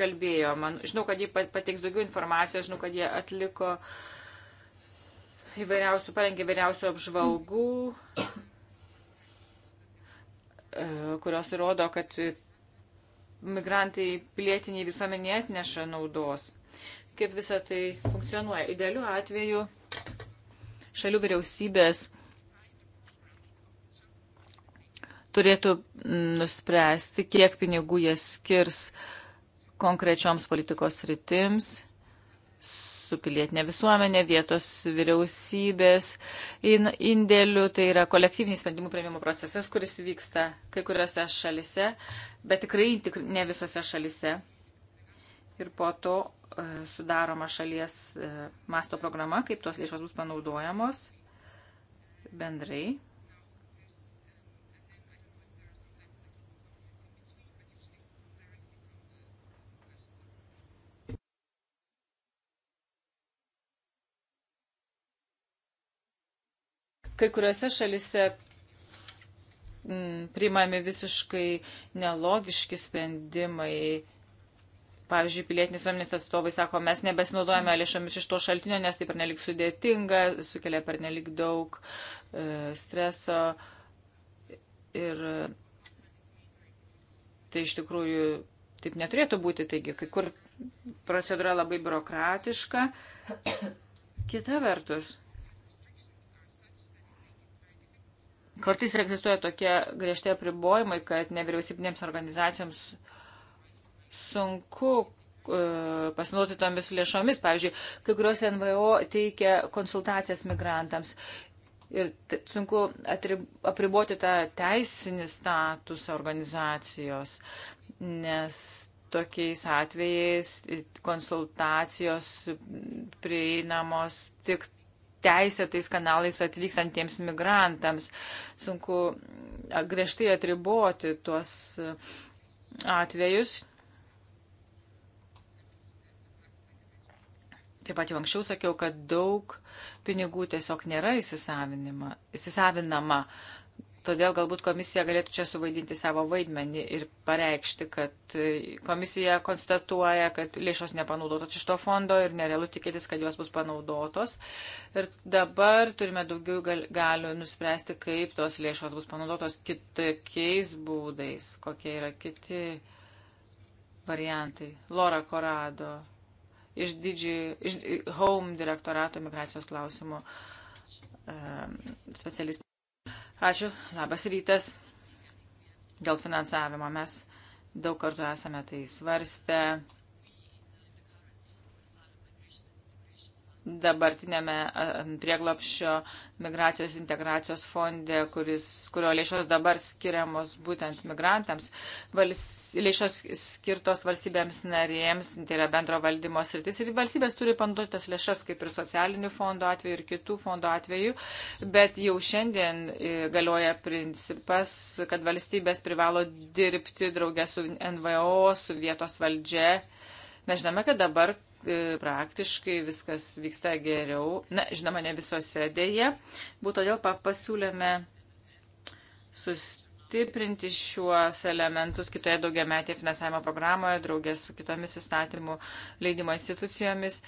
S2: kalbėjo. Man, žinau, kad jie pateiks daugiau informacijos, žinau, kad jie atliko įvairiausių, parengė įvairiausių apžvalgų, e, kurios įrodo, kad migrantai pilietiniai visuomenė atneša naudos. Kaip visa tai funkcionuoja? Idealiu atveju šalių vyriausybės turėtų mm, nuspręsti, kiek pinigų jie skirs konkrečioms politikos rytims su pilietinė visuomenė, vietos vyriausybės indėliu. Tai yra kolektyvinis sprendimų prieimimo procesas, kuris vyksta kai kuriuose šalise, bet tikrai tik ne visose šalise. Ir po to e, sudaroma šalies e, masto programa, kaip tos lėšos bus panaudojamos bendrai. Kai kuriuose šalise mm, priimami visiškai nelogiški sprendimai. Pavyzdžiui, pilietinis visuomenės atstovai sako, mes nebesinaudojame lėšomis iš to šaltinio, nes tai pernelik sudėtinga, sukelia pernelik daug e, streso. Ir e, tai iš tikrųjų taip neturėtų būti. Taigi, kai kur procedūra labai biurokratiška. Kita vertus, Kartais egzistuoja tokie griežti apribojimai, kad nevyriausybinėms organizacijoms sunku e, pasinaudoti tomis lėšomis. Pavyzdžiui, kai kurios NVO teikia konsultacijas migrantams ir sunku atrib, apriboti tą teisinį statusą organizacijos, nes tokiais atvejais konsultacijos prieinamos tik teisėtais kanalais atvykstantiems migrantams. Sunku griežtai atriboti tuos e, atvejus. Taip pat jau anksčiau sakiau, kad daug pinigų tiesiog nėra įsisavinama. Todėl galbūt komisija galėtų čia suvaidinti savo vaidmenį ir pareikšti, kad e, komisija konstatuoja, kad lėšos nepanaudotos iš to fondo ir nerealu tikėtis, kad jos bus panaudotos. Ir dabar turime daugiau gal, galių nuspręsti, kaip tos lėšos bus panaudotos kitokiais būdais, kokie yra kiti variantai. Lora Korado iš, didži, iš Home direktorato migracijos klausimų e, specialistė. Ačiū, labas rytas. Dėl finansavimo mes daug kartų esame tai svarstę. dabartinėme prieglopščio migracijos integracijos fonde, kuris, kurio lėšos dabar skiriamos būtent migrantams, vals, lėšos skirtos valstybėms narėms, tai yra bendro valdymo sritis ir valstybės turi panduoti tas lėšas kaip ir socialinių fondų atveju ir kitų fondų atveju, bet jau šiandien e, galioja principas, kad valstybės privalo dirbti draugę su NVO, su vietos valdžia Mes žinome, kad dabar e, praktiškai viskas vyksta geriau. Na, žinoma, ne visose dėje. Būtų todėl pasiūlėme sustiprinti šiuos elementus kitoje daugiametėje finansavimo programoje, draugės su kitomis įstatymų leidimo institucijomis.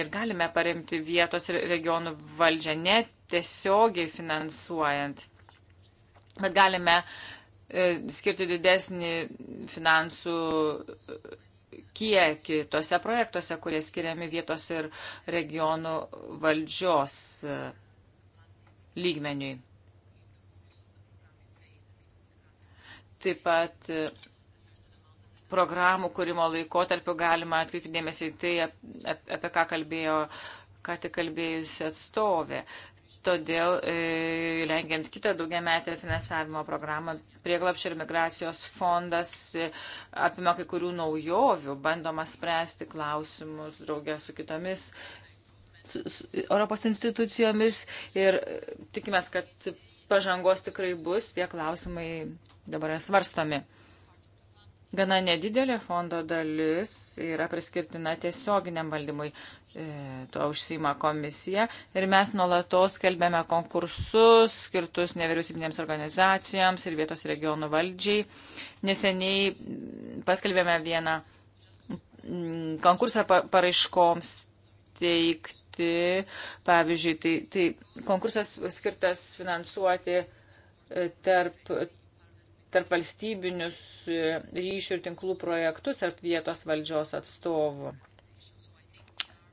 S2: Ir galime paremti vietos ir regionų valdžią, ne tiesiogiai finansuojant, bet galime uh, E, skirti didesnį finansų kiekį tose projektuose, kurie skiriami vietos ir regionų valdžios e, lygmeniui. Taip pat e, programų kūrimo laikotarpiu galima atkreipti dėmesį į tai, apie ką kalbėjo, ką tik kalbėjusi atstovė. Todėl, e, rengiant kitą daugiametę finansavimo programą, prieglapšio ir migracijos fondas e, apima kai kurių naujovių, bandoma spręsti klausimus draugę su kitomis su, su, Europos institucijomis ir e, tikimės, kad pažangos tikrai bus, tie klausimai dabar svarstomi. Gana nedidelė fondo dalis yra priskirtina tiesioginiam valdymui. E, tuo užsima komisija ir mes nuolatos skelbėme konkursus skirtus nevyriausybinėms organizacijoms ir vietos regionų valdžiai. Neseniai paskelbėme vieną mm, konkursą paraiškoms teikti. Pavyzdžiui, tai, tai konkursas skirtas finansuoti e, tarp tarp valstybinius e, ryšių ir tinklų projektus tarp vietos valdžios atstovų.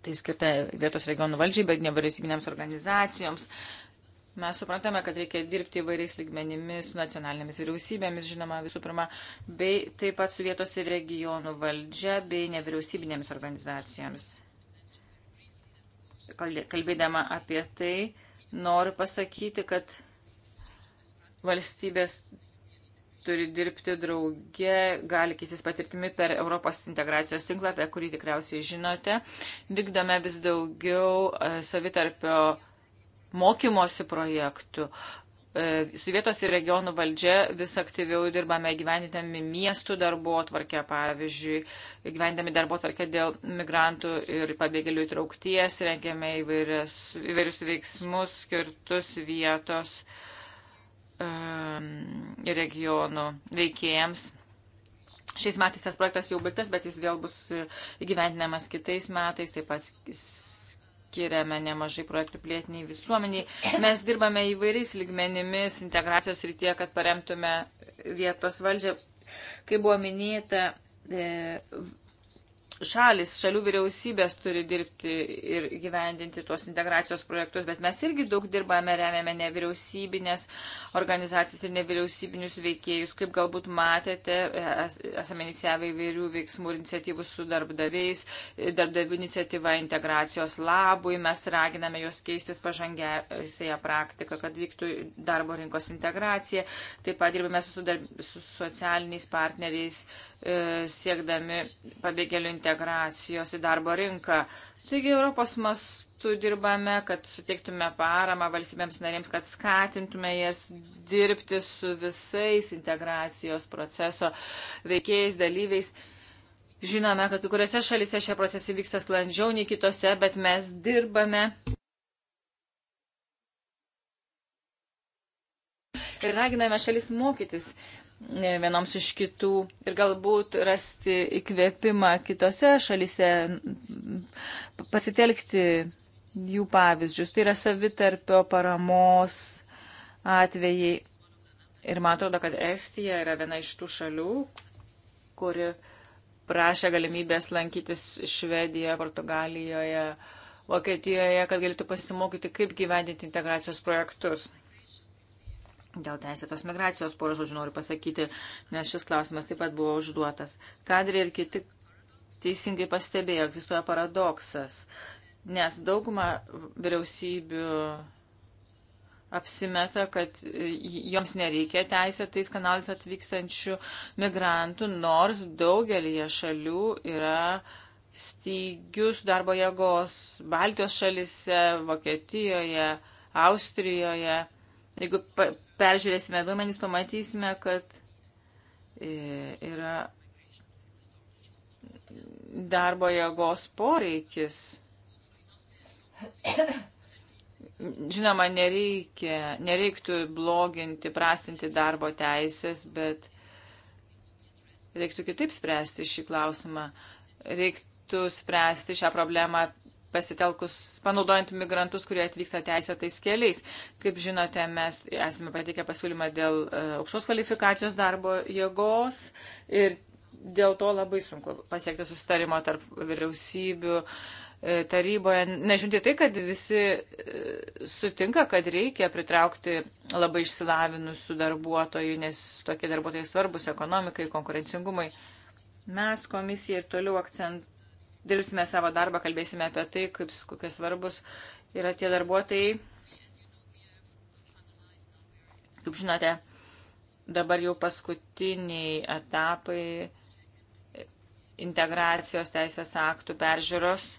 S2: Tai skirta vietos regionų valdžiai, bet nevyriausybinėms organizacijoms. Mes suprantame, kad reikia dirbti įvairiais lygmenimis, su nacionalinėmis vyriausybėmis, žinoma, visų pirma, bei taip pat su vietos ir regionų valdžia, bei nevyriausybinėms organizacijoms. Kalbėdama apie tai, noriu pasakyti, kad valstybės turi dirbti drauge, gali keisis patirtimi per Europos integracijos tinklą, apie kurį tikriausiai žinote. Vykdome vis daugiau e, savitarpio mokymosi projektų. E, su vietos ir regionų valdžia vis aktyviau dirbame gyvendami miestų darbo atvarkę, pavyzdžiui, gyvendami darbo atvarkę dėl migrantų ir pabėgėlių įtraukties, rengiame įvairius, įvairius veiksmus skirtus vietos uh, Um, regionų veikėjams. Šiais metais tas projektas jau baigtas, bet jis vėl bus uh, įgyvendinamas kitais metais, taip pat skiriame nemažai projektų plėtiniai visuomeniai. Mes dirbame įvairiais lygmenimis integracijos rytie, kad paremtume vietos valdžią. Kaip buvo minėta, e, šalis, šalių vyriausybės turi dirbti ir gyvendinti tuos integracijos projektus, bet mes irgi daug dirbame, remiame nevyriausybinės organizacijas ir nevyriausybinius veikėjus, kaip galbūt matėte, esame inicijavę įvairių veiksmų ir iniciatyvų su darbdaviais, darbdavių iniciatyva integracijos labui, mes raginame juos keistis pažangiausiąją praktiką, kad vyktų darbo rinkos integracija, taip pat dirbame su, darb... su socialiniais partneriais E, siekdami pabėgėlių integracijos į darbo rinką. Taigi Europos mastu dirbame, kad suteiktume paramą valstybėms narėms, kad skatintume jas dirbti su visais integracijos proceso veikėjais, dalyviais. Žinome, kad kai kuriuose šalise šie procesai vyksta sklandžiau nei kitose, bet mes dirbame. Ir raginame šalis mokytis E, vienoms iš kitų ir galbūt rasti įkvėpimą kitose šalise, pasitelkti jų pavyzdžius. Tai yra savitarpio paramos atvejai. Ir man atrodo, kad Estija yra viena iš tų šalių, kuri prašė galimybės lankytis Švedijoje, Portugalijoje, Vokietijoje, kad galėtų pasimokyti, kaip gyvendinti integracijos projektus. Dėl teisėtos migracijos porą žodžių noriu pasakyti, nes šis klausimas taip pat buvo užduotas. Kadri ir kiti teisingai pastebėjo, egzistuoja paradoksas, nes dauguma vyriausybių apsimeta, kad joms nereikia teisėtais kanalais atvykstančių migrantų, nors daugelį šalių yra stygius darbo jėgos Baltijos šalise, Vokietijoje, Austrijoje. Jeigu peržiūrėsime duomenys, pamatysime, kad e, yra darbo jėgos poreikis. Žinoma, nereikia, nereiktų bloginti, prastinti darbo teisės, bet reiktų kitaip spręsti šį klausimą. Reiktų spręsti šią problemą pasitelkus, panaudojant migrantus, kurie atvyksta teisėtais keliais. Kaip žinote, mes esame pateikę pasiūlymą dėl e, aukštos kvalifikacijos darbo jėgos ir dėl to labai sunku pasiekti susitarimo tarp vyriausybių e, taryboje. Nežiūrint į tai, kad visi e, sutinka, kad reikia pritraukti labai išsilavinusių darbuotojų, nes tokie darbuotojai svarbus ekonomikai, konkurencingumai. Mes komisija ir toliau akcentuojame dirbsime savo darbą, kalbėsime apie tai, kaip, kokie svarbus yra tie darbuotojai. Kaip žinote, dabar jau paskutiniai etapai integracijos teisės aktų peržiūros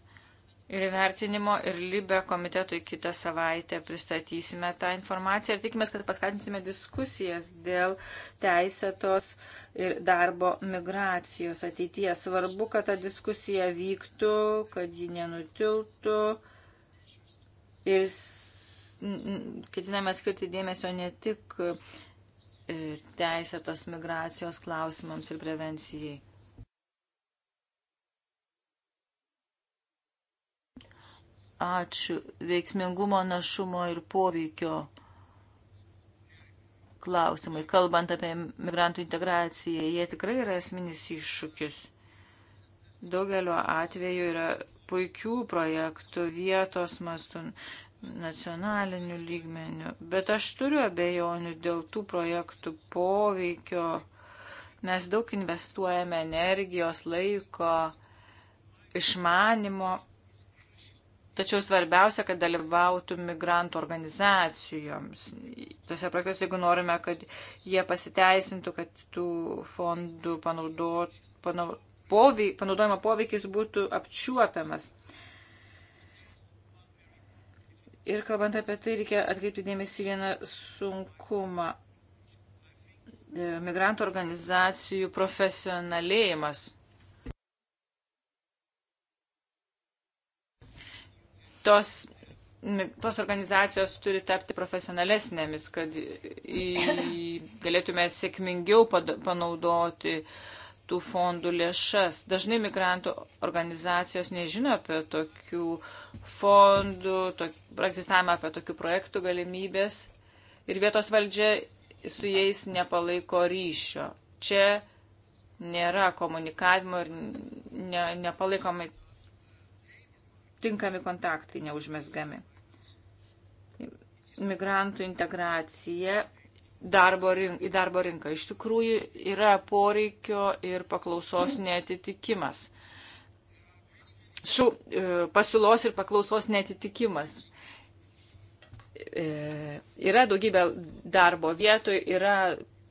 S2: ir vertinimo ir Libe komitetui kitą savaitę pristatysime tą informaciją ir tikimės, kad paskatinsime diskusijas dėl teisėtos ir darbo migracijos ateityje. Svarbu, kad ta diskusija vyktų, kad ji nenutiltų ir ketiname skirti dėmesio ne tik e, teisėtos migracijos klausimams ir prevencijai. Ačiū. Veiksmingumo, našumo ir poveikio klausimai. Kalbant apie migrantų integraciją, jie tikrai yra esminis iššūkis. Daugelio atveju yra puikių projektų vietos mastų nacionalinių lygmenių, bet aš turiu abejonių dėl tų projektų poveikio. Mes daug investuojame energijos, laiko, išmanimo Tačiau svarbiausia, kad dalyvautų migrantų organizacijoms. Tuose projektuose, jeigu norime, kad jie pasiteisintų, kad tų fondų panaudo, panau, poveik, panaudojimo poveikis būtų apčiuopiamas. Ir kalbant apie tai, reikia atkreipti dėmesį vieną sunkumą. E, migrantų organizacijų profesionalėjimas tos, tos organizacijos turi tapti profesionalesnėmis, kad į, galėtume sėkmingiau panaudoti tų fondų lėšas. Dažnai migrantų organizacijos nežino apie tokių fondų, tok, egzistavimą apie tokių projektų galimybės ir vietos valdžia su jais nepalaiko ryšio. Čia nėra komunikavimo ir ne, nepalaikomai tinkami kontaktai neužmesgami. Migrantų integracija darbo rink, į darbo rinką. Iš tikrųjų yra poreikio ir paklausos netitikimas. Šių e, pasiūlos ir paklausos netitikimas. E, yra daugybė darbo vietų, yra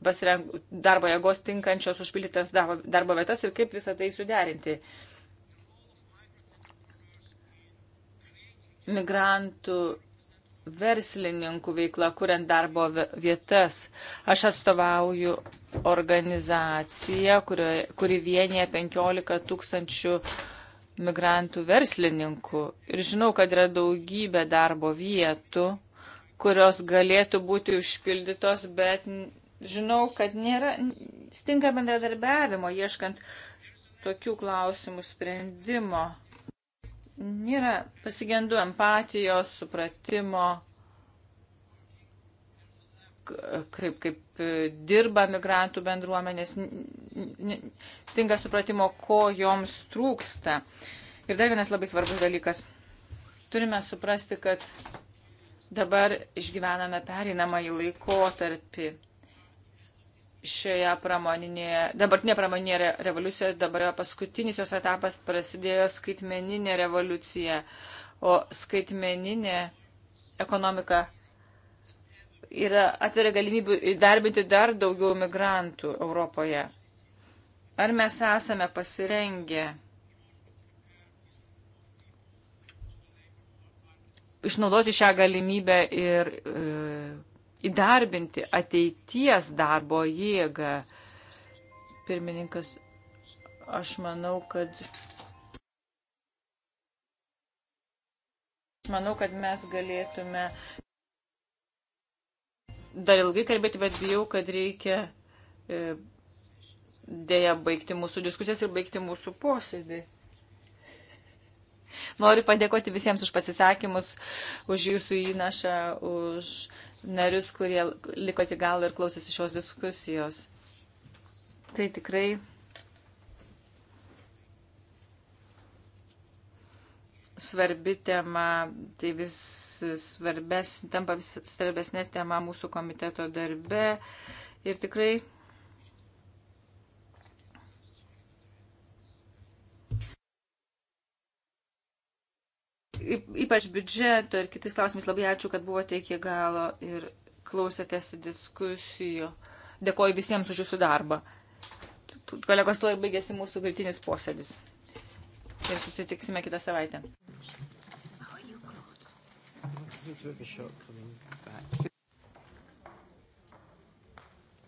S2: pasirenk, darbo jėgos tinkančios užpildytas darbo, darbo vietas ir kaip visą tai suderinti. migrantų verslininkų veikla, kuriant darbo vietas. Aš atstovauju organizaciją, kuri, kuri vienyje 15 tūkstančių migrantų verslininkų. Ir žinau, kad yra daugybė darbo vietų, kurios galėtų būti užpildytos, bet žinau, kad nėra, stinga bendradarbiavimo, ieškant tokių klausimų sprendimo. Nėra pasigendu empatijos, supratimo, kaip, kaip dirba migrantų bendruomenės, stinga supratimo, ko joms trūksta. Ir dar vienas labai svarbus dalykas. Turime suprasti, kad dabar išgyvename pereinamąjį laikotarpį šioje pramoninėje, dabartinė pramoninė revoliucija, dabar yra paskutinis jos etapas, prasidėjo skaitmeninė revoliucija, o skaitmeninė ekonomika yra atveria galimybių įdarbinti dar daugiau migrantų Europoje. Ar mes esame pasirengę išnaudoti šią galimybę ir e, įdarbinti ateities darbo jėgą. Pirmininkas, aš manau, kad. Aš manau, kad mes galėtume dar ilgai kalbėti, bet bijau, kad reikia e, dėja baigti mūsų diskusijas ir baigti mūsų posėdį. Noriu padėkoti visiems už pasisakymus, už jūsų įnašą, už narius, kurie liko iki galo ir klausėsi šios diskusijos. Tai tikrai svarbi tema, tai vis svarbes, tampa vis svarbesnė tema mūsų komiteto darbe ir tikrai ypač biudžeto ir kitais klausimais labai ačiū, kad buvote iki galo ir klausėtės diskusijų. Dėkoju visiems už jūsų darbą. Kolegos, tuo ir baigėsi mūsų gaitinis posėdis. Ir susitiksime kitą savaitę.
S1: This will be short coming
S2: back.